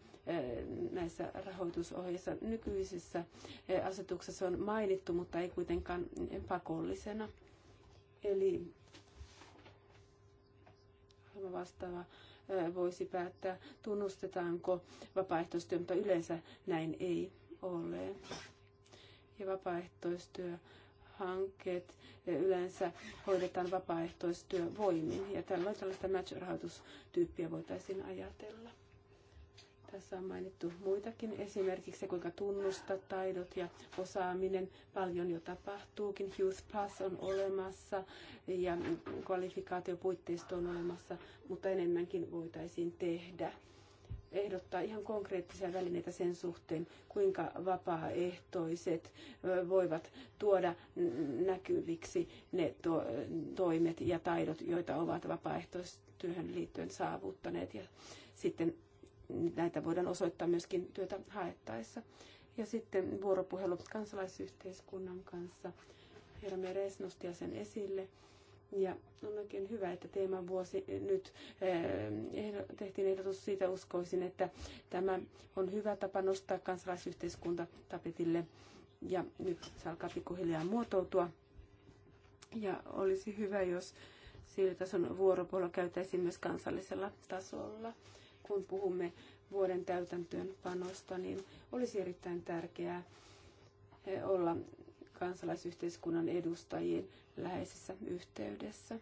näissä rahoitusohjeissa. Nykyisessä asetuksessa on mainittu, mutta ei kuitenkaan pakollisena. Eli vastaava voisi päättää, tunnustetaanko vapaaehtoistyö, mutta yleensä näin ei ole. Ja vapaaehtoistyö hankkeet yleensä hoidetaan vapaaehtoistyövoimin ja tällöin tällaista match-rahoitustyyppiä voitaisiin ajatella. Tässä on mainittu muitakin, esimerkiksi se, kuinka tunnustaa taidot ja osaaminen. Paljon jo tapahtuukin. Youth Pass on olemassa ja kvalifikaatiopuitteisto on olemassa, mutta enemmänkin voitaisiin tehdä ehdottaa ihan konkreettisia välineitä sen suhteen, kuinka vapaaehtoiset voivat tuoda näkyviksi ne to- toimet ja taidot, joita ovat vapaaehtoistyöhön liittyen saavuttaneet. Ja sitten näitä voidaan osoittaa myöskin työtä haettaessa. Ja sitten vuoropuhelu kansalaisyhteiskunnan kanssa. Herra Meres nosti sen esille. Ja on oikein hyvä, että teeman vuosi nyt eh, tehtiin ehdotus siitä, uskoisin, että tämä on hyvä tapa nostaa kansalaisyhteiskunta tapetille. Ja nyt se alkaa pikkuhiljaa muotoutua. Ja olisi hyvä, jos siirrytason vuoropuhelu käytäisiin myös kansallisella tasolla kun puhumme vuoden täytäntöönpanosta, niin olisi erittäin tärkeää eh, olla kansalaisyhteiskunnan edustajien läheisessä yhteydessä.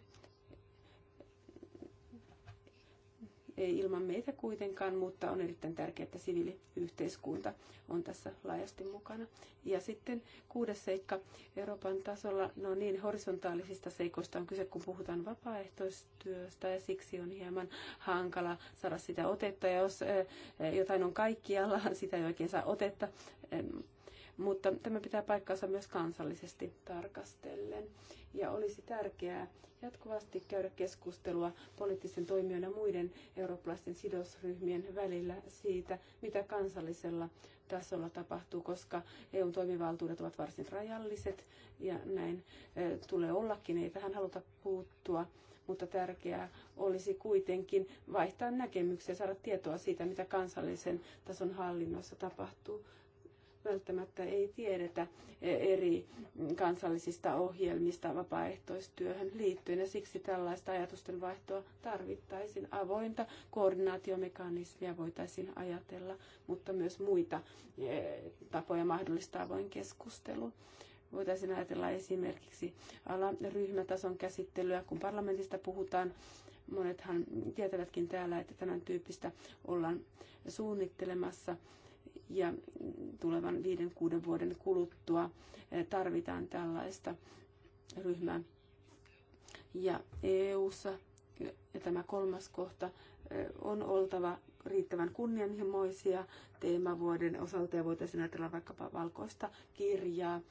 ei ilman meitä kuitenkaan, mutta on erittäin tärkeää, että siviiliyhteiskunta on tässä laajasti mukana. Ja sitten kuudes seikka Euroopan tasolla, no niin, horisontaalisista seikoista on kyse, kun puhutaan vapaaehtoistyöstä ja siksi on hieman hankala saada sitä otetta. Ja jos eh, jotain on kaikkialla, sitä ei oikein saa otetta mutta tämä pitää paikkaansa myös kansallisesti tarkastellen. Ja olisi tärkeää jatkuvasti käydä keskustelua poliittisen toimijan ja muiden eurooppalaisten sidosryhmien välillä siitä, mitä kansallisella tasolla tapahtuu, koska EUn toimivaltuudet ovat varsin rajalliset ja näin e, tulee ollakin, ei tähän haluta puuttua mutta tärkeää olisi kuitenkin vaihtaa näkemyksiä, saada tietoa siitä, mitä kansallisen tason hallinnossa tapahtuu välttämättä ei tiedetä eri kansallisista ohjelmista vapaaehtoistyöhön liittyen ja siksi tällaista ajatusten vaihtoa tarvittaisiin. Avointa koordinaatiomekanismia voitaisiin ajatella, mutta myös muita eh, tapoja mahdollistaa avoin keskustelu. Voitaisiin ajatella esimerkiksi alaryhmätason käsittelyä, kun parlamentista puhutaan monethan tietävätkin täällä, että tämän tyyppistä ollaan suunnittelemassa ja tulevan viiden kuuden vuoden kuluttua eh, tarvitaan tällaista ryhmää. Ja EU-ssa ja tämä kolmas kohta eh, on oltava riittävän kunnianhimoisia teemavuoden osalta ja voitaisiin ajatella vaikkapa valkoista kirjaa,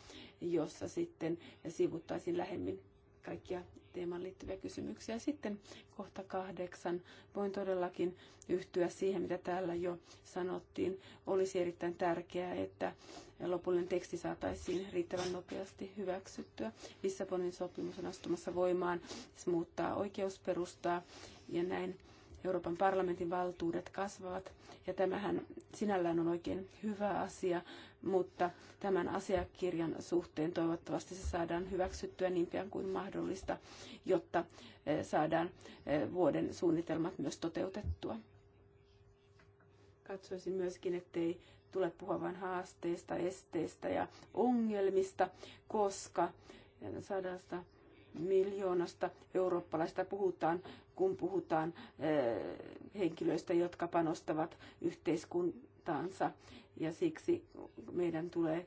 jossa sitten sivuttaisiin lähemmin kaikkia teemaan liittyviä kysymyksiä. Sitten kohta kahdeksan. Voin todellakin yhtyä siihen, mitä täällä jo sanottiin. Olisi erittäin tärkeää, että lopullinen teksti saataisiin riittävän nopeasti hyväksyttyä. Lissabonin sopimus on astumassa voimaan. Se muuttaa oikeusperustaa ja näin Euroopan parlamentin valtuudet kasvavat. Ja tämähän sinällään on oikein hyvä asia, mutta tämän asiakirjan suhteen toivottavasti se saadaan hyväksyttyä niin pian kuin mahdollista, jotta e, saadaan e, vuoden suunnitelmat myös toteutettua. Katsoisin myöskin, ettei tule puhua vain haasteista, esteistä ja ongelmista, koska sadasta miljoonasta eurooppalaista puhutaan, kun puhutaan e, henkilöistä, jotka panostavat yhteiskuntaansa ja siksi meidän tulee eh,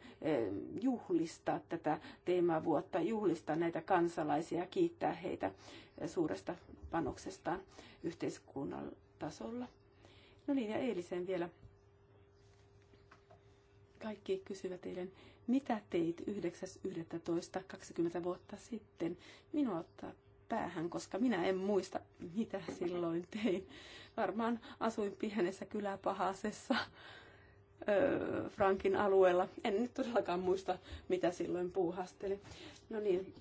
juhlistaa tätä teemavuotta, juhlistaa näitä kansalaisia, kiittää heitä eh, suuresta panoksestaan yhteiskunnan tasolla. No niin, ja eiliseen vielä. Kaikki kysyvät eilen, mitä teit 9.11.20 vuotta sitten? Minua ottaa päähän, koska minä en muista, mitä silloin tein. Varmaan asuin pienessä kyläpahasessa Frankin alueella. En nyt todellakaan muista, mitä silloin puuhasteli. No niin,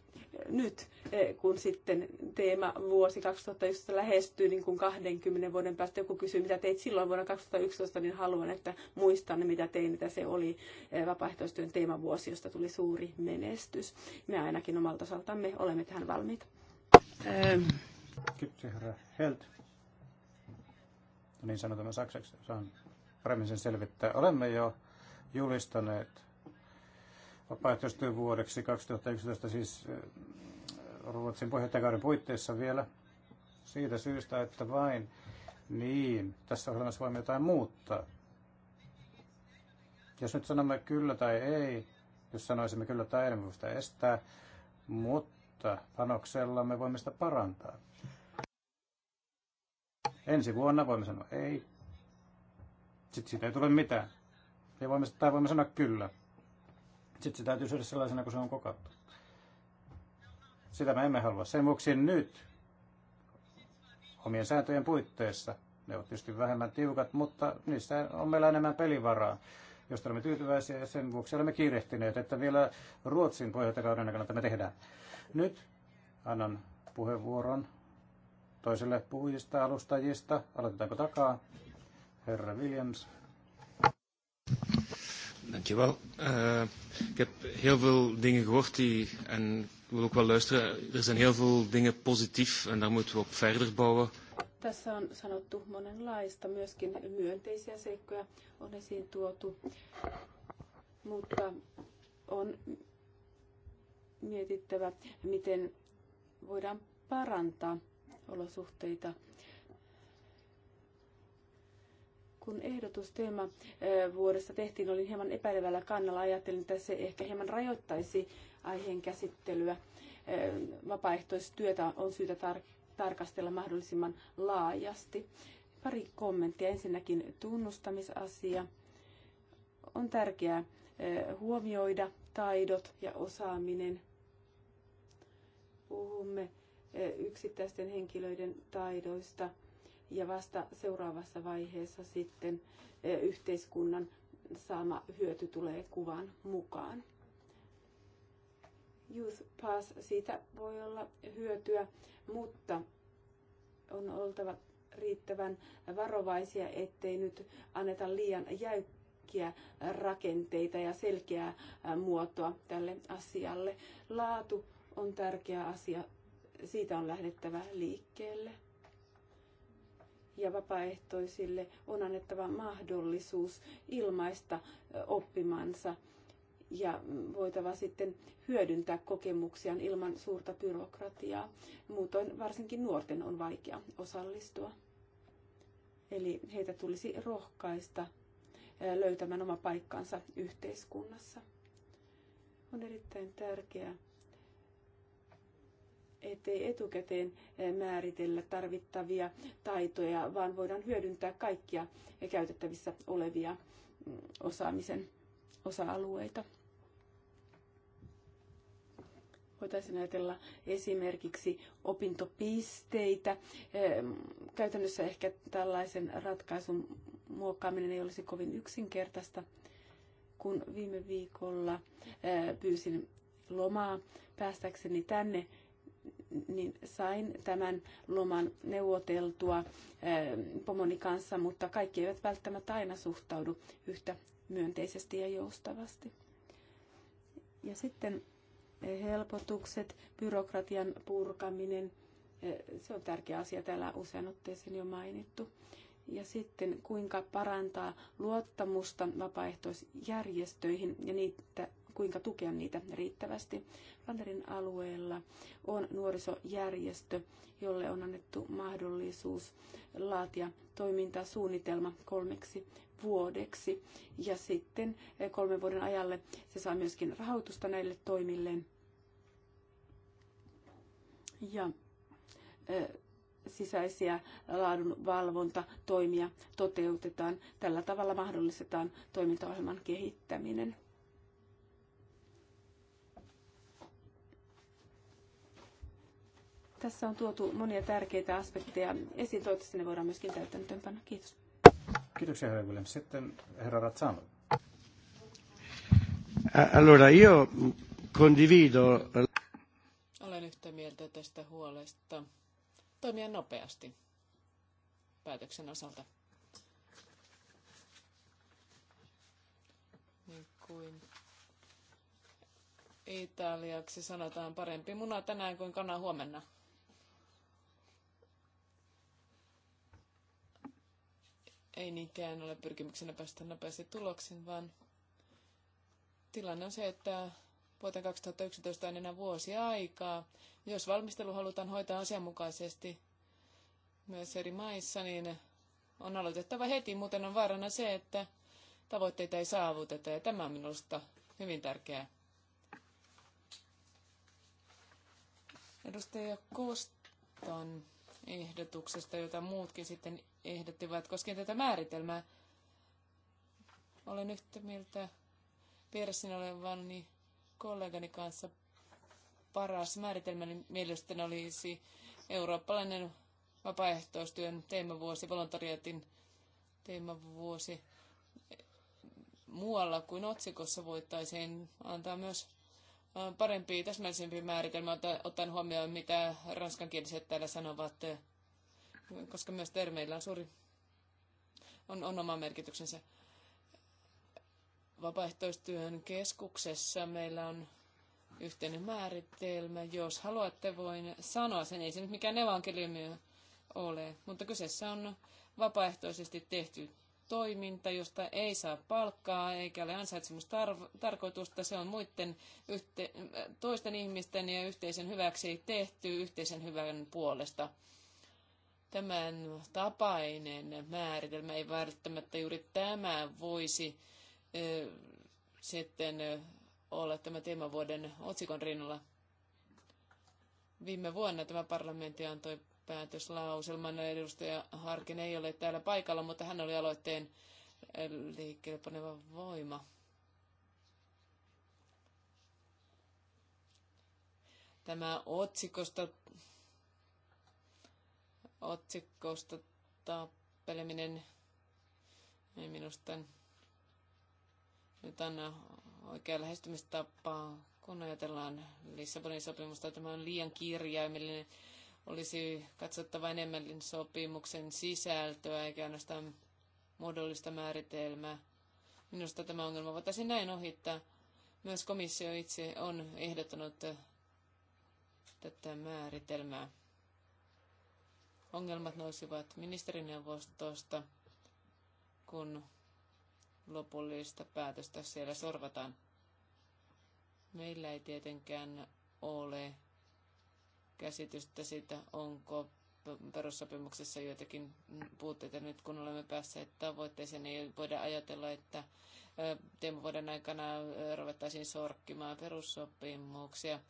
nyt e, kun sitten teema vuosi 2011 lähestyy, niin kun 20 vuoden päästä joku kysyy, mitä teit silloin vuonna 2011, niin haluan, että muistan, mitä tein, mitä se oli e, vapaaehtoistyön teemavuosi, josta tuli suuri menestys. Me ainakin omalta osaltamme olemme tähän valmiita. Ähm. Kiitos, herra Helt. niin, sanotaan saksaksi. Saan paremmin sen selvittää. Olemme jo julistaneet vapaaehtoistyön vuodeksi 2011, siis eh, Ruotsin puheenjohtajakauden puitteissa vielä siitä syystä, että vain niin, tässä ohjelmassa voimme jotain muuttaa. Jos nyt sanomme kyllä tai ei, jos sanoisimme kyllä tai ei, niin sitä estää, mutta panoksella me voimme sitä parantaa. Ensi vuonna voimme sanoa ei, sitten siitä ei tule mitään. Ei voimme, tai voimme sanoa kyllä. Sitten se täytyy syödä sellaisena kuin se on kokattu. Sitä me emme halua. Sen vuoksi nyt omien sääntöjen puitteissa, ne ovat tietysti vähemmän tiukat, mutta niissä on meillä enemmän pelivaraa, josta olemme tyytyväisiä ja sen vuoksi olemme kiirehtineet, että vielä Ruotsin puheenjohtajakauden aikana tämä tehdään. Nyt annan puheenvuoron toiselle puhujista, alustajista. Aloitetaanko takaa? Herra Williams. Dankjewel. Uh, eh, ik heb heel veel dingen gehoord die, en ik wil ook wel luisteren. Er zijn heel veel dingen positief en daar moeten we op verder bouwen. Tässä on sanottu monenlaista, myöskin myönteisiä seikkoja on esiin tuotu, mutta on mietittävä, miten voidaan parantaa olosuhteita kun ehdotus vuodessa vuodesta tehtiin, olin hieman epäilevällä kannalla. Ajattelin, että se ehkä hieman rajoittaisi aiheen käsittelyä. Vapaaehtoistyötä on syytä tar- tarkastella mahdollisimman laajasti. Pari kommenttia. Ensinnäkin tunnustamisasia. On tärkeää huomioida taidot ja osaaminen. Puhumme yksittäisten henkilöiden taidoista – ja vasta seuraavassa vaiheessa sitten eh, yhteiskunnan saama hyöty tulee kuvan mukaan. Youth Pass, siitä voi olla hyötyä, mutta on oltava riittävän varovaisia, ettei nyt anneta liian jäykkiä rakenteita ja selkeää muotoa tälle asialle. Laatu on tärkeä asia, siitä on lähdettävä liikkeelle ja vapaaehtoisille on annettava mahdollisuus ilmaista oppimansa ja voitava sitten hyödyntää kokemuksiaan ilman suurta byrokratiaa. Muutoin varsinkin nuorten on vaikea osallistua. Eli heitä tulisi rohkaista löytämään oma paikkansa yhteiskunnassa. On erittäin tärkeää, ettei etukäteen eh, määritellä tarvittavia taitoja, vaan voidaan hyödyntää kaikkia käytettävissä olevia mm, osaamisen osa-alueita. Voitaisiin ajatella esimerkiksi opintopisteitä. Eh, käytännössä ehkä tällaisen ratkaisun muokkaaminen ei olisi kovin yksinkertaista, kun viime viikolla eh, pyysin lomaa päästäkseni tänne niin sain tämän loman neuvoteltua eh, pomoni kanssa, mutta kaikki eivät välttämättä aina suhtaudu yhtä myönteisesti ja joustavasti. Ja sitten eh, helpotukset, byrokratian purkaminen, eh, se on tärkeä asia, täällä usein otteeseen jo mainittu. Ja sitten kuinka parantaa luottamusta vapaaehtoisjärjestöihin ja niitä kuinka tukea niitä riittävästi. Rantarin alueella on nuorisojärjestö, jolle on annettu mahdollisuus laatia toimintasuunnitelma kolmeksi vuodeksi. Ja sitten eh, kolmen vuoden ajalle se saa myöskin rahoitusta näille toimilleen. Ja eh, sisäisiä laadunvalvontatoimia toteutetaan. Tällä tavalla mahdollistetaan toimintaohjelman kehittäminen. Tässä on tuotu monia tärkeitä aspekteja esiin. Toivottavasti ne voidaan myöskin täytäntöönpanna. Kiitos. Kiitoksia, herra Williams. Sitten herra Razzano. Allora, io condivido... Olen yhtä mieltä tästä huolesta. Toimia nopeasti päätöksen osalta. Niin kuin italiaksi sanotaan parempi muna tänään kuin kana huomenna. ei niinkään ole pyrkimyksenä päästä nopeasti tuloksiin, vaan tilanne on se, että vuoteen 2011 on enää vuosi aikaa. Jos valmistelu halutaan hoitaa asianmukaisesti myös eri maissa, niin on aloitettava heti, muuten on vaarana se, että tavoitteita ei saavuteta, ja tämä on minusta hyvin tärkeää. Edustaja Koston ehdotuksesta, jota muutkin sitten ehdottivat koskien tätä määritelmää. Olen yhtä mieltä vieressäni olevan niin kollegani kanssa paras määritelmä niin mielestäni olisi eurooppalainen vapaaehtoistyön teemavuosi, volontariatin teemavuosi. Muualla kuin otsikossa voitaisiin antaa myös parempi, täsmällisempi määritelmä, ottaen huomioon, mitä ranskankieliset täällä sanovat koska myös termeillä on suuri on, on oma merkityksensä. Vapaaehtoistyön keskuksessa meillä on yhteinen määritelmä. Jos haluatte, voin sanoa sen. Ei se nyt mikään evankeliumi ole, mutta kyseessä on vapaaehtoisesti tehty toiminta, josta ei saa palkkaa eikä ole ansaitsemustarkoitusta. Se on muiden yhte- toisten ihmisten ja yhteisen hyväksi tehty yhteisen hyvän puolesta tämän tapainen määritelmä ei välttämättä juuri tämä voisi sitten olla tämä teemavuoden otsikon rinnalla. Viime vuonna tämä parlamentti antoi päätöslauselman. Edustaja Harkin ei ole täällä paikalla, mutta hän oli aloitteen liikkeelle paneva voima. Tämä otsikosta otsikosta tappeleminen ei minusta nyt anna oikea lähestymistapa, kun ajatellaan Lissabonin sopimusta. Tämä on liian kirjaimellinen. Olisi katsottava enemmän sopimuksen sisältöä eikä ainoastaan muodollista määritelmää. Minusta tämä ongelma voitaisiin näin ohittaa. Myös komissio itse on ehdottanut tätä määritelmää ongelmat nousivat ministerineuvostosta, kun lopullista päätöstä siellä sorvataan. Meillä ei tietenkään ole käsitystä siitä, onko perussopimuksessa joitakin puutteita nyt, kun olemme päässeet tavoitteeseen, niin voidaan ajatella, että teemme vuoden aikana ruvettaisiin sorkkimaan perussopimuksia.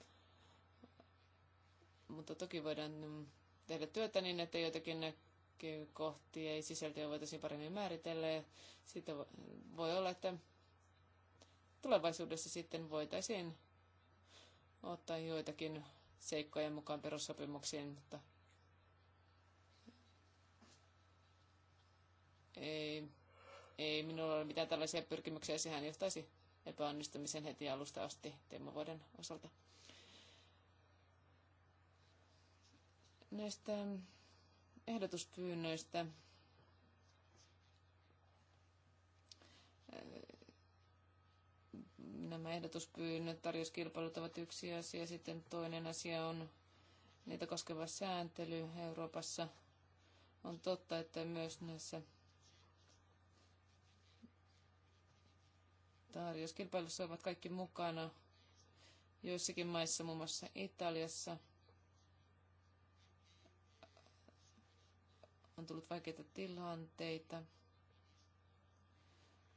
Mutta toki voidaan mm, tehdä työtä niin, että joitakin näkökohtia ei sisältöä voitaisiin paremmin määritellä. Ja sitten voi olla, että tulevaisuudessa sitten voitaisiin ottaa joitakin seikkoja mukaan perussopimuksiin, mutta ei, ei minulla ole mitään tällaisia pyrkimyksiä, sehän johtaisi epäonnistumisen heti alusta asti teemavuoden osalta. Näistä ehdotuspyynnöistä nämä ehdotuspyynnöt, tarjouskilpailut ovat yksi asia. Sitten toinen asia on niitä koskeva sääntely Euroopassa. On totta, että myös näissä tarjouskilpailussa ovat kaikki mukana. Joissakin maissa, muun muassa Italiassa – on tullut vaikeita tilanteita,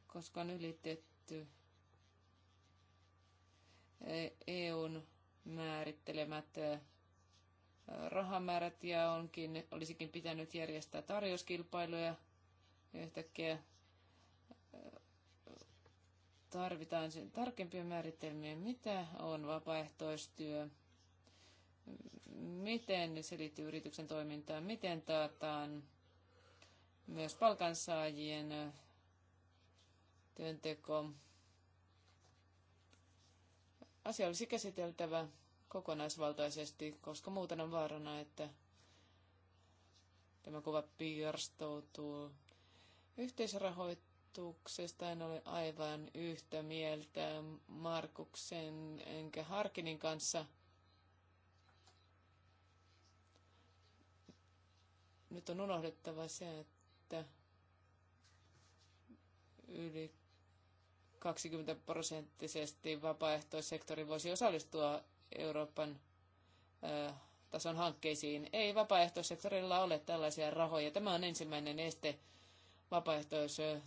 koska on ylitetty EUn määrittelemät rahamäärät ja onkin, olisikin pitänyt järjestää tarjouskilpailuja. Yhtäkkiä tarvitaan sen tarkempia määritelmiä, mitä on vapaaehtoistyö miten se liittyy yrityksen toimintaan, miten taataan myös palkansaajien työnteko. Asia olisi käsiteltävä kokonaisvaltaisesti, koska muuten on vaarana, että tämä kuva piirstoutuu. Yhteisrahoituksesta en ole aivan yhtä mieltä Markuksen enkä Harkinin kanssa – Nyt on unohdettava se, että yli 20 prosenttisesti vapaaehtoissektori voisi osallistua Euroopan tason hankkeisiin. Ei vapaaehtoissektorilla ole tällaisia rahoja. Tämä on ensimmäinen este vapaaehtoistyön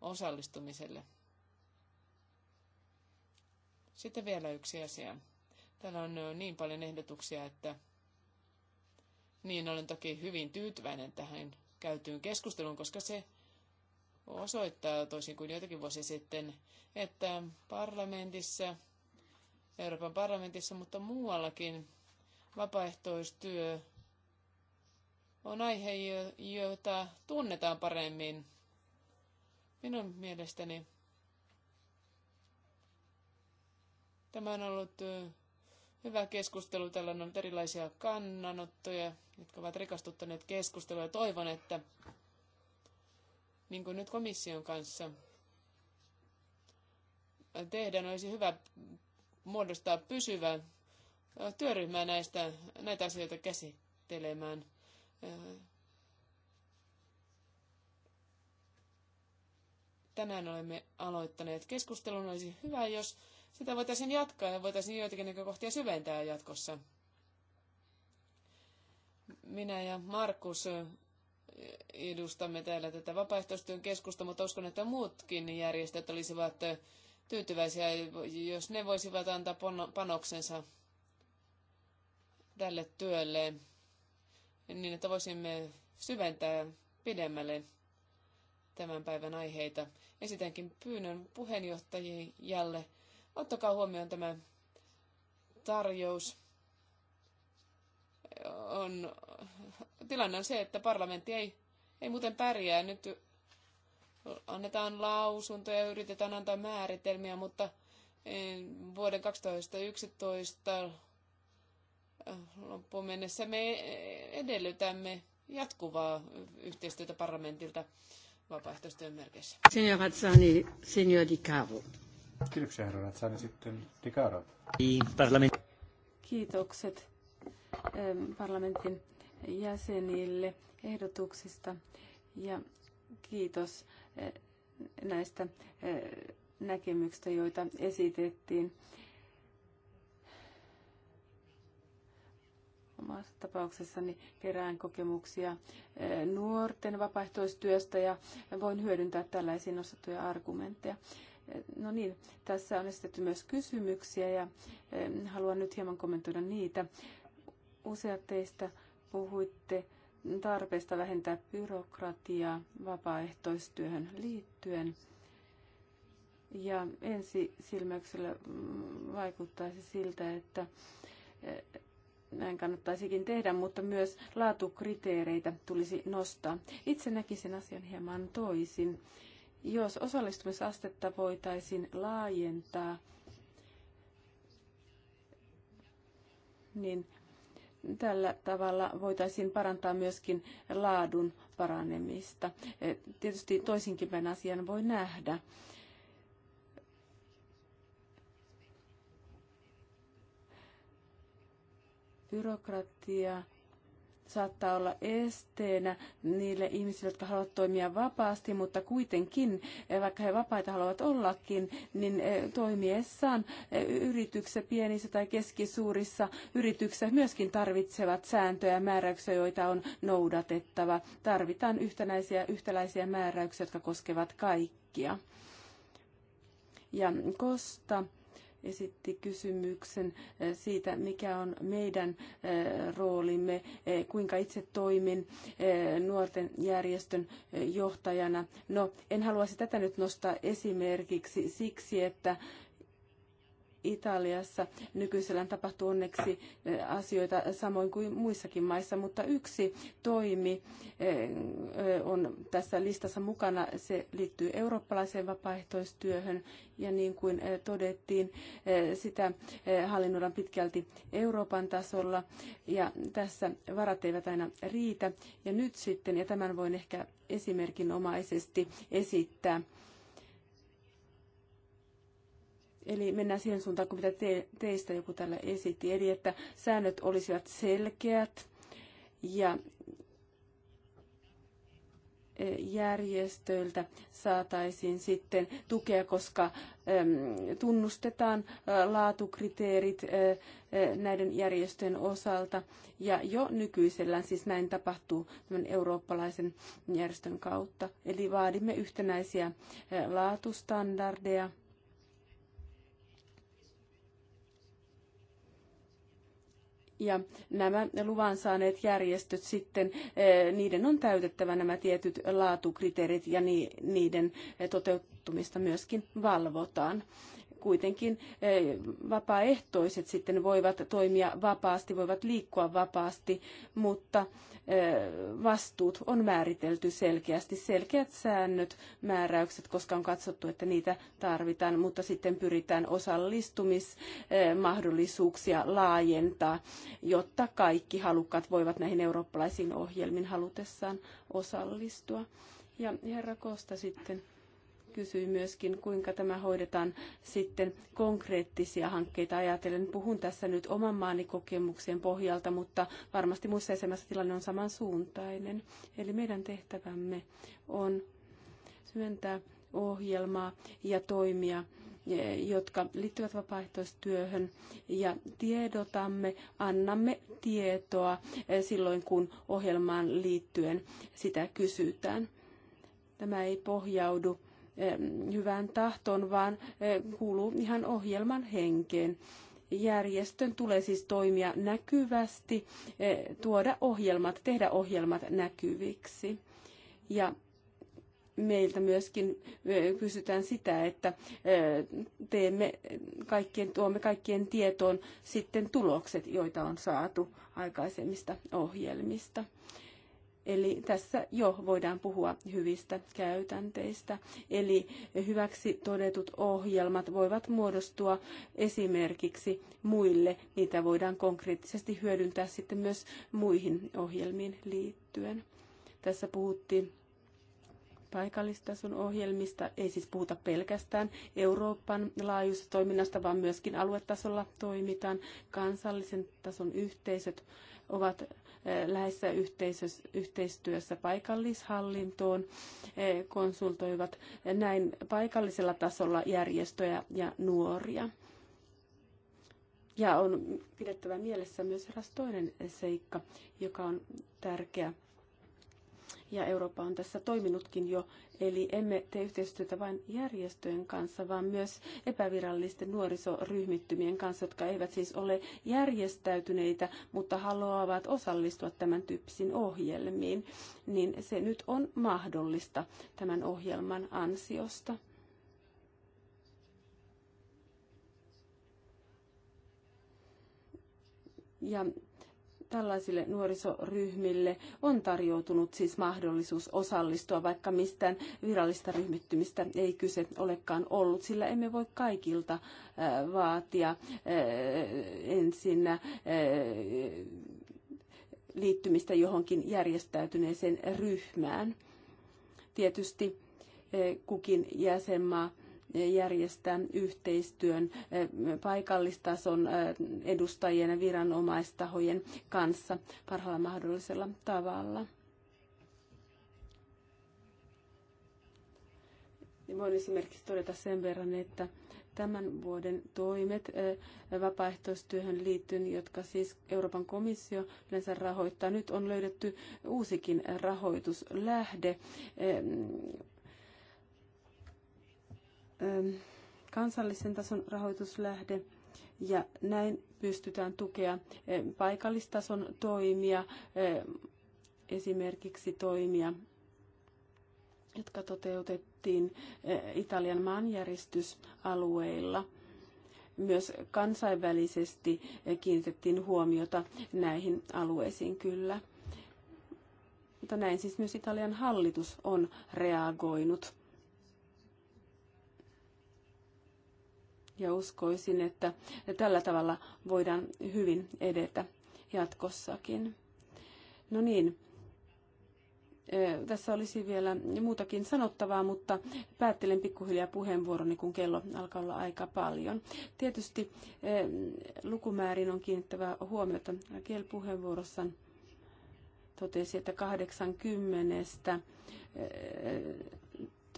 osallistumiselle. Sitten vielä yksi asia. Täällä on niin paljon ehdotuksia, että niin olen toki hyvin tyytyväinen tähän käytyyn keskusteluun, koska se osoittaa, toisin kuin joitakin vuosia sitten, että parlamentissa, Euroopan parlamentissa, mutta muuallakin vapaaehtoistyö on aihe, jota tunnetaan paremmin. Minun mielestäni tämä on ollut hyvä keskustelu. Täällä on erilaisia kannanottoja, jotka ovat rikastuttaneet keskustelua. Toivon, että niin kuin nyt komission kanssa tehdään, olisi hyvä muodostaa pysyvä työryhmä näistä, näitä asioita käsittelemään. Tänään olemme aloittaneet keskustelun. Olisi hyvä, jos sitä voitaisiin jatkaa ja voitaisiin joitakin näkökohtia syventää jatkossa. Minä ja Markus edustamme täällä tätä vapaaehtoistyön keskusta, mutta uskon, että muutkin järjestöt olisivat tyytyväisiä, jos ne voisivat antaa panoksensa tälle työlle, niin että voisimme syventää pidemmälle tämän päivän aiheita. Esitänkin pyynnön puheenjohtajalle Ottakaa huomioon tämä tarjous. On, tilanne on se, että parlamentti ei, ei muuten pärjää. Nyt annetaan lausuntoja, yritetään antaa määritelmiä, mutta eh, vuoden 2011 eh, loppuun mennessä me edellytämme jatkuvaa yhteistyötä parlamentilta vapaaehtoistyön merkeissä. Signor Razzani, Caro. Kiitoksia herra Sitten Kiitokset parlamentin jäsenille ehdotuksista ja kiitos e, näistä e, näkemyksistä, joita esitettiin. omassa tapauksessani kerään kokemuksia e, nuorten vapaaehtoistyöstä ja voin hyödyntää tällaisia nostettuja argumentteja. No niin, tässä on esitetty myös kysymyksiä ja haluan nyt hieman kommentoida niitä. Useat teistä puhuitte tarpeesta vähentää byrokratiaa vapaaehtoistyöhön liittyen. Ja ensi silmäyksellä vaikuttaisi siltä, että e, näin kannattaisikin tehdä, mutta myös laatukriteereitä tulisi nostaa. Itse näkisin asian hieman toisin. Jos osallistumisastetta voitaisiin laajentaa, niin tällä tavalla voitaisiin parantaa myöskin laadun paranemista. E, tietysti toisinkin päin asian voi nähdä. Byrokratia saattaa olla esteenä niille ihmisille, jotka haluavat toimia vapaasti, mutta kuitenkin, eh, vaikka he vapaita haluavat ollakin, niin eh, toimiessaan eh, yrityksissä, pienissä tai keskisuurissa yrityksissä myöskin tarvitsevat sääntöjä ja määräyksiä, joita on noudatettava. Tarvitaan yhtenäisiä, yhtäläisiä määräyksiä, jotka koskevat kaikkia. Ja Kosta esitti kysymyksen eh, siitä, mikä on meidän eh, roolimme, eh, kuinka itse toimin nuorten järjestön johtajana. No, en haluaisi tätä nyt nostaa esimerkiksi siksi, että Italiassa nykyisellään tapahtuu onneksi eh, asioita samoin kuin muissakin maissa, mutta yksi toimi eh, eh, on tässä listassa mukana. Se liittyy eurooppalaiseen vapaaehtoistyöhön ja niin kuin todettiin, sitä hallinnoidaan pitkälti Euroopan tasolla ja tässä varat eivät aina riitä. Ja nyt sitten, ja tämän voin ehkä esimerkinomaisesti esittää, Eli mennään siihen suuntaan, kun mitä te, teistä joku tällä esitti, eli että säännöt olisivat selkeät ja e, järjestöiltä saataisiin sitten tukea, koska tunnustetaan laatukriteerit näiden järjestöjen osalta. Ja jo nykyisellään siis näin tapahtuu tämän eurooppalaisen järjestön kautta. Eli vaadimme yhtenäisiä laatustandardeja Ja nämä luvan saaneet järjestöt sitten, eh, niiden on täytettävä nämä tietyt laatukriteerit ja niiden eh, toteuttamista myöskin valvotaan kuitenkin eh, vapaaehtoiset sitten voivat toimia vapaasti, voivat liikkua vapaasti, mutta eh, vastuut on määritelty selkeästi, selkeät säännöt, määräykset, koska on katsottu, että niitä tarvitaan, mutta sitten pyritään osallistumismahdollisuuksia laajentaa, jotta kaikki halukkaat voivat näihin eurooppalaisiin ohjelmiin halutessaan osallistua. Ja herra Kosta sitten kysyi myöskin, kuinka tämä hoidetaan sitten konkreettisia hankkeita ajatellen. Puhun tässä nyt oman maani kokemuksien pohjalta, mutta varmasti muissa jäsenmaissa tilanne on samansuuntainen. Eli meidän tehtävämme on syöntää ohjelmaa ja toimia jotka liittyvät vapaaehtoistyöhön ja tiedotamme, annamme tietoa silloin, kun ohjelmaan liittyen sitä kysytään. Tämä ei pohjaudu hyvään tahtoon, vaan eh, kuuluu ihan ohjelman henkeen. Järjestön tulee siis toimia näkyvästi, eh, tuoda ohjelmat, tehdä ohjelmat näkyviksi. Ja meiltä myöskin eh, kysytään sitä, että teemme kaikkien, tuomme kaikkien tietoon sitten tulokset, joita on saatu aikaisemmista ohjelmista. Eli tässä jo voidaan puhua hyvistä käytänteistä. Eli hyväksi todetut ohjelmat voivat muodostua esimerkiksi muille. Niitä voidaan konkreettisesti hyödyntää sitten myös muihin ohjelmiin liittyen. Tässä puhuttiin paikallistason ohjelmista. Ei siis puhuta pelkästään Euroopan laajuisesta toiminnasta, vaan myöskin aluetasolla toimitaan. Kansallisen tason yhteisöt ovat eh, läheisessä yhteistyössä paikallishallintoon, eh, konsultoivat näin paikallisella tasolla järjestöjä ja nuoria. Ja on pidettävä mielessä myös eräs toinen seikka, joka on tärkeä ja Eurooppa on tässä toiminutkin jo. Eli emme tee yhteistyötä vain järjestöjen kanssa, vaan myös epävirallisten nuorisoryhmittymien kanssa, jotka eivät siis ole järjestäytyneitä, mutta haluavat osallistua tämän tyyppisiin ohjelmiin. Niin se nyt on mahdollista tämän ohjelman ansiosta. Ja tällaisille nuorisoryhmille on tarjoutunut siis mahdollisuus osallistua, vaikka mistään virallista ryhmittymistä ei kyse olekaan ollut, sillä emme voi kaikilta äh, vaatia äh, ensin äh, liittymistä johonkin järjestäytyneeseen ryhmään. Tietysti kukin jäsenmaa järjestää yhteistyön eh, paikallistason eh, edustajien ja viranomaistahojen kanssa parhaalla mahdollisella tavalla. Voin esimerkiksi todeta sen verran, että tämän vuoden toimet eh, vapaaehtoistyöhön liittyen, jotka siis Euroopan komissio yleensä rahoittaa. Nyt on löydetty uusikin rahoituslähde kansallisen tason rahoituslähde ja näin pystytään tukea paikallistason toimia, esimerkiksi toimia, jotka toteutettiin Italian maanjäristysalueilla – myös kansainvälisesti kiinnitettiin huomiota näihin alueisiin kyllä. Mutta näin siis myös Italian hallitus on reagoinut Ja uskoisin, että tällä tavalla voidaan hyvin edetä jatkossakin. No niin, tässä olisi vielä muutakin sanottavaa, mutta päättelen pikkuhiljaa puheenvuoroni, kun kello alkaa olla aika paljon. Tietysti lukumäärin on kiinnittävä huomiota. Kiel puheenvuorossa totesi, että 80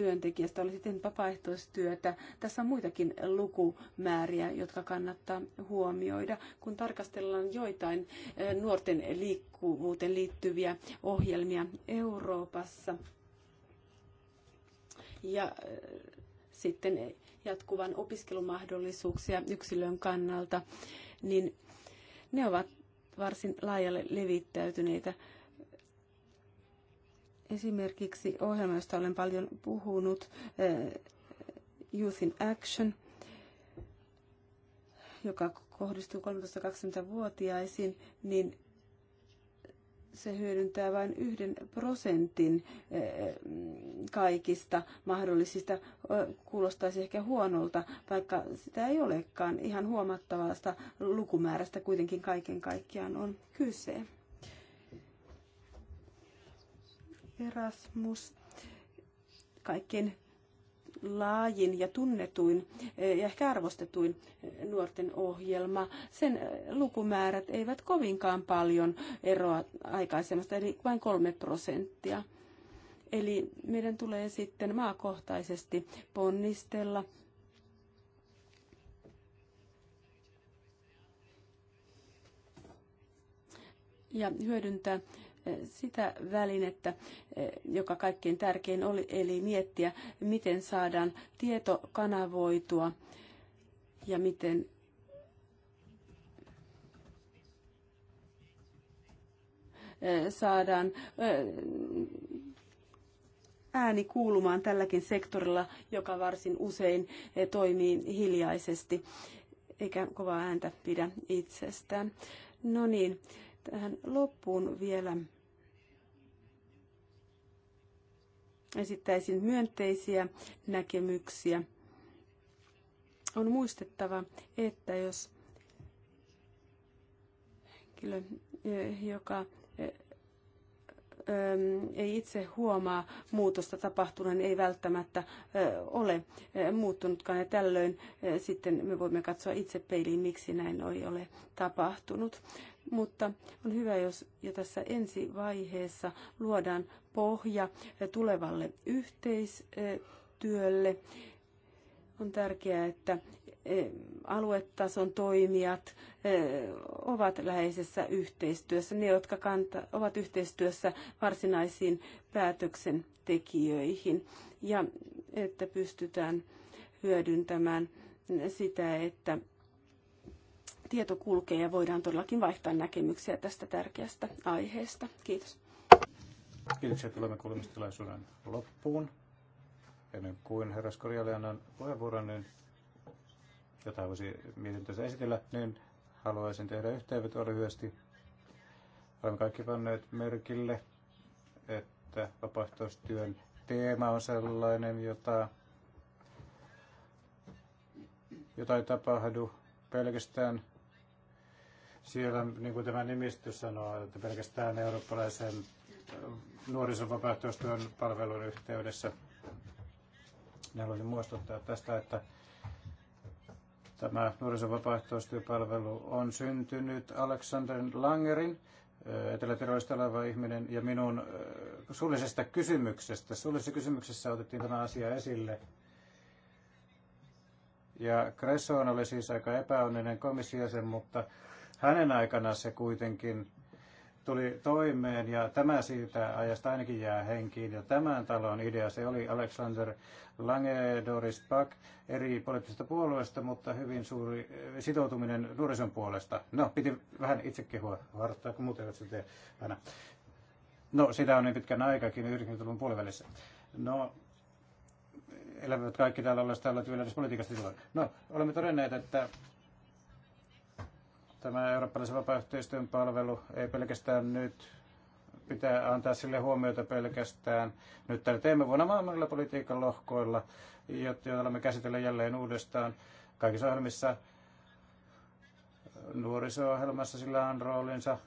työntekijästä, oli sitten vapaaehtoistyötä. Tässä on muitakin lukumääriä, jotka kannattaa huomioida. Kun tarkastellaan joitain eh, nuorten liikkuvuuteen liittyviä ohjelmia Euroopassa, ja eh, sitten jatkuvan opiskelumahdollisuuksia yksilön kannalta, niin ne ovat varsin laajalle levittäytyneitä Esimerkiksi ohjelma, josta olen paljon puhunut, eh, Youth in Action, joka kohdistuu 13-20-vuotiaisiin, niin se hyödyntää vain yhden prosentin eh, kaikista mahdollisista. Kuulostaisi ehkä huonolta, vaikka sitä ei olekaan. Ihan huomattavasta lukumäärästä kuitenkin kaiken kaikkiaan on kyse. Erasmus, kaikkein laajin ja tunnetuin eh, ja ehkä arvostetuin eh, nuorten ohjelma. Sen eh, lukumäärät eivät kovinkaan paljon eroa aikaisemmasta, eli vain kolme prosenttia. Eli meidän tulee sitten maakohtaisesti ponnistella ja hyödyntää sitä välinettä, eh, joka kaikkein tärkein oli, eli miettiä, miten saadaan tieto kanavoitua ja miten eh, saadaan eh, ääni kuulumaan tälläkin sektorilla, joka varsin usein toimii hiljaisesti, eikä kovaa ääntä pidä itsestään. No niin, Tähän loppuun vielä esittäisin myönteisiä näkemyksiä. On muistettava, että jos henkilö, e, joka e, e, ei itse huomaa muutosta tapahtuneen, niin ei välttämättä ole muuttunutkaan. Ja tällöin sitten me voimme katsoa itse peiliin, miksi näin ei ole tapahtunut mutta on hyvä, jos jo tässä ensi vaiheessa luodaan pohja tulevalle yhteistyölle. On tärkeää, että e, aluetason toimijat e, ovat läheisessä yhteistyössä, ne, jotka kanta, ovat yhteistyössä varsinaisiin päätöksentekijöihin, ja että pystytään hyödyntämään sitä, että tieto kulkee ja voidaan todellakin vaihtaa näkemyksiä tästä tärkeästä aiheesta. Kiitos. Kiitoksia. Tulemme kuulemistilaisuuden loppuun. Ennen kuin herra Skorjalle annan puheenvuoron, niin jota voisi mietintönsä esitellä, niin haluaisin tehdä yhteenvetoa lyhyesti. Olemme kaikki panneet merkille, että vapaaehtoistyön teema on sellainen, jota, jota ei tapahdu pelkästään siellä, niin kuin tämä nimistö sanoo, että pelkästään eurooppalaisen äh, nuorisovapaaehtoistyön palvelun yhteydessä. Ja haluaisin muistuttaa tästä, että tämä nuorisovapaaehtoistyöpalvelu on syntynyt Alexander Langerin, äh, etelätiroista oleva ihminen, ja minun äh, suullisesta kysymyksestä. Suullisessa kysymyksessä otettiin tämä asia esille. Ja Cresson oli siis aika epäonninen komissiasen, mutta hänen aikana se kuitenkin tuli toimeen ja tämä siitä ajasta ainakin jää henkiin. Ja tämän talon idea se oli Alexander Lange, Doris Pack eri poliittisista puolueista, mutta hyvin suuri eh, sitoutuminen nuorison puolesta. No, piti vähän itsekin kehua kun muuten se tee aina. No, sitä on niin pitkän aikakin, 90-luvun puolivälissä. No, elävät kaikki täällä olleet täällä työllisyyspolitiikasta silloin. No, olemme todenneet, että Tämä eurooppalaisen vapaaehtoistyön palvelu ei pelkästään nyt pitää antaa sille huomiota pelkästään nyt tällä teemme vuonna maailmanilla politiikan lohkoilla, joita me käsitellään jälleen uudestaan kaikissa ohjelmissa. Nuoriso-ohjelmassa sillä on roolinsa,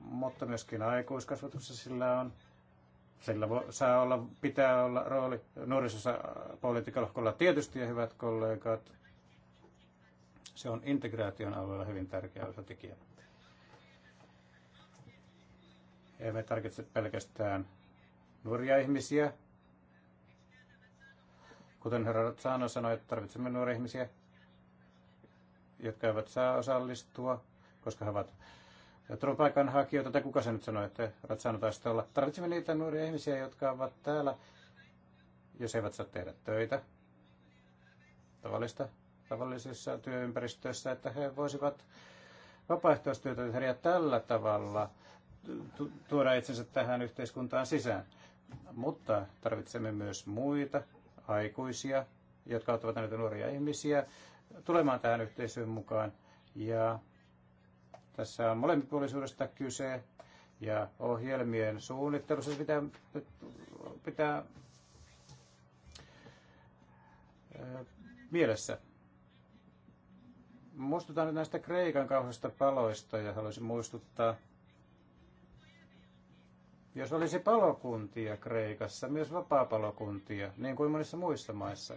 mutta myöskin aikuiskasvatuksessa sillä on. Sillä vo, saa olla, pitää olla rooli nuorisossa politiikan lohkolla tietysti ja hyvät kollegat se on integraation alueella hyvin tärkeä osatekijä. Emme tarvitse pelkästään nuoria ihmisiä. Kuten herra Ratsano sanoi, että tarvitsemme nuoria ihmisiä, jotka eivät saa osallistua, koska he ovat turvapaikanhakijoita, tai kuka se nyt sanoi, että Ratsano taisi olla. Tarvitsemme niitä nuoria ihmisiä, jotka ovat täällä, jos he eivät saa tehdä töitä, tavallista tavallisessa työympäristössä, että he voisivat vapaaehtoistyötä tehdä tällä tavalla tuoda itsensä tähän yhteiskuntaan sisään. Mutta tarvitsemme myös muita aikuisia, jotka auttavat näitä nuoria ihmisiä tulemaan tähän yhteisöön mukaan. Ja tässä on molemminpuolisuudesta kyse ja ohjelmien suunnittelussa pitää, pitää mielessä. Muistutan nyt näistä Kreikan kauheista paloista ja haluaisin muistuttaa, jos olisi palokuntia Kreikassa, myös vapaapalokuntia, niin kuin monissa muissa maissa,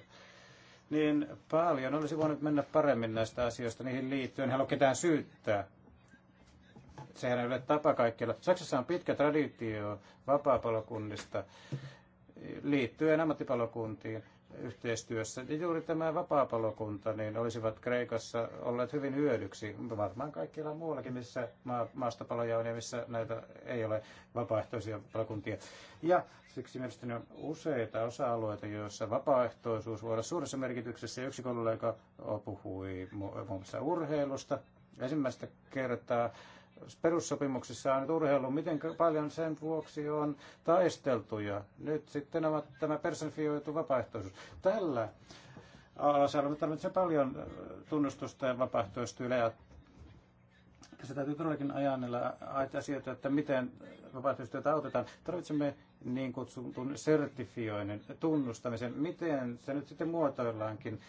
niin paljon olisi voinut mennä paremmin näistä asioista niihin liittyen. En ketään syyttää. Sehän ei ole tapa kaikkialla. Saksassa on pitkä traditio vapaapalokunnista liittyen ammattipalokuntiin yhteistyössä. niin juuri tämä vapaapalokunta niin olisivat Kreikassa olleet hyvin hyödyksi, varmaan kaikkialla muuallakin, missä maa, maastopaloja on ja missä näitä ei ole vapaaehtoisia palokuntia. Ja siksi mielestäni on useita osa-alueita, joissa vapaaehtoisuus voi olla suuressa merkityksessä. Yksi kollega puhui muun muassa urheilusta ensimmäistä kertaa perussopimuksissa on nyt urheilu, miten paljon sen vuoksi on taisteltu ja nyt sitten on tämä personifioitu vapaaehtoisuus. Tällä alasella me tarvitsee paljon äh, tunnustusta ja vapaaehtoistyötä ja tässä täytyy todellakin ajaa niillä asioita, että miten vapaaehtoistyötä autetaan. Tarvitsemme niin kutsutun sertifioinnin, tunnustamisen, miten se nyt sitten muotoillaankin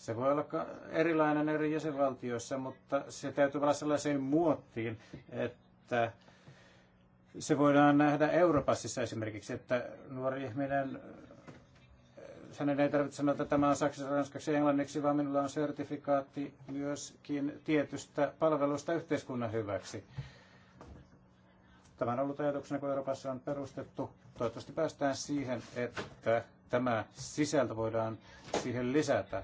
se voi olla erilainen eri jäsenvaltioissa, mutta se täytyy olla sellaiseen muottiin, että se voidaan nähdä Euroopassa, esimerkiksi, että nuori ihminen, hänen ei tarvitse sanoa, että tämä on saksaksi, ranskaksi ja englanniksi, vaan minulla on sertifikaatti myöskin tietystä palvelusta yhteiskunnan hyväksi. Tämä on ollut ajatuksena, kun Euroopassa on perustettu. Toivottavasti päästään siihen, että tämä sisältö voidaan siihen lisätä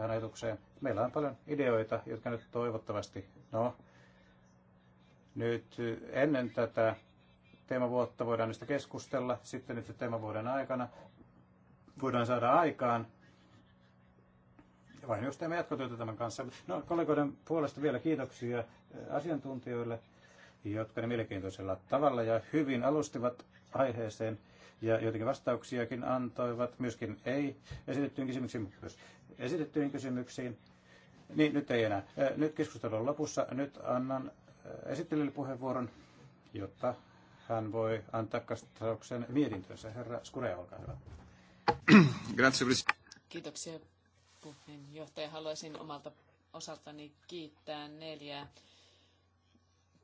tähän ajatukseen. Meillä on paljon ideoita, jotka nyt toivottavasti, no, nyt ennen tätä teemavuotta voidaan niistä keskustella, sitten nyt teemavuoden aikana voidaan saada aikaan. Vain jos teemme jatkotyötä tämän kanssa. No, kollegoiden puolesta vielä kiitoksia äh, asiantuntijoille, jotka ne mielenkiintoisella tavalla ja hyvin alustivat aiheeseen ja joitakin vastauksiakin antoivat, myöskin ei esitettyyn kysymyksiin, myös esitettyihin kysymyksiin. Niin, nyt ei enää. Nyt keskustelu on lopussa. Nyt annan esittelijälle puheenvuoron, jotta hän voi antaa kastauksen mietintönsä. Herra Skure, olkaa hyvä. Kiitoksia puheenjohtaja. Haluaisin omalta osaltani kiittää neljää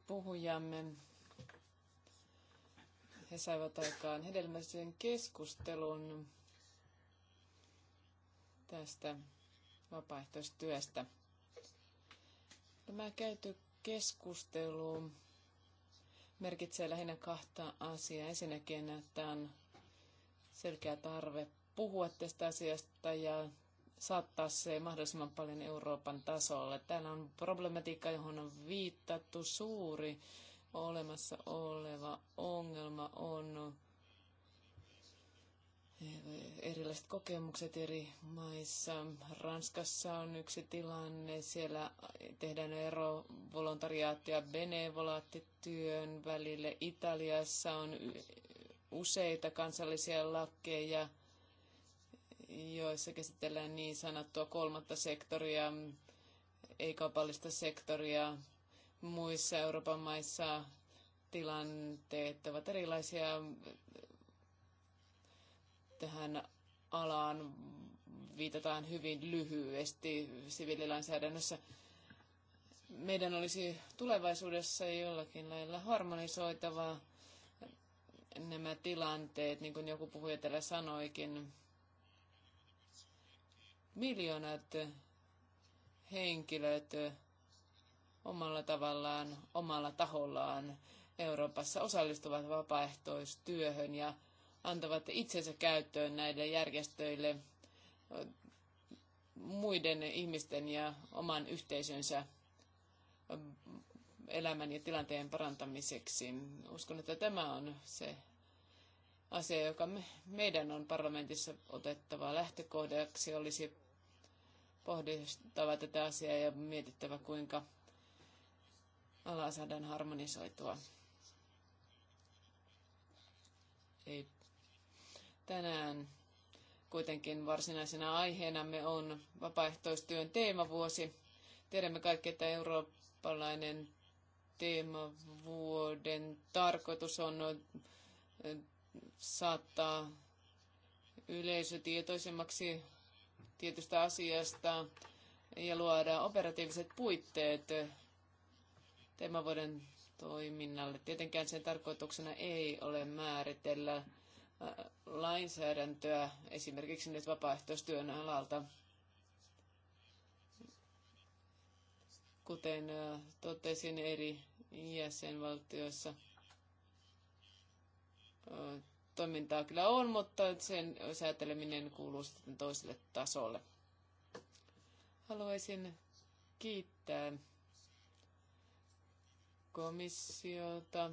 puhujamme. He saivat aikaan hedelmällisen keskustelun tästä vapaaehtoistyöstä. Tämä käyty keskustelu merkitsee lähinnä kahta asiaa. Ensinnäkin, että on selkeä tarve puhua tästä asiasta ja saattaa se mahdollisimman paljon Euroopan tasolle. Täällä on problematiikka, johon on viittattu suuri olemassa oleva ongelma on erilaiset kokemukset eri maissa. Ranskassa on yksi tilanne, siellä tehdään ero volontariaatti ja benevolaattityön välille. Italiassa on useita kansallisia lakkeja, joissa käsitellään niin sanottua kolmatta sektoria, ei-kaupallista sektoria. Muissa Euroopan maissa tilanteet ovat erilaisia Tähän alaan viitataan hyvin lyhyesti siviililainsäädännössä. Meidän olisi tulevaisuudessa jollakin lailla harmonisoitava nämä tilanteet, niin kuin joku puhuja täällä sanoikin. Miljoonat henkilöt omalla tavallaan, omalla tahollaan Euroopassa osallistuvat vapaaehtoistyöhön ja antavat itsensä käyttöön näille järjestöille muiden ihmisten ja oman yhteisönsä elämän ja tilanteen parantamiseksi. Uskon, että tämä on se asia, joka me, meidän on parlamentissa otettava lähtökohdaksi. Olisi pohdittava tätä asiaa ja mietittävä, kuinka alaa saadaan harmonisoitua. Ei Tänään kuitenkin varsinaisena aiheenamme on vapaaehtoistyön teemavuosi. Tiedämme kaikki, että eurooppalainen teemavuoden tarkoitus on saattaa yleisö tietoisemmaksi tietystä asiasta ja luoda operatiiviset puitteet teemavuoden toiminnalle. Tietenkään sen tarkoituksena ei ole määritellä lainsäädäntöä esimerkiksi nyt vapaaehtoistyön alalta. Kuten totesin eri jäsenvaltioissa, toimintaa kyllä on, mutta sen sääteleminen kuuluu sitten toiselle tasolle. Haluaisin kiittää komissiota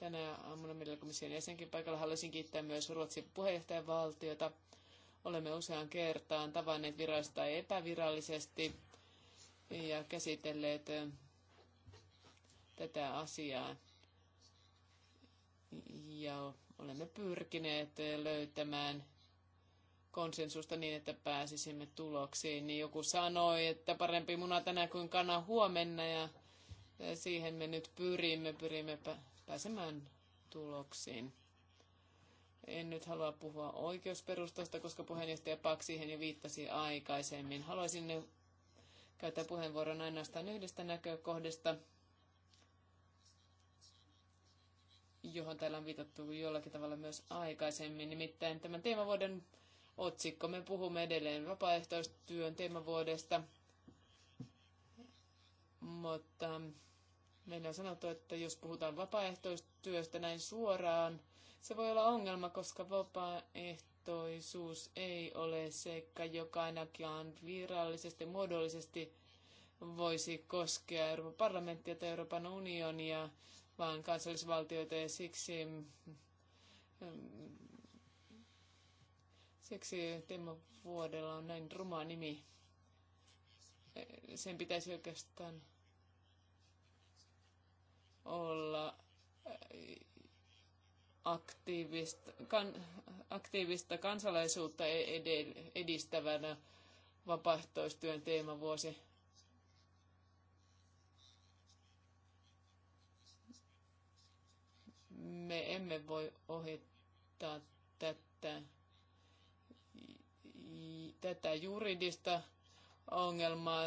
tänä aamuna, millä komission jäsenkin paikalla. Haluaisin kiittää myös Ruotsin puheenjohtajavaltiota. Olemme useaan kertaan tavanneet virallisesti tai epävirallisesti ja käsitelleet tätä asiaa. Ja olemme pyrkineet löytämään konsensusta niin, että pääsisimme tuloksiin. Niin joku sanoi, että parempi muna tänään kuin kana huomenna ja siihen me nyt pyrimme, pyrimme pääsemään tuloksiin. En nyt halua puhua oikeusperustasta, koska puheenjohtaja Pak siihen jo viittasi aikaisemmin. Haluaisin käyttää puheenvuoron ainoastaan yhdestä näkökohdasta, johon täällä on viitattu jollakin tavalla myös aikaisemmin. Nimittäin tämän teemavuoden otsikko. Me puhumme edelleen vapaaehtoistyön teemavuodesta, mutta meidän on sanottu, että jos puhutaan vapaaehtoistyöstä näin suoraan, se voi olla ongelma, koska vapaaehtoisuus ei ole seikka, joka ainakin virallisesti, muodollisesti voisi koskea Euroopan parlamenttia tai Euroopan unionia, vaan kansallisvaltioita ja siksi, mm, siksi timo Vuodella on näin ruma nimi. Sen pitäisi oikeastaan olla äh, aktiivista, kan, aktiivista kansalaisuutta e-, edistävänä vapaaehtoistyön teemavuosi. Me emme voi ohittaa tätä, tätä juridista ongelmaa.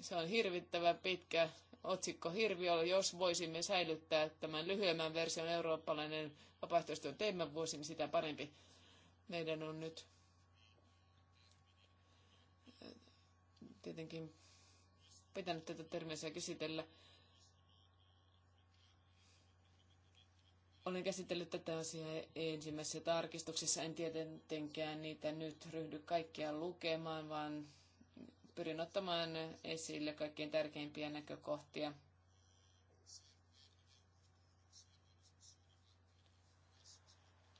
Se on hirvittävän pitkä otsikko Hirviö, jos voisimme säilyttää tämän lyhyemmän version eurooppalainen vapaaehtoistyön teemme vuosi, niin sitä parempi. Meidän on nyt eh, tietenkin pitänyt tätä termiä käsitellä. Olen käsitellyt tätä asiaa ensimmäisessä tarkistuksessa. En tietenkään niitä nyt ryhdy kaikkia lukemaan, vaan pyrin ottamaan esille kaikkein tärkeimpiä näkökohtia.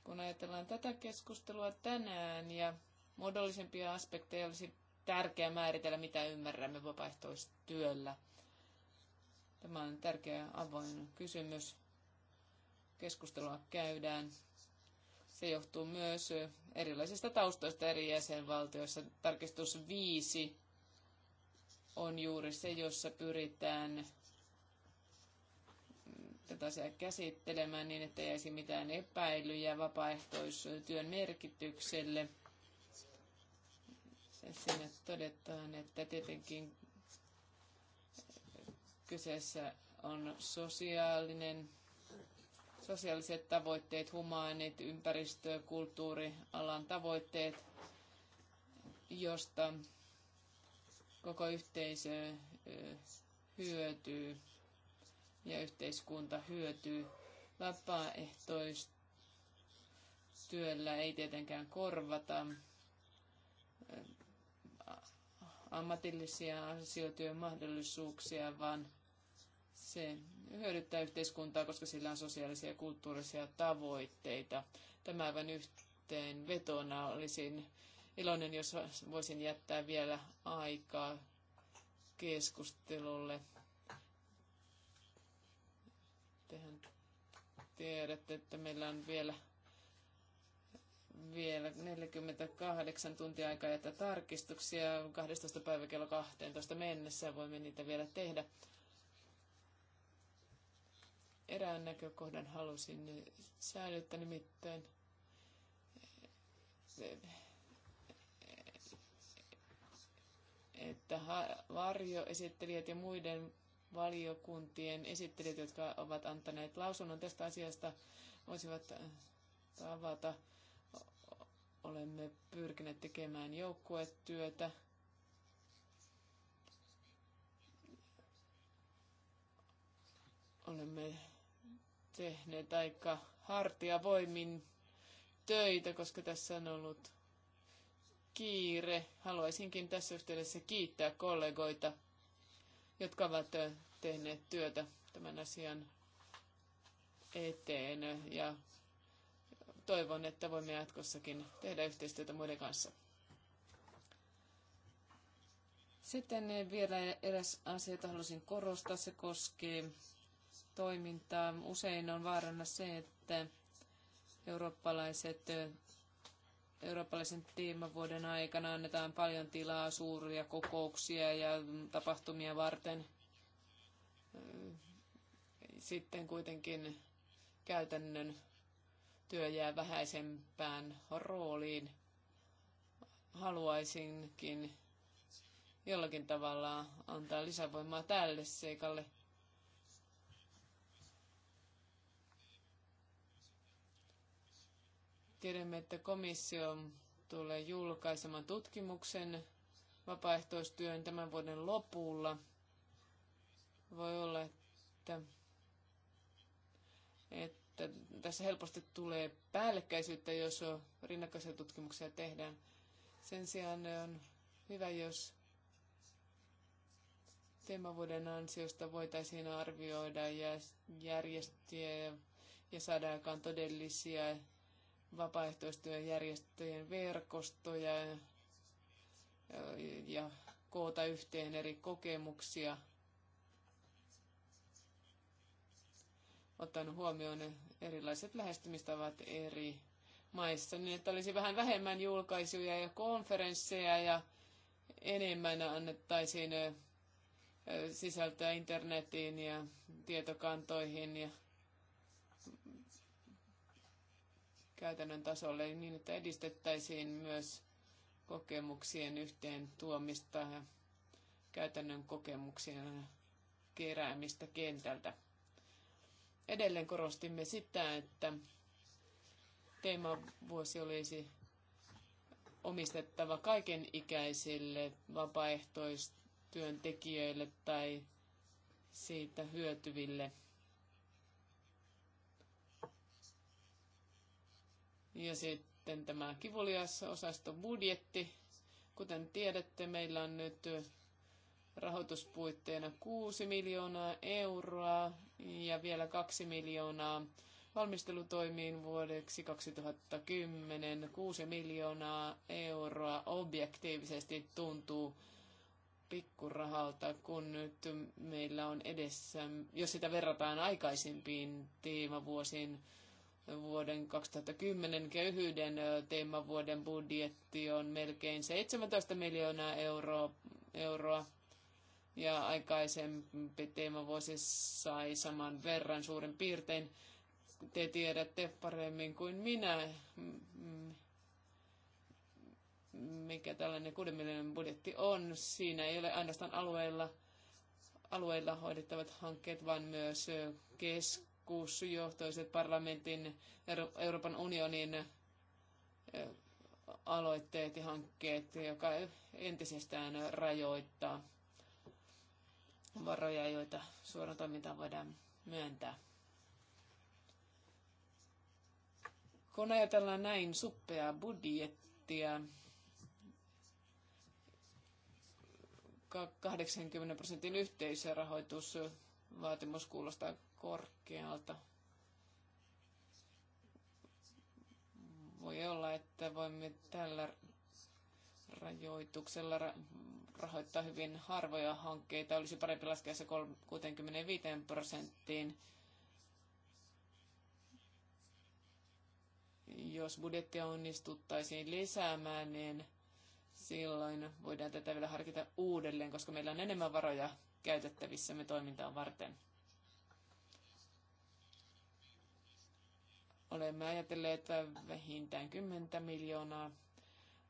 Kun ajatellaan tätä keskustelua tänään ja muodollisempia aspekteja, olisi tärkeää määritellä, mitä ymmärrämme vapaaehtoistyöllä. Tämä on tärkeä avoin kysymys. Keskustelua käydään. Se johtuu myös erilaisista taustoista eri jäsenvaltioissa. Tarkistus 5 on juuri se, jossa pyritään tätä asiaa käsittelemään niin, että jäisi mitään epäilyjä vapaaehtoistyön merkitykselle. Siinä todetaan, että tietenkin kyseessä on sosiaalinen, sosiaaliset tavoitteet, humaanit, ympäristö- ja kulttuurialan tavoitteet, josta koko yhteisö hyötyy ja yhteiskunta hyötyy. Vapaaehtoistyöllä ei tietenkään korvata ammatillisia ansiotyön mahdollisuuksia, vaan se hyödyttää yhteiskuntaa, koska sillä on sosiaalisia ja kulttuurisia tavoitteita. Tämä aivan yhteen olisin iloinen, jos voisin jättää vielä aikaa keskustelulle. Tehän tiedätte, että meillä on vielä, vielä 48 tuntia aikaa jättää tarkistuksia 12. päivä kello 12 mennessä. Voimme niitä vielä tehdä. Erään näkökohdan halusin säilyttää nimittäin että varjoesittelijät ja muiden valiokuntien esittelijät, jotka ovat antaneet lausunnon tästä asiasta, voisivat äh, tavata. Olemme pyrkineet tekemään joukkuetyötä. Olemme tehneet aika hartiavoimin töitä, koska tässä on ollut kiire. Haluaisinkin tässä yhteydessä kiittää kollegoita, jotka ovat tehneet työtä tämän asian eteen ja toivon, että voimme jatkossakin tehdä yhteistyötä muiden kanssa. Sitten vielä eräs asia, jota haluaisin korostaa, se koskee toimintaa. Usein on vaarana se, että eurooppalaiset eurooppalaisen teemavuoden aikana annetaan paljon tilaa suuria kokouksia ja tapahtumia varten. Sitten kuitenkin käytännön työ jää vähäisempään rooliin. Haluaisinkin jollakin tavalla antaa lisävoimaa tälle seikalle. Tiedämme, että komissio tulee julkaisemaan tutkimuksen vapaaehtoistyön tämän vuoden lopulla. Voi olla, että, että tässä helposti tulee päällekkäisyyttä, jos rinnakkaisia tutkimuksia tehdään. Sen sijaan on hyvä, jos teemavuoden ansiosta voitaisiin arvioida ja järjestää ja saada aikaan todellisia vapaaehtoistyön järjestöjen verkostoja ja koota yhteen eri kokemuksia, ottanut huomioon erilaiset lähestymistavat eri maissa, niin että olisi vähän vähemmän julkaisuja ja konferensseja ja enemmän annettaisiin sisältöä internetiin ja tietokantoihin ja käytännön tasolle niin, että edistettäisiin myös kokemuksien yhteen tuomista ja käytännön kokemuksien keräämistä kentältä. Edelleen korostimme sitä, että teemavuosi olisi omistettava kaikenikäisille vapaaehtoistyöntekijöille tai siitä hyötyville Ja sitten tämä kivulias osaston budjetti. Kuten tiedätte, meillä on nyt rahoituspuitteena 6 miljoonaa euroa ja vielä 2 miljoonaa valmistelutoimiin vuodeksi 2010. 6 miljoonaa euroa objektiivisesti tuntuu pikkurahalta, kun nyt meillä on edessä, jos sitä verrataan aikaisempiin teemavuosiin, vuoden 2010 köyhyyden teemavuoden budjetti on melkein 17 miljoonaa euroa, euroa ja aikaisempi teemavuosi sai saman verran suurin piirtein. Te tiedätte paremmin kuin minä, mikä tällainen 6 miljoonan budjetti on. Siinä ei ole ainoastaan alueilla, alueilla hoidettavat hankkeet, vaan myös keskustelut tehokkuusjohtoiset parlamentin Euroopan unionin aloitteet ja hankkeet, joka entisestään rajoittaa varoja, joita suoraan toimintaan voidaan myöntää. Kun ajatellaan näin suppeaa budjettia, 80 prosentin yhteisrahoitusvaatimus kuulostaa korkealta. Voi olla, että voimme tällä rajoituksella rahoittaa hyvin harvoja hankkeita. Olisi parempi laskea se 65 prosenttiin. Jos budjettia onnistuttaisiin lisäämään, niin silloin voidaan tätä vielä harkita uudelleen, koska meillä on enemmän varoja käytettävissämme toimintaan varten. Olemme ajatelleet vähintään 10 miljoonaa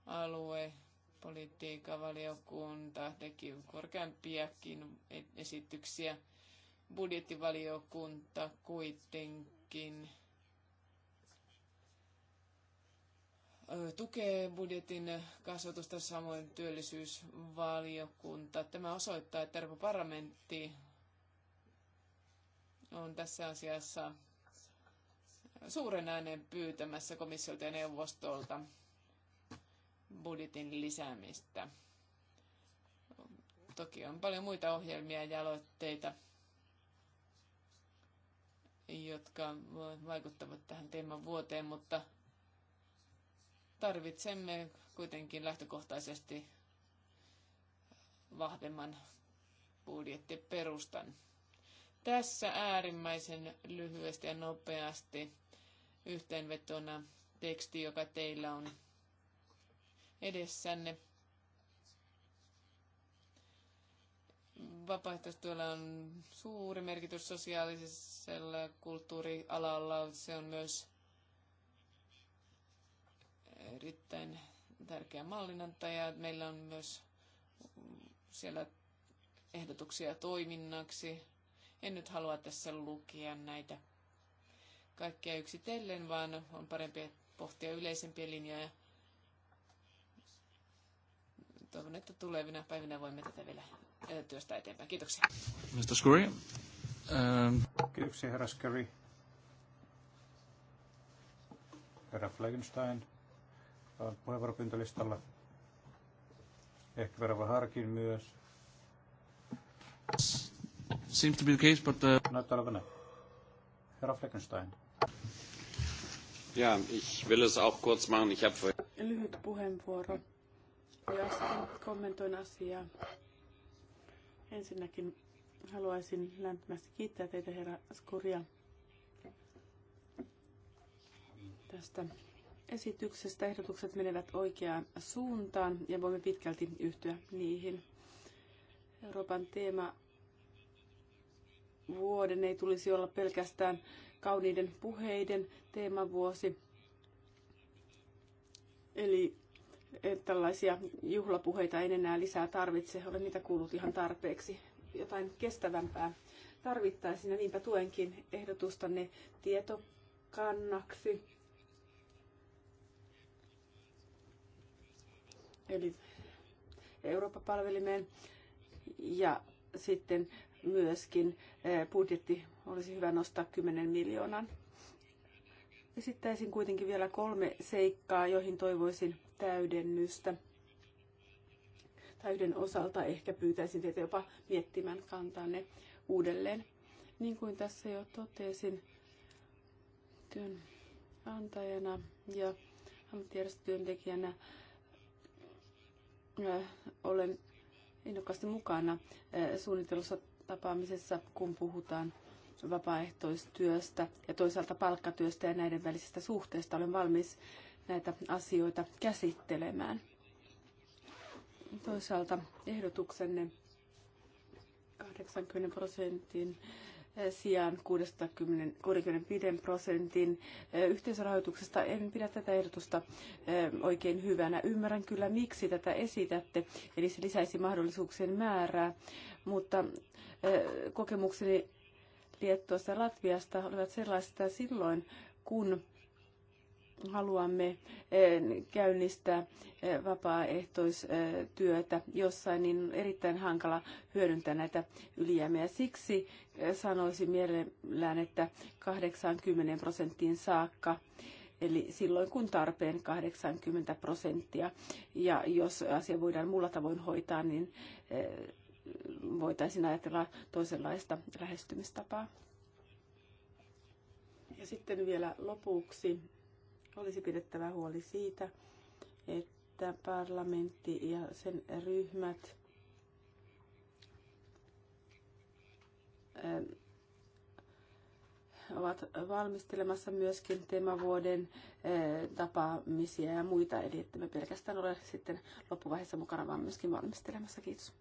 alue politiikan valiokunta teki korkeampiakin esityksiä. Budjettivaliokunta kuitenkin tukee budjetin kasvatusta, samoin työllisyysvaliokunta. Tämä osoittaa, että Euroopan parlamentti on tässä asiassa suuren äänen pyytämässä komissiolta ja neuvostolta budjetin lisäämistä. Toki on paljon muita ohjelmia ja aloitteita, jotka vaikuttavat tähän teeman vuoteen, mutta tarvitsemme kuitenkin lähtökohtaisesti vahvemman budjettiperustan. Tässä äärimmäisen lyhyesti ja nopeasti yhteenvetona teksti, joka teillä on edessänne. Vapaaehtoistyöllä on suuri merkitys sosiaalisella kulttuurialalla. Se on myös erittäin tärkeä mallinantaja. Meillä on myös siellä ehdotuksia toiminnaksi. En nyt halua tässä lukea näitä kaikkea yksitellen, vaan on parempi pohtia yleisempiä linjoja. Toivon, että tulevina päivinä voimme tätä vielä työstä eteenpäin. Kiitoksia. Mr. Scurry. Um... Kiitoksia, herra Scurry. Herra Flagenstein on äh, puheenvuoropyyntölistalla. Ehkä verran harkin myös. Seems to be the case, but... Uh... Näyttää olevan näin. Herra Fleckenstein. Ja, ich will es auch kurz machen. Ich habe Lyhyt puheenvuoro. Ja sitten kommentoin asiaa. Ensinnäkin haluaisin lämpimästi kiittää teitä, herra Skuria, tästä esityksestä. Ehdotukset menevät oikeaan suuntaan ja voimme pitkälti yhtyä niihin. Euroopan teema vuoden ei tulisi olla pelkästään kauniiden puheiden teemavuosi. Eli eh, tällaisia juhlapuheita ei enää lisää tarvitse, olen niitä kuullut ihan tarpeeksi. Jotain kestävämpää tarvittaisiin ja niinpä tuenkin ehdotustanne tietokannaksi. Eli Eurooppa-palvelimeen ja sitten myöskin eh, budjetti olisi hyvä nostaa 10 miljoonan. Esittäisin kuitenkin vielä kolme seikkaa, joihin toivoisin täydennystä. Täyden osalta ehkä pyytäisin teitä jopa miettimään kantanne uudelleen. Niin kuin tässä jo totesin, työnantajana ja ammattijärjestötyöntekijänä eh, olen innokkaasti mukana eh, suunnittelussa tapaamisessa, kun puhutaan vapaaehtoistyöstä ja toisaalta palkkatyöstä ja näiden välisestä suhteesta. Olen valmis näitä asioita käsittelemään. Toisaalta ehdotuksenne 80 prosentin sijaan 65 prosentin yhteisrahoituksesta. En pidä tätä ehdotusta oikein hyvänä. Ymmärrän kyllä, miksi tätä esitätte, eli se lisäisi mahdollisuuksien määrää, mutta kokemukseni Liettuasta Latviasta olivat sellaista silloin, kun haluamme eh, käynnistää eh, vapaaehtoistyötä jossain, niin on erittäin hankala hyödyntää näitä ylijäämiä. Siksi eh, sanoisin mielellään, että 80 prosenttiin saakka eli silloin kun tarpeen 80 prosenttia. Ja jos asia voidaan muulla tavoin hoitaa, niin voitaisiin ajatella toisenlaista lähestymistapaa. Ja sitten vielä lopuksi olisi pidettävä huoli siitä, että parlamentti ja sen ryhmät ähm, ovat valmistelemassa myöskin teemavuoden äh, tapaamisia ja muita, eli että me pelkästään ole sitten loppuvaiheessa mukana, vaan myöskin valmistelemassa. Kiitos.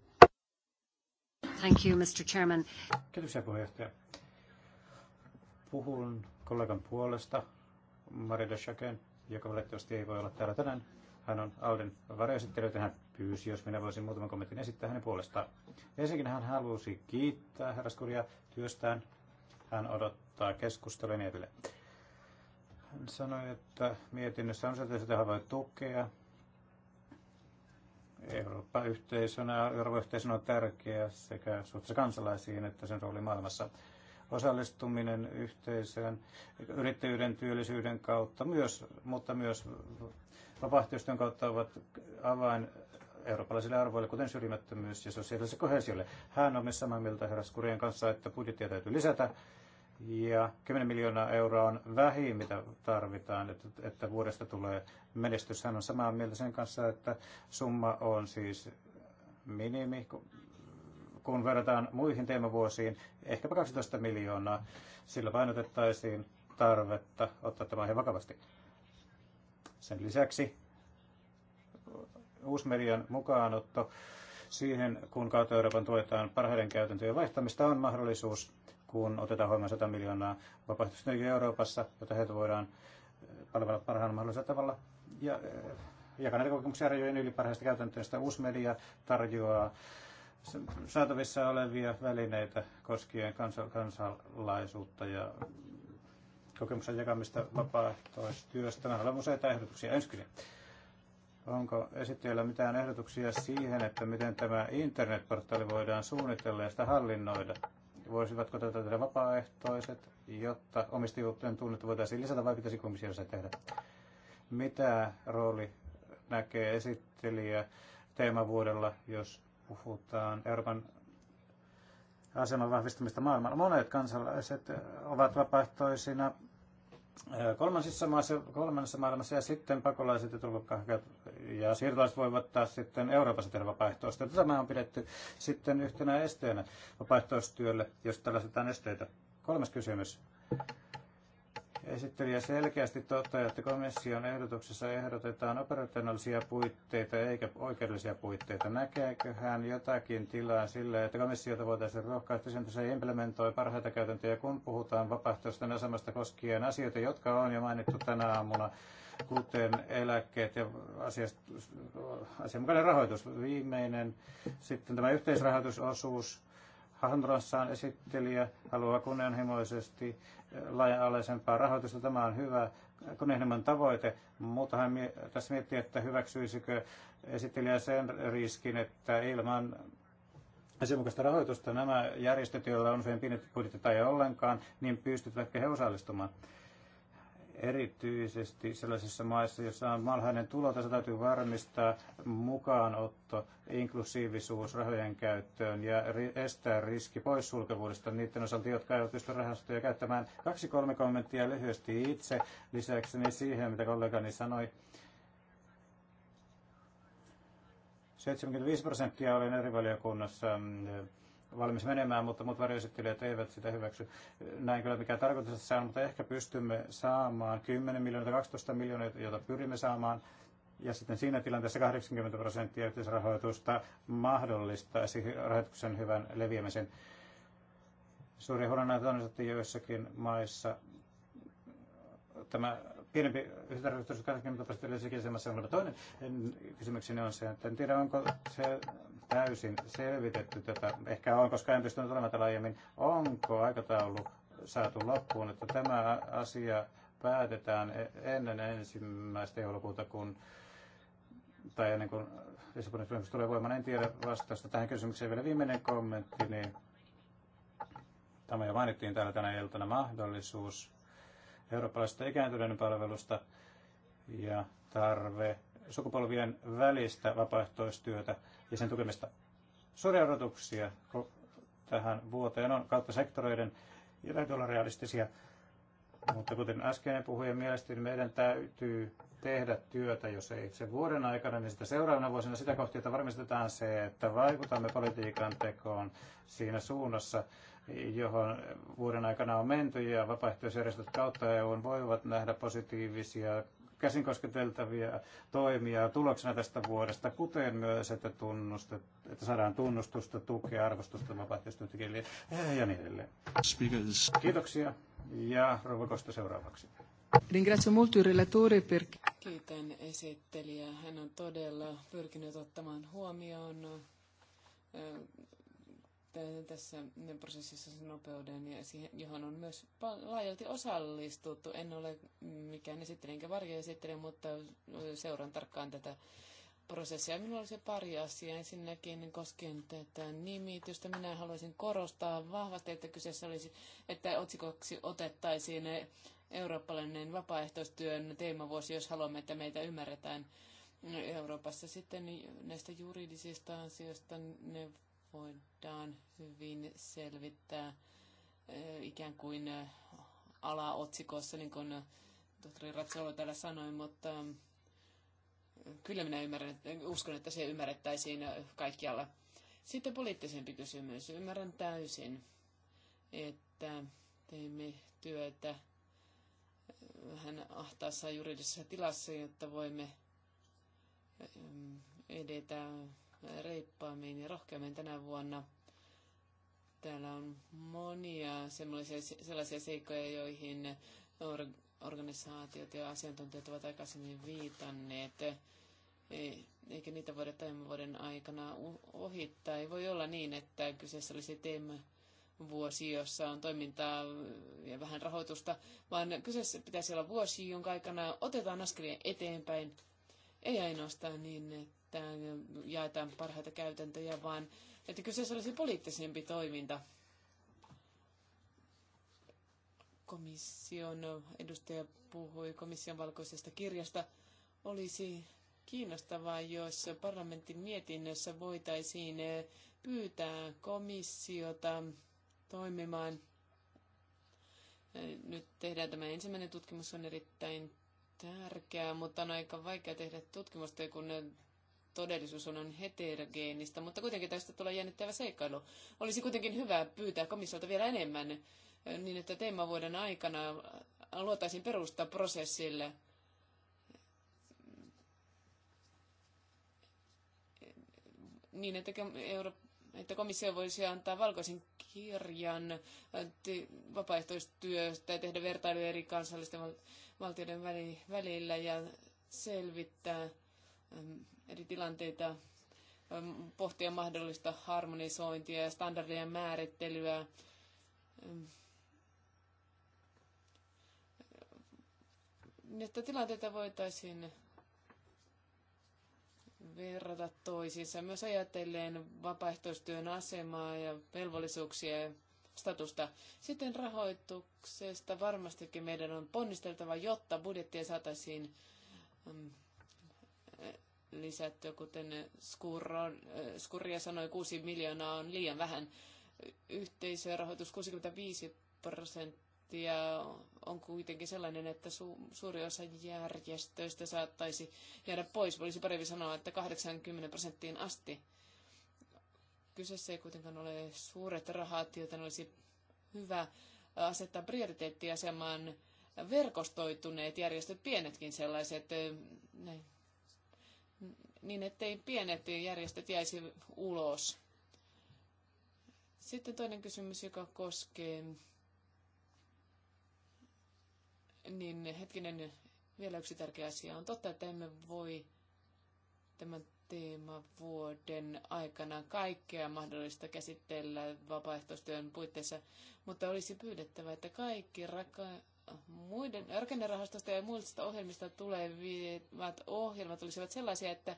Thank you, Mr. Chairman. Kiitoksia puheenjohtaja. Puhun kollegan puolesta. Marida Chaken, joka valitettavasti ei voi olla täällä tänään. Hän on Auden varjoesittelijöitä. Hän pyysi, jos minä voisin muutaman kommentin esittää hänen puolestaan. Ensinnäkin hän halusi kiittää herraskuria työstään. Hän odottaa keskustelua niin edelleen. Hän sanoi, että mietinnössä on sitä voi tukea. Euroopan yhteisönä, Euroopan yhteisönä on tärkeä sekä suhteessa kansalaisiin että sen rooli maailmassa osallistuminen yhteisöön yrittäjyyden, työllisyyden kautta, myös, mutta myös vapaaehtoistyön kautta ovat avain eurooppalaisille arvoille, kuten syrjimättömyys ja sosiaaliselle kohesiolle. Hän on myös samaa mieltä herra Skurien kanssa, että budjettia täytyy lisätä ja 10 miljoonaa euroa on vähin, mitä tarvitaan, että, että vuodesta tulee menestys. Hän on samaa mieltä sen kanssa, että summa on siis minimi, kun verrataan muihin teemavuosiin, ehkäpä 12 miljoonaa. Sillä painotettaisiin tarvetta ottaa tämä aihe vakavasti. Sen lisäksi uusmedian mukaanotto siihen, kun kautta Euroopan tuetaan parhaiden käytäntöjen vaihtamista, on mahdollisuus, kun otetaan huomioon 100 miljoonaa vapaaehtoisesti Euroopassa, jota heitä voidaan palvella parhaan mahdollisella tavalla. Ja, eh, ja näitä kokemuksia rajojen yli parhaista käytäntöistä uusmedia tarjoaa saatavissa olevia välineitä koskien kansalaisuutta ja kokemuksen jakamista vapaaehtoistyöstä. Meillä on useita ehdotuksia. Ensin onko esittäjällä mitään ehdotuksia siihen, että miten tämä internetportaali voidaan suunnitella ja sitä hallinnoida? Voisivatko tätä tehdä vapaaehtoiset, jotta omistajuuteen tunnetta voitaisiin lisätä vai pitäisi komissio se tehdä? Mitä rooli näkee esittelijä teemavuodella, jos puhutaan Euroopan aseman vahvistamista maailmalla. Monet kansalaiset ovat vapaaehtoisina kolmansissa maassa, kolmannessa maailmassa ja sitten pakolaiset ja turvapaikanhakijat ja siirtolaiset voivat taas sitten Euroopassa tehdä vapaaehtoista. Tämä on pidetty sitten yhtenä esteenä vapaaehtoistyölle, jos tällaisetaan esteitä. Kolmas kysymys. Esittelijä selkeästi toteaa, että komission ehdotuksessa ehdotetaan operationaalisia puitteita eikä oikeudellisia puitteita. Näkeekö hän jotakin tilaa sille, että komissiota voitaisiin rohkaista sen, että se implementoi parhaita käytäntöjä, kun puhutaan vapaaehtoisten asemasta koskien asioita, jotka on jo mainittu tänä aamuna, kuten eläkkeet ja asiasta, asianmukainen rahoitus. Viimeinen sitten tämä yhteisrahoitusosuus. Handrassaan esittelijä haluaa kunnianhimoisesti laaja-alaisempaa rahoitusta. Tämä on hyvä kunnianhimoinen tavoite, mutta hän tässä miettii, että hyväksyisikö esittelijä sen riskin, että ilman asianmukaista rahoitusta nämä järjestöt, joilla on usein pienet budjetit tai ollenkaan, niin pystytään ehkä he osallistumaan erityisesti sellaisissa maissa, joissa on malhainen tulotaso, täytyy varmistaa mukaanotto, inklusiivisuus rahojen käyttöön ja estää riski poissulkevuudesta niiden osalta, jotka eivät pysty rahastoja käyttämään. Kaksi kolme kommenttia lyhyesti itse lisäkseni siihen, mitä kollegani sanoi. 75 prosenttia olen eri valiokunnassa mm, valmis menemään, mutta muut varjoesittelijät eivät sitä hyväksy. Näin kyllä mikä tarkoitus saa, mutta ehkä pystymme saamaan 10 miljoonaa, 12 miljoonaa, joita pyrimme saamaan. Ja sitten siinä tilanteessa 80 prosenttia yhteisrahoitusta mahdollistaisi rahoituksen hyvän leviämisen. Suuri huolenaihe on, että joissakin maissa tämä pienempi yhteisrahoitus 80 prosenttia olisi asemassa on toinen kysymykseni on se, että en tiedä onko se täysin selvitetty tätä, ehkä on, koska en pystynyt olemaan täällä aiemmin, onko aikataulu saatu loppuun, että tämä asia päätetään e- ennen ensimmäistä joulukuuta, kun tai ennen kuin Lissabonin sopimus tulee voimaan. En tiedä vastausta tähän kysymykseen. Vielä viimeinen kommentti, niin tämä jo mainittiin täällä tänä iltana mahdollisuus eurooppalaisesta ikääntyneiden palvelusta ja tarve sukupolvien välistä vapaaehtoistyötä ja sen tukemista. Suuria odotuksia tähän vuoteen on kautta sektoreiden ja täytyy olla realistisia. Mutta kuten äskeinen puhuja mielestä, niin meidän täytyy tehdä työtä, jos ei itse vuoden aikana, niin sitä seuraavana vuosina sitä kohti, että varmistetaan se, että vaikutamme politiikan tekoon siinä suunnassa, johon vuoden aikana on menty ja vapaaehtoisjärjestöt kautta EU voivat nähdä positiivisia käsin kosketeltavia toimia tuloksena tästä vuodesta, kuten myös, että, tunnustet, että saadaan tunnustusta, tukea, arvostusta vapaaehtoistyöntekijöille ja niin edelleen. Speakers. Kiitoksia ja Rouva Kosta seuraavaksi. Ringrazio molto il relatore per... Kiitän esittelijää. Hän on todella pyrkinyt ottamaan huomioon tässä prosessissa sen nopeuden, ja siihen, johon on myös laajalti osallistuttu. En ole mikään esittelijä enkä varjoesittelijä, mutta seuran tarkkaan tätä prosessia. Minulla olisi pari asiaa. Ensinnäkin koskien tätä nimitystä. Minä haluaisin korostaa vahvasti, että kyseessä olisi, että otsikoksi otettaisiin eurooppalainen vapaaehtoistyön teemavuosi, jos haluamme, että meitä ymmärretään Euroopassa. Sitten näistä juridisista asioista ne voidaan hyvin selvittää eh, ikään kuin eh, alaotsikossa, niin kuin tohtori Ratsalo täällä sanoi, mutta eh, kyllä minä ymmärrän, uskon, että se ymmärrettäisiin kaikkialla. Sitten poliittisempi kysymys. Ymmärrän täysin, että teemme työtä vähän ahtaassa juridisessa tilassa, jotta voimme edetä reippaammin ja rohkeammin tänä vuonna. Täällä on monia sellaisia, sellaisia seikkoja, joihin organisaatiot ja asiantuntijat ovat aikaisemmin viitanneet. Ei, eikä niitä voida tämän vuoden aikana ohittaa. Ei voi olla niin, että kyseessä olisi teema vuosi, jossa on toimintaa ja vähän rahoitusta, vaan kyseessä pitäisi olla vuosi, jonka aikana otetaan askelia eteenpäin. Ei ainoastaan niin, jaetaan parhaita käytäntöjä, vaan että kyseessä olisi poliittisempi toiminta. Komission edustaja puhui komission valkoisesta kirjasta. Olisi kiinnostavaa, jos parlamentin mietinnössä voitaisiin pyytää komissiota toimimaan. Nyt tehdään tämä ensimmäinen tutkimus, on erittäin tärkeää, mutta on aika vaikea tehdä tutkimusta, kun todellisuus on heterogeenistä, mutta kuitenkin tästä tulee jännittävä seikkailu. Olisi kuitenkin hyvä pyytää komissiolta vielä enemmän niin, että teemavuoden aikana luotaisiin perusta prosessille. Niin, että, Euro- että komissio voisi antaa valkoisen kirjan vapaaehtoistyöstä ja tehdä vertailuja eri kansallisten valtioiden välillä ja selvittää eri tilanteita, pohtia mahdollista harmonisointia ja standardien määrittelyä, että tilanteita voitaisiin verrata toisiinsa, myös ajatellen vapaaehtoistyön asemaa ja velvollisuuksia ja statusta. Sitten rahoituksesta varmastikin meidän on ponnisteltava, jotta budjettia saataisiin lisätty, kuten Skurron, äh, Skurria sanoi, 6 miljoonaa on liian vähän. Yhteisörahoitus 65 prosenttia on kuitenkin sellainen, että su- suuri osa järjestöistä saattaisi jäädä pois. Olisi parempi sanoa, että 80 prosenttiin asti. Kyseessä ei kuitenkaan ole suuret rahat, joten olisi hyvä asettaa prioriteettiasemaan verkostoituneet järjestöt, pienetkin sellaiset. Äh, näin niin ettei pienet järjestöt jäisi ulos. Sitten toinen kysymys, joka koskee niin hetkinen, vielä yksi tärkeä asia. On totta, että emme voi tämän teemavuoden aikana kaikkea mahdollista käsitellä vapaaehtoistyön puitteissa, mutta olisi pyydettävä, että kaikki raka- muiden rakennerahastosta ja muista ohjelmista tulevat ohjelmat olisivat sellaisia, että,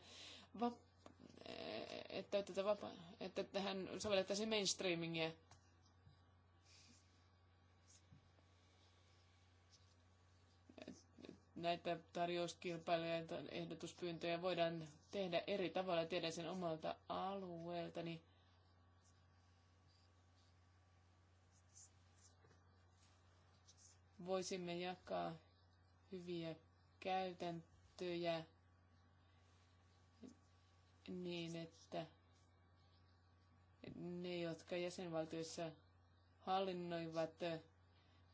va, että, tätä vapa, että tähän sovellettaisiin mainstreamingia. Näitä tarjouskilpailijoita ehdotuspyyntöjä voidaan tehdä eri tavalla. Tiedän sen omalta alueeltani. Niin voisimme jakaa hyviä käytäntöjä niin, että ne, jotka jäsenvaltioissa hallinnoivat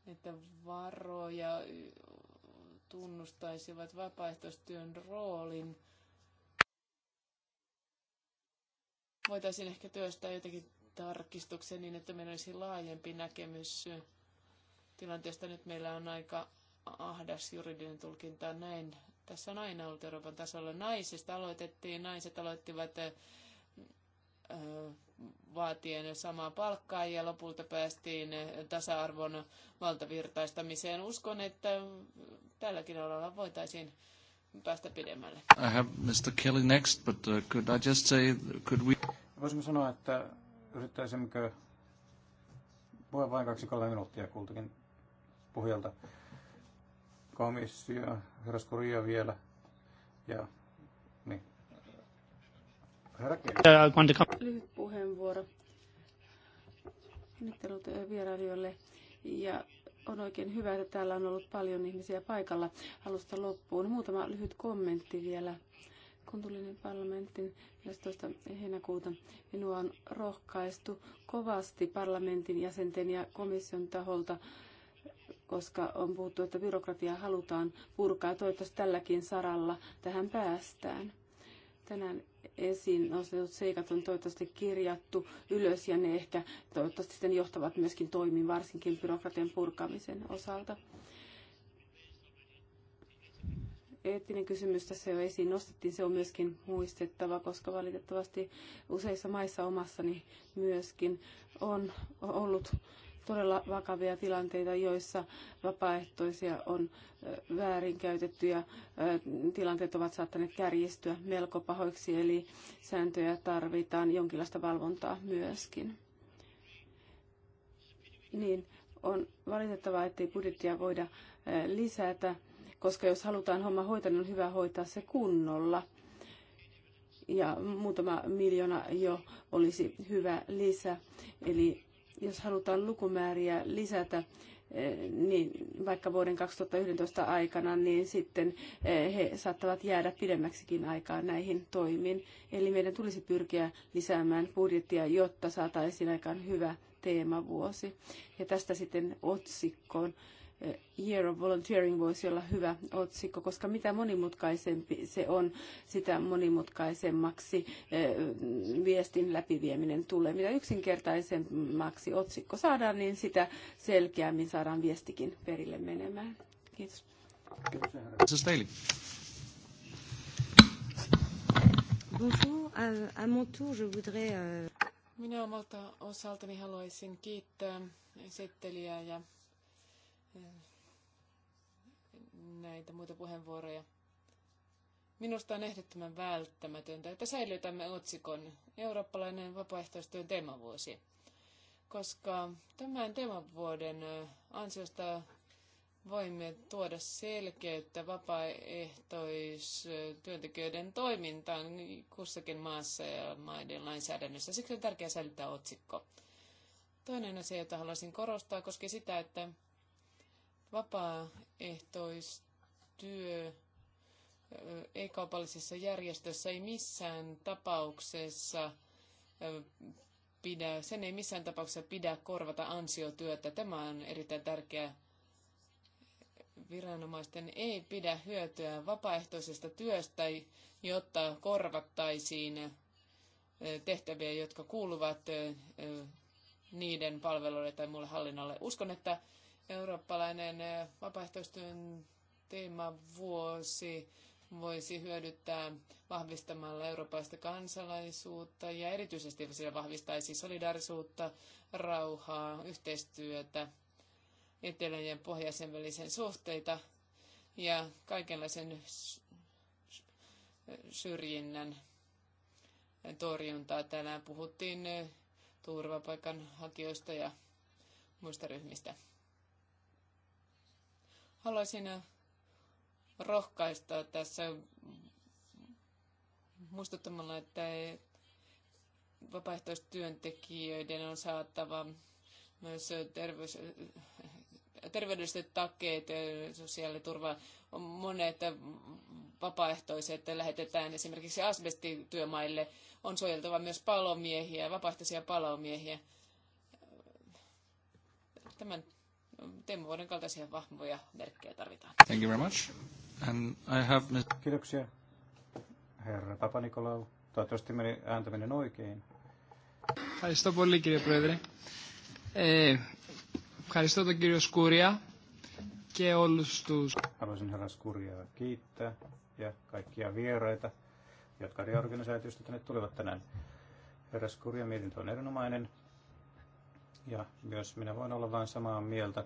että varoja tunnustaisivat vapaaehtoistyön roolin. Voitaisiin ehkä työstää jotakin tarkistuksia niin, että meillä olisi laajempi näkemys tilanteesta. Nyt meillä on aika ahdas juridinen tulkinta näin. Tässä on aina ollut Euroopan tasolla. Naisista aloitettiin, naiset aloittivat vaatien samaa palkkaa ja lopulta päästiin tasa-arvon valtavirtaistamiseen. Uskon, että tälläkin alalla voitaisiin päästä pidemmälle. I have Mr. Kelly next, but uh, could I just say, could we... Voisimme sanoa, että yrittäisimmekö... Voi vain kaksi kolme minuuttia kultakin pohjalta. Komissio, herras vielä. Ja niin. Herra äh, Lyhyt puheenvuoro äh, vierailijoille. Ja on oikein hyvä, että täällä on ollut paljon ihmisiä paikalla alusta loppuun. Muutama lyhyt kommentti vielä. Kun tulin niin parlamentin 11. heinäkuuta, minua on rohkaistu kovasti parlamentin jäsenten ja komission taholta koska on puhuttu, että byrokratiaa halutaan purkaa. Toivottavasti tälläkin saralla tähän päästään. Tänään esiin nostetut seikat on toivottavasti kirjattu ylös ja ne ehkä toivottavasti sitten johtavat myöskin toimiin, varsinkin byrokratian purkamisen osalta. eettinen kysymys tässä jo esiin nostettiin, se on myöskin muistettava, koska valitettavasti useissa maissa omassani niin myöskin on ollut todella vakavia tilanteita, joissa vapaaehtoisia on väärinkäytetty ja tilanteet ovat saattaneet kärjistyä melko pahoiksi, eli sääntöjä tarvitaan jonkinlaista valvontaa myöskin. Niin, on valitettavaa, ettei budjettia voida lisätä, koska jos halutaan homma hoitaa, niin on hyvä hoitaa se kunnolla ja muutama miljoona jo olisi hyvä lisä. Eli jos halutaan lukumääriä lisätä, eh, niin vaikka vuoden 2011 aikana, niin sitten eh, he saattavat jäädä pidemmäksikin aikaa näihin toimiin. Eli meidän tulisi pyrkiä lisäämään budjettia, jotta saataisiin aikaan hyvä teemavuosi. Ja tästä sitten otsikkoon Year of Volunteering voisi olla hyvä otsikko, koska mitä monimutkaisempi se on, sitä monimutkaisemmaksi eh, viestin läpivieminen tulee. Mitä yksinkertaisemmaksi otsikko saadaan, niin sitä selkeämmin saadaan viestikin perille menemään. Kiitos. Bonjour, à mon tour je voudrais... Euh, Minä omalta osaltani haluaisin kiittää esittelijää ja näitä muita puheenvuoroja. Minusta on ehdottoman välttämätöntä, että säilytämme otsikon Eurooppalainen vapaaehtoistyön teemavuosi, koska tämän teemavuoden ansiosta voimme tuoda selkeyttä vapaaehtoistyöntekijöiden toimintaan kussakin maassa ja maiden lainsäädännössä. Siksi on tärkeää säilyttää otsikko. Toinen asia, jota haluaisin korostaa, koski sitä, että Vapaaehtoistyö ei kaupallisessa järjestössä ei missään tapauksessa pidä, sen ei missään tapauksessa pidä korvata ansiotyötä. Tämä on erittäin tärkeä Viranomaisten ei pidä hyötyä vapaaehtoisesta työstä, jotta korvattaisiin tehtäviä, jotka kuuluvat niiden palveluille tai muulle hallinnolle. Uskon, että Eurooppalainen eh, vapaaehtoistyön teemavuosi voisi hyödyttää vahvistamalla eurooppalaista kansalaisuutta ja erityisesti se vahvistaisi solidarisuutta, rauhaa, yhteistyötä, etelän ja pohjaisen välisen suhteita ja kaikenlaisen syrjinnän torjuntaa. Tänään puhuttiin eh, turvapaikanhakijoista ja muista ryhmistä. Haluaisin rohkaista tässä muistuttamalla, että vapaaehtoistyöntekijöiden on saatava myös terveys, terveydelliset takeet, sosiaaliturva, monet vapaaehtoiset lähetetään esimerkiksi asbestityömaille. On suojeltava myös palomiehiä, vapaaehtoisia palomiehiä. Tämän Teemu Vuoden kaltaisia vahvoja merkkejä tarvitaan. Thank you very much. And I have... Kiitoksia, herra Papanikolau. Toivottavasti meni ääntäminen oikein. Ευχαριστώ πολύ κύριε Πρόεδρε. Ε, ευχαριστώ τον κύριο Σκούρια και όλους τους... Haluaisin herra Skuriaa kiittää ja kaikkia vieraita, jotka eri organisaatiosta tänne tulivat tänään. Herra Skuria mietintö on erinomainen ja myös minä voin olla vain samaa mieltä,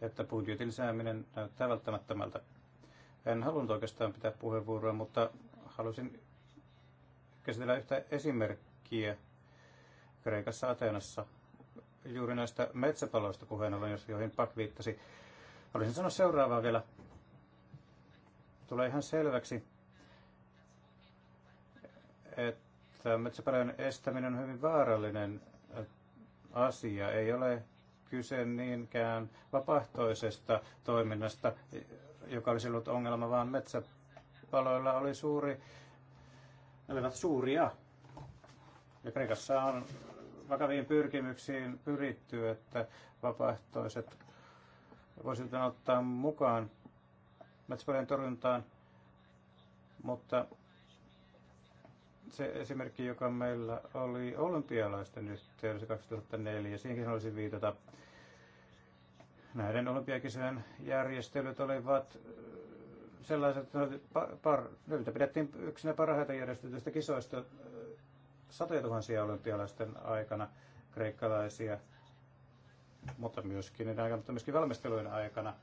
että budjetin lisääminen näyttää välttämättömältä. En halunnut oikeastaan pitää puheenvuoroa, mutta halusin käsitellä yhtä esimerkkiä Kreikassa Ateenassa juuri näistä metsäpaloista puheen ollen, joihin Pak viittasi. Olisin sanoa seuraavaa vielä. Tulee ihan selväksi, että metsäpalojen estäminen on hyvin vaarallinen asia. Ei ole kyse niinkään vapaaehtoisesta toiminnasta, joka olisi ollut ongelma, vaan metsäpaloilla oli suuri, ne olivat suuria. Ja Kreikassa on vakaviin pyrkimyksiin pyritty, että vapaaehtoiset voisivat ottaa mukaan metsäpalojen torjuntaan, mutta se esimerkki, joka meillä oli olympialaisten yhteydessä 2004, siihenkin haluaisin viitata. Näiden olympiakisojen järjestelyt olivat sellaiset, että pidettiin yksinä parhaita järjestetyistä kisoista satoja tuhansia olympialaisten aikana kreikkalaisia, mutta myöskin niiden aikana, mutta myöskin valmistelujen aikana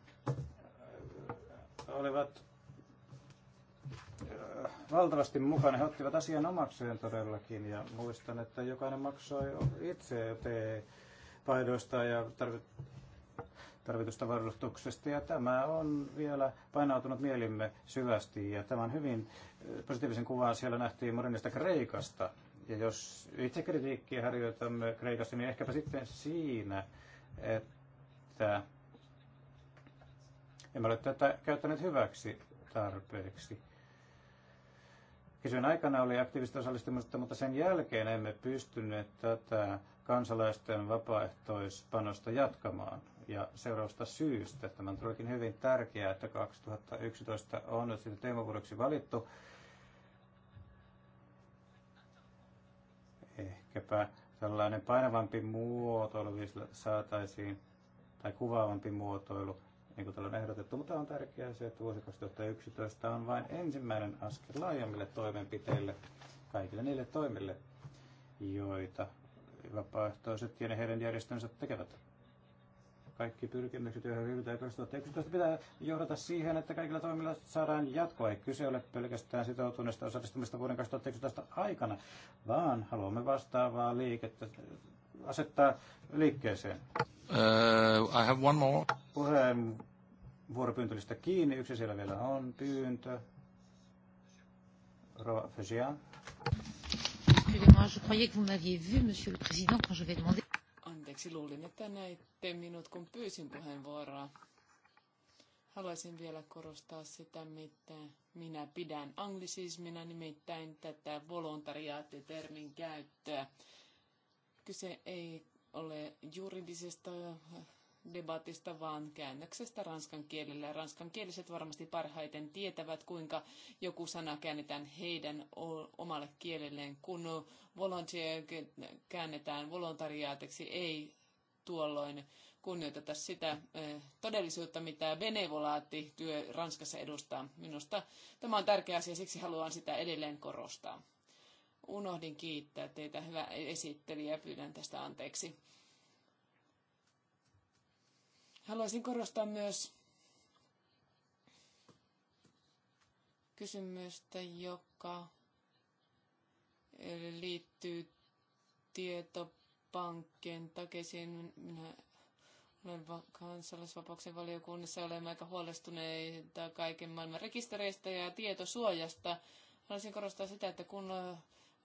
olivat valtavasti mukana. He ottivat asian omakseen todellakin ja muistan, että jokainen maksoi itse paidoista ja tarvitusta varustuksesta ja tämä on vielä painautunut mielimme syvästi ja tämän hyvin eh, positiivisen kuvan siellä nähtiin modernista Kreikasta. Ja jos itse kritiikkiä harjoitamme Kreikassa, niin ehkäpä sitten siinä, että emme ole tätä käyttäneet hyväksi tarpeeksi. Kisojen aikana oli aktiivista osallistumista, mutta sen jälkeen emme pystyneet tätä kansalaisten vapaaehtoispanosta jatkamaan. Ja seurausta syystä, tämä on todellakin hyvin tärkeää, että 2011 on nyt sitten teemavuodeksi valittu. Ehkäpä tällainen painavampi muotoilu saataisiin, tai kuvaavampi muotoilu niin kuin on ehdotettu, mutta on tärkeää se, että vuosi 2011 on vain ensimmäinen askel laajemmille toimenpiteille, kaikille niille toimille, joita vapaaehtoiset ja heidän järjestönsä tekevät. Kaikki pyrkimykset, joihin ryhdytään 2011, pitää johdata siihen, että kaikilla toimilla saadaan jatkoa. Ei kyse ole pelkästään sitoutuneesta osallistumista vuoden 2011 aikana, vaan haluamme vastaavaa liikettä asettaa liikkeeseen. Uh, I have one more. Puheen vuoropyyntölistä kiinni. Yksi siellä vielä on pyyntö. Rova Fegia. Anteeksi, luulin, että näitte minut, kun pyysin puheenvuoroa. Haluaisin vielä korostaa sitä, mitä minä pidän anglisismina, nimittäin tätä volontariaattitermin käyttöä. Kyse ei ole juridisesta debatista, vaan käännöksestä ranskan kielellä. Ranskankieliset varmasti parhaiten tietävät, kuinka joku sana käännetään heidän omalle kielelleen, kun volunteer käännetään volontariaateksi, ei tuolloin kunnioiteta sitä todellisuutta, mitä benevolaatti työ Ranskassa edustaa. Minusta tämä on tärkeä asia, siksi haluan sitä edelleen korostaa. Unohdin kiittää teitä, hyvä esittelijä, pyydän tästä anteeksi. Haluaisin korostaa myös kysymystä, joka liittyy tietopankkien takaisin. Minä olen kansalaisvapauksen valiokunnassa olen aika huolestuneita kaiken maailman rekistereistä ja tietosuojasta. Haluaisin korostaa sitä, että kun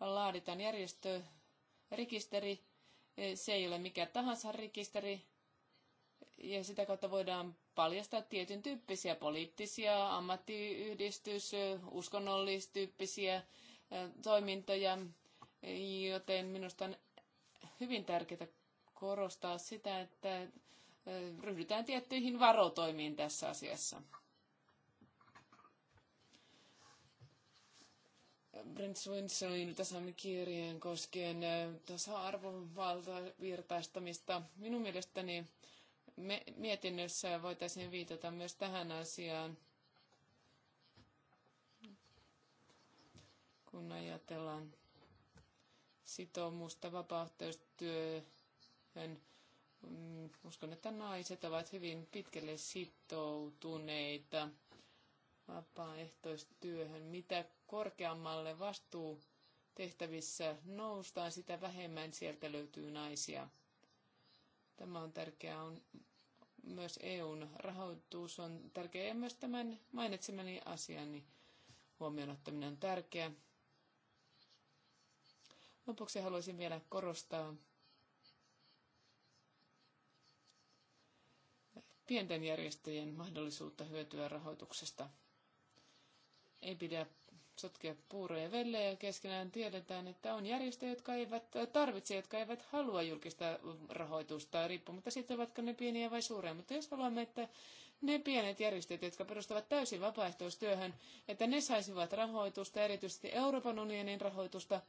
laaditaan järjestörekisteri, se ei ole mikä tahansa rekisteri, ja sitä kautta voidaan paljastaa tietyn tyyppisiä poliittisia, ammattiyhdistys, uskonnollistyyppisiä toimintoja, joten minusta on hyvin tärkeää korostaa sitä, että ryhdytään tiettyihin varotoimiin tässä asiassa. Brent Swinsonin tasan kirjeen koskien tasa-arvon valtavirtaistamista. Minun mielestäni mietinnössä voitaisiin viitata myös tähän asiaan, kun ajatellaan sitoumusta vapaaehtoistyöhön. Mm, uskon, että naiset ovat hyvin pitkälle sitoutuneita vapaaehtoistyöhön. Mitä korkeammalle vastuu tehtävissä noustaan, sitä vähemmän sieltä löytyy naisia. Tämä on tärkeää. On myös EUn rahoitus on tärkeää ja myös tämän mainitsemani asian niin huomioon ottaminen on tärkeää. Lopuksi haluaisin vielä korostaa pienten järjestöjen mahdollisuutta hyötyä rahoituksesta. Ei pidä sotkea puuroja vellejä keskenään. Tiedetään, että on järjestöjä, jotka eivät tarvitse, jotka eivät halua julkista rahoitusta, riippumatta siitä, ovatko ne pieniä vai suuria. Mutta jos haluamme, että ne pienet järjestöt, jotka perustavat täysin vapaaehtoistyöhön, että ne saisivat rahoitusta, erityisesti Euroopan unionin rahoitusta,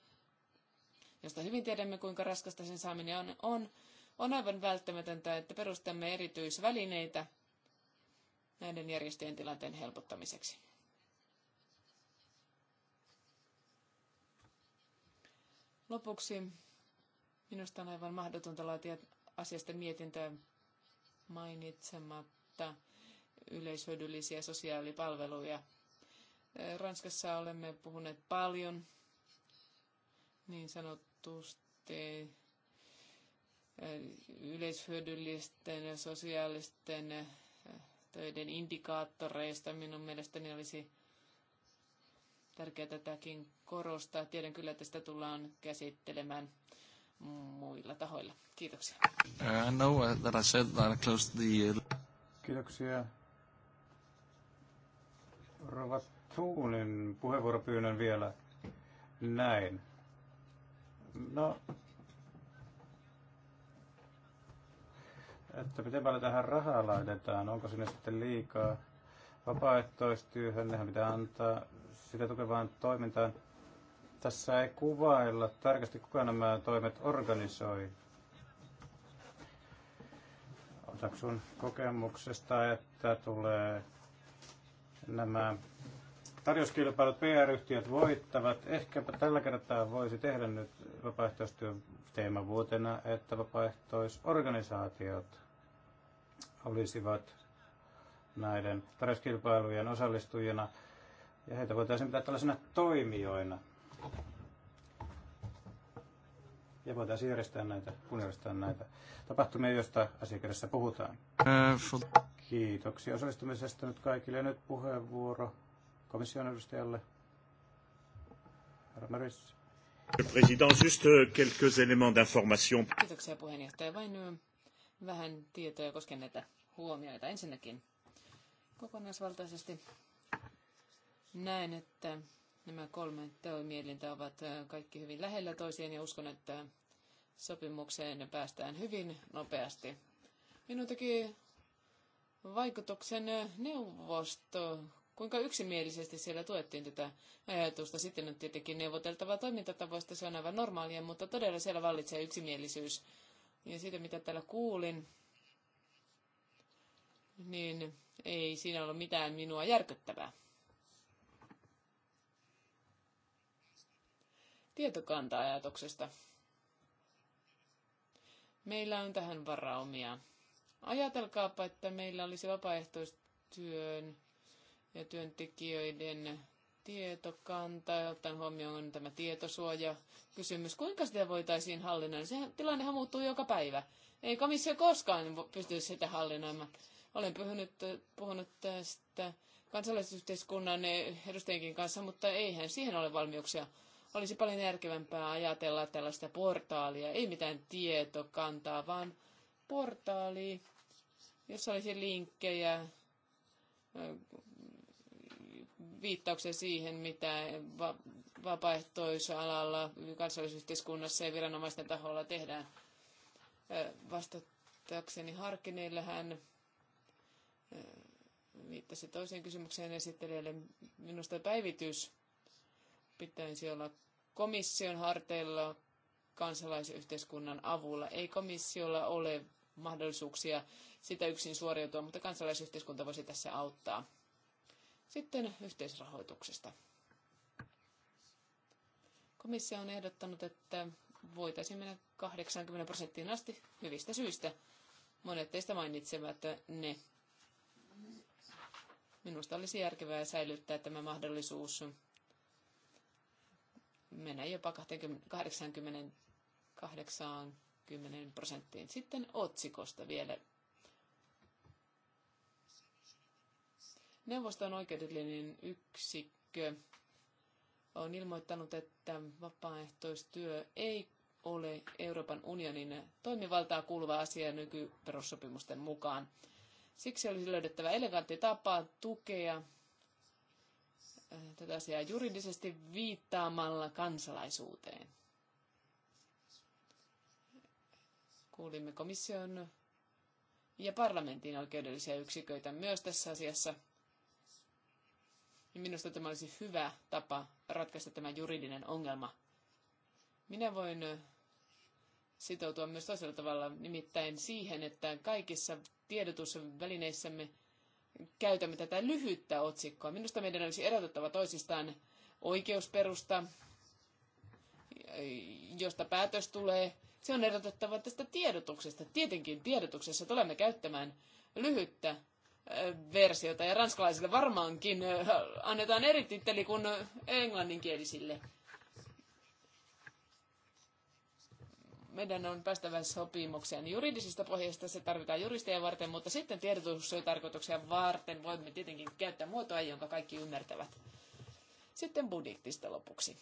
josta hyvin tiedämme, kuinka raskasta sen saaminen on, on, on aivan välttämätöntä, että perustamme erityisvälineitä näiden järjestöjen tilanteen helpottamiseksi. Lopuksi minusta on aivan mahdotonta laatia asiasta mietintöä mainitsematta yleishyödyllisiä sosiaalipalveluja. Ranskassa olemme puhuneet paljon niin sanotusti yleishyödyllisten sosiaalisten töiden indikaattoreista. Minun mielestäni olisi tärkeää tätäkin korostaa. Tiedän kyllä, että sitä tullaan käsittelemään muilla tahoilla. Kiitoksia. Uh, uh, that I said that the... Uh, Kiitoksia. Rova Tuunin puheenvuoropyynnön vielä näin. No, että miten paljon tähän rahaa laitetaan, onko sinne sitten liikaa vapaaehtoistyöhön, nehän pitää antaa sitä tukevaan toimintaan. Tässä ei kuvailla tarkasti, kuka nämä toimet organisoi. sun kokemuksesta, että tulee nämä tarjouskilpailut PR-yhtiöt voittavat. Ehkäpä tällä kertaa voisi tehdä nyt vapaaehtoistyön teemavuotena, että vapaaehtoisorganisaatiot olisivat näiden tarjouskilpailujen osallistujina ja heitä voitaisiin pitää tällaisena toimijoina. Ja voitaisiin järjestää näitä, kun järjestää näitä tapahtumia, joista asiakirjassa puhutaan. Kiitoksia osallistumisesta nyt kaikille. Nyt puheenvuoro komission edustajalle. Herra Maris. juste quelques éléments d'information. Kiitoksia puheenjohtaja. Vain vähän tietoja koskien näitä huomioita. Ensinnäkin kokonaisvaltaisesti Näen, että nämä kolme toimielintä ovat äh, kaikki hyvin lähellä toisiaan ja uskon, että sopimukseen päästään hyvin nopeasti. Minun teki vaikutuksen äh, neuvosto, kuinka yksimielisesti siellä tuettiin tätä ajatusta. Sitten on tietenkin neuvoteltava toimintatavoista, se on aivan normaalia, mutta todella siellä vallitsee yksimielisyys. Ja siitä, mitä täällä kuulin, niin ei siinä ollut mitään minua järkyttävää. tietokanta-ajatuksesta. Meillä on tähän varaumia. Ajatelkaapa, että meillä olisi vapaaehtoistyön ja työntekijöiden tietokanta, ottaen huomioon tämä tietosuoja kysymys. Kuinka sitä voitaisiin hallinnoida? Se tilannehan muuttuu joka päivä. Ei komissio koskaan pysty sitä hallinnoimaan. Olen puhunut, puhunut tästä kansalaisyhteiskunnan edustajienkin kanssa, mutta eihän siihen ole valmiuksia. Olisi paljon järkevämpää ajatella tällaista portaalia, ei mitään tietokantaa, vaan portaali, jossa olisi linkkejä, viittauksia siihen, mitä vapaaehtoisalalla, kansallisyhteiskunnassa ja viranomaisten taholla tehdään. Vastattakseni Harkineille hän viittasi toiseen kysymykseen esittelijälle. Minusta päivitys pitäisi olla komission harteilla kansalaisyhteiskunnan avulla. Ei komissiolla ole mahdollisuuksia sitä yksin suoriutua, mutta kansalaisyhteiskunta voisi tässä auttaa. Sitten yhteisrahoituksesta. Komissio on ehdottanut, että voitaisiin mennä 80 prosenttiin asti hyvistä syistä. Monet teistä mainitsevat ne. Minusta olisi järkevää säilyttää tämä mahdollisuus menee jopa 80 prosenttiin. Sitten otsikosta vielä. Neuvoston oikeudellinen yksikkö on ilmoittanut, että vapaaehtoistyö ei ole Euroopan unionin toimivaltaa kuuluva asia nykyperussopimusten mukaan. Siksi olisi löydettävä elegantti tapa tukea Eh, tätä asiaa juridisesti viittaamalla kansalaisuuteen. Kuulimme komission ja parlamentin oikeudellisia yksiköitä myös tässä asiassa. Minusta tämä olisi hyvä tapa ratkaista tämä juridinen ongelma. Minä voin eh, sitoutua myös toisella tavalla, nimittäin siihen, että kaikissa tiedotusvälineissämme – käytämme tätä lyhyttä otsikkoa. Minusta meidän olisi erotettava toisistaan oikeusperusta, josta päätös tulee. Se on erotettava tästä tiedotuksesta. Tietenkin tiedotuksessa tulemme käyttämään lyhyttä versiota ja ranskalaisille varmaankin annetaan eri titteli kuin englanninkielisille. meidän on päästävä sopimukseen. Juridisesta pohjasta se tarvitaan juristeja varten, mutta sitten tiedotustarkoituksia varten voimme tietenkin käyttää muotoa, jonka kaikki ymmärtävät. Sitten budjettista lopuksi.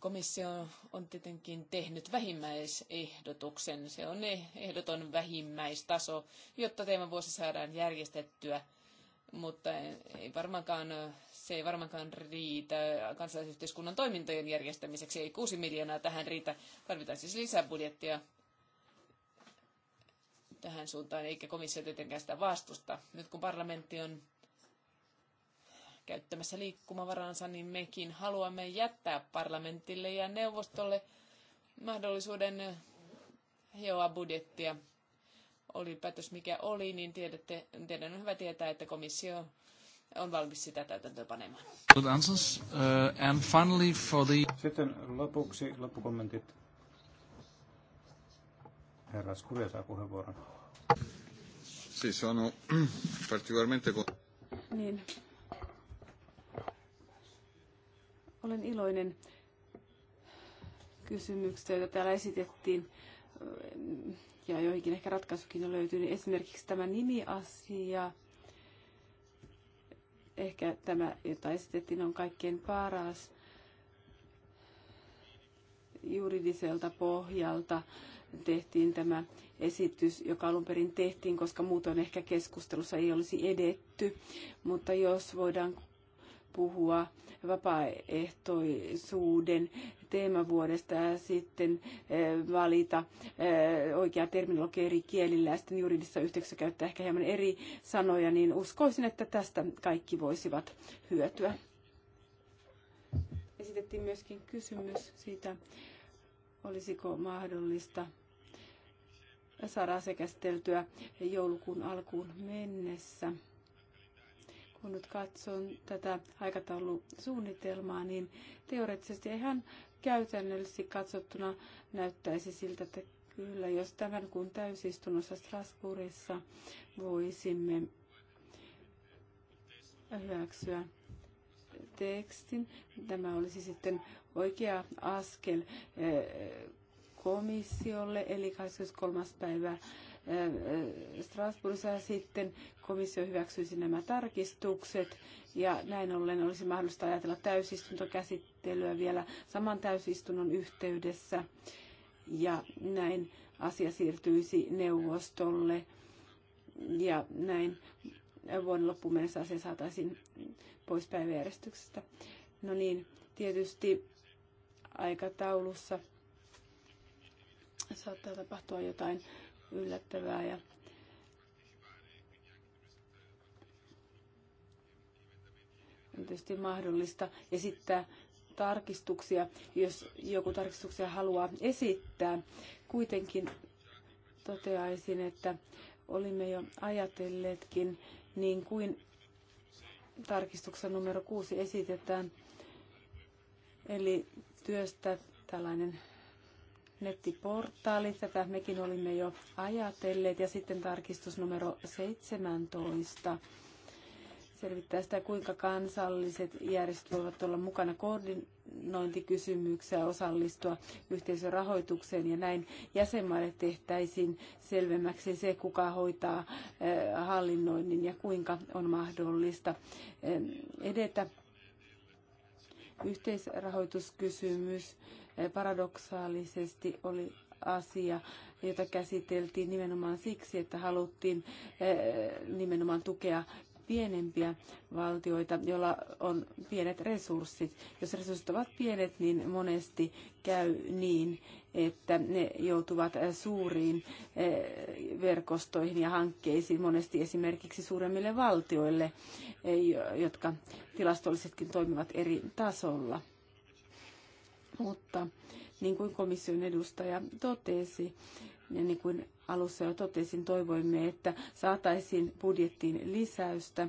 Komissio on tietenkin tehnyt vähimmäisehdotuksen. Se on e- ehdoton vähimmäistaso, jotta teemavuosi saadaan järjestettyä, mutta ei varmaankaan se ei varmaankaan riitä kansalaisyhteiskunnan toimintojen järjestämiseksi. Ei kuusi miljoonaa tähän riitä. Tarvitaan siis lisää budjettia tähän suuntaan, eikä komissio tietenkään sitä vastusta. Nyt kun parlamentti on käyttämässä liikkumavaransa, niin mekin haluamme jättää parlamentille ja neuvostolle mahdollisuuden hioa budjettia. Oli päätös mikä oli, niin tiedätte, teidän on hyvä tietää, että komissio on valmis sitä täytäntöönpanemaan. Good answers. Uh, and finally for the... Sitten lopuksi loppukommentit. Herra Skuria saa puheenvuoron. Sì, sono particolarmente... Niin. Olen iloinen kysymyksestä, joita täällä esitettiin ja joihinkin ehkä ratkaisukin on löytynyt. Esimerkiksi tämä nimiasia. asia Ehkä tämä, jota esitettiin, on kaikkein paras juridiselta pohjalta tehtiin tämä esitys, joka alun perin tehtiin, koska muutoin ehkä keskustelussa ei olisi edetty. Mutta jos voidaan puhua vapaaehtoisuuden teemavuodesta ja sitten eh, valita eh, oikea terminologia eri kielillä ja sitten juridisessa yhteyksessä käyttää ehkä hieman eri sanoja, niin uskoisin, että tästä kaikki voisivat hyötyä. Esitettiin myöskin kysymys siitä, olisiko mahdollista saada se käsiteltyä joulukuun alkuun mennessä kun nyt katson tätä aikataulusuunnitelmaa, niin teoreettisesti ihan käytännöllisesti katsottuna näyttäisi siltä, että kyllä, jos tämän kun täysistunnossa Strasbourgissa voisimme hyväksyä tekstin. Tämä olisi sitten oikea askel eh, komissiolle, eli 23. päivä Strasbourgissa ja sitten komissio hyväksyisi nämä tarkistukset ja näin ollen olisi mahdollista ajatella täysistuntokäsittelyä vielä saman täysistunnon yhteydessä ja näin asia siirtyisi neuvostolle ja näin vuoden loppuun mennessä asia saataisiin pois päiväjärjestyksestä. No niin, tietysti aikataulussa saattaa tapahtua jotain yllättävää. Ja on tietysti mahdollista esittää tarkistuksia, jos joku tarkistuksia haluaa esittää. Kuitenkin toteaisin, että olimme jo ajatelleetkin, niin kuin tarkistuksen numero kuusi esitetään, eli työstä tällainen nettiportaali. Tätä mekin olimme jo ajatelleet. Ja sitten tarkistus numero 17 selvittää sitä, kuinka kansalliset järjestöt voivat olla mukana koordinointikysymyksiä, osallistua yhteisörahoitukseen ja näin jäsenmaille tehtäisiin selvemmäksi se, kuka hoitaa eh, hallinnoinnin ja kuinka on mahdollista eh, edetä. Yhteisrahoituskysymys paradoksaalisesti oli asia, jota käsiteltiin nimenomaan siksi, että haluttiin eh, nimenomaan tukea pienempiä valtioita, joilla on pienet resurssit. Jos resurssit ovat pienet, niin monesti käy niin, että ne joutuvat suuriin eh, verkostoihin ja hankkeisiin, monesti esimerkiksi suuremmille valtioille, eh, jotka tilastollisestikin toimivat eri tasolla mutta niin kuin komission edustaja totesi, ja niin kuin alussa jo totesin, toivoimme, että saataisiin budjettiin lisäystä.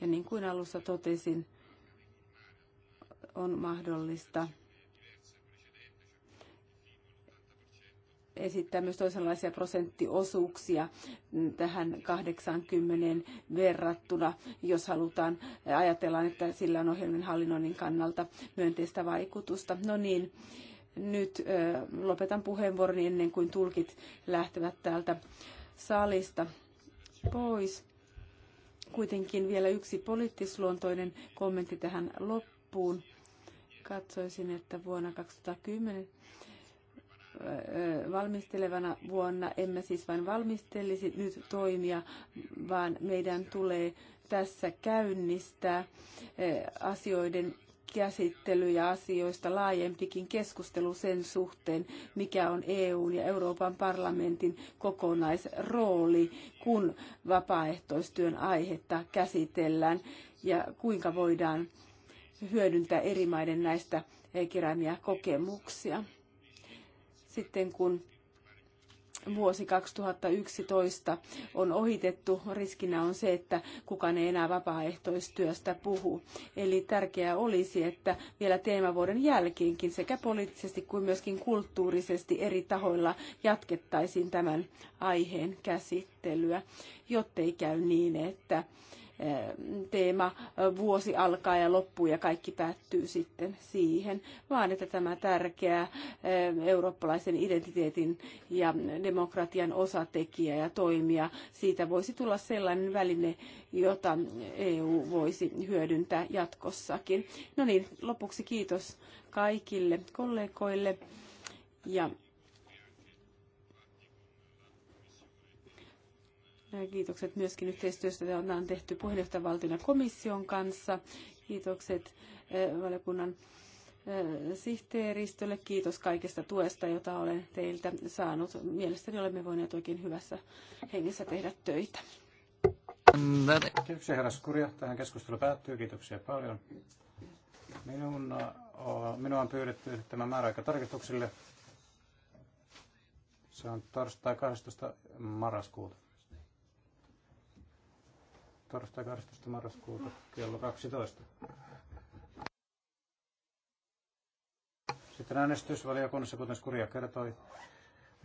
Ja niin kuin alussa totesin, on mahdollista esittää myös toisenlaisia prosenttiosuuksia tähän 80 verrattuna, jos halutaan ajatella, että sillä on ohjelmien hallinnoinnin kannalta myönteistä vaikutusta. No niin, nyt lopetan puheenvuoroni ennen kuin tulkit lähtevät täältä salista pois. Kuitenkin vielä yksi poliittisluontoinen kommentti tähän loppuun. Katsoisin, että vuonna 2010 valmistelevana vuonna emme siis vain valmistelisi nyt toimia, vaan meidän tulee tässä käynnistää asioiden käsittely ja asioista laajempikin keskustelu sen suhteen, mikä on EU ja Euroopan parlamentin kokonaisrooli, kun vapaaehtoistyön aihetta käsitellään ja kuinka voidaan hyödyntää eri maiden näistä keräämiä kokemuksia sitten kun vuosi 2011 on ohitettu, riskinä on se, että kukaan ei enää vapaaehtoistyöstä puhu. Eli tärkeää olisi, että vielä teemavuoden jälkeenkin sekä poliittisesti kuin myöskin kulttuurisesti eri tahoilla jatkettaisiin tämän aiheen käsittelyä, jottei käy niin, että teema vuosi alkaa ja loppuu ja kaikki päättyy sitten siihen, vaan että tämä tärkeä eh, eurooppalaisen identiteetin ja demokratian osatekijä ja toimija, siitä voisi tulla sellainen väline, jota EU voisi hyödyntää jatkossakin. No niin, lopuksi kiitos kaikille kollegoille ja Kiitokset myöskin yhteistyöstä, jota on tehty puheenjohtajavaltion komission kanssa. Kiitokset eh, valiokunnan eh, sihteeristölle. Kiitos kaikesta tuesta, jota olen teiltä saanut. Mielestäni olemme voineet oikein hyvässä hengessä tehdä töitä. Kiitoksia herra Skuria. Tähän keskustelu päättyy. Kiitoksia paljon. Minun, eh, minua on pyydetty tämän määräaika tarkistuksille. Se on torstai 12. marraskuuta torstai 12. marraskuuta kello 12. Sitten äänestysvaliokunnassa, kuten Skuria kertoi,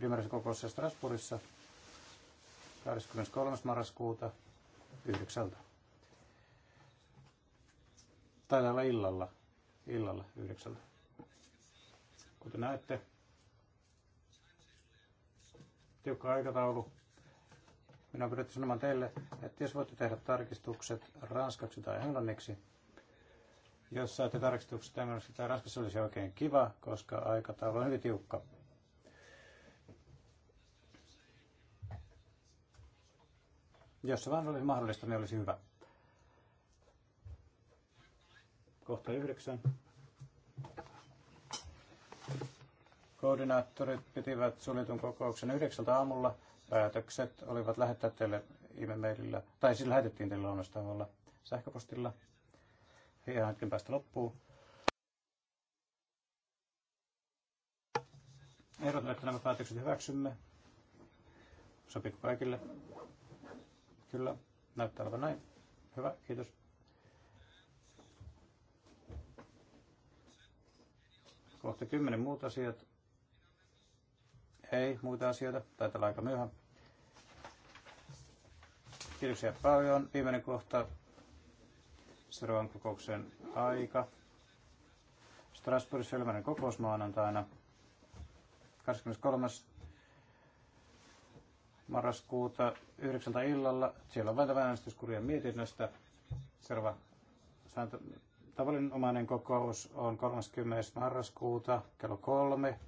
ylimääräisessä kokouksessa Strasbourgissa 23. marraskuuta 9. Tai täällä illalla, illalla 9. Kuten näette, tiukka aikataulu. Minä on pyritty sanomaan teille, että jos voitte tehdä tarkistukset ranskaksi tai englanniksi, jos saatte tarkistukset englanniksi tai ranskaksi, olisi oikein kiva, koska aikataulu on hyvin tiukka. Jos se vaan olisi mahdollista, niin olisi hyvä. Kohta yhdeksän. Koordinaattorit pitivät suljetun kokouksen yhdeksältä aamulla. Päätökset olivat lähettää teille e-mailillä, tai siis lähetettiin teille luonnostavalla sähköpostilla. Ja hetken päästä loppuu. Ehdotan, että nämä päätökset hyväksymme. Sopiiko kaikille? Kyllä, näyttää olevan näin. Hyvä, kiitos. Kohta kymmenen muut asiat. Ei muita asioita, taitaa olla aika myöhään. Kiitoksia paljon. Viimeinen kohta seuraavan kokouksen aika. Strasbourgissa ylimääräinen kokous maanantaina 23. marraskuuta 9. illalla. Siellä on välttävä äänestyskurjan mietinnöstä. Seuraava sääntö, tavallinen omainen kokous on 30. marraskuuta kello kolme.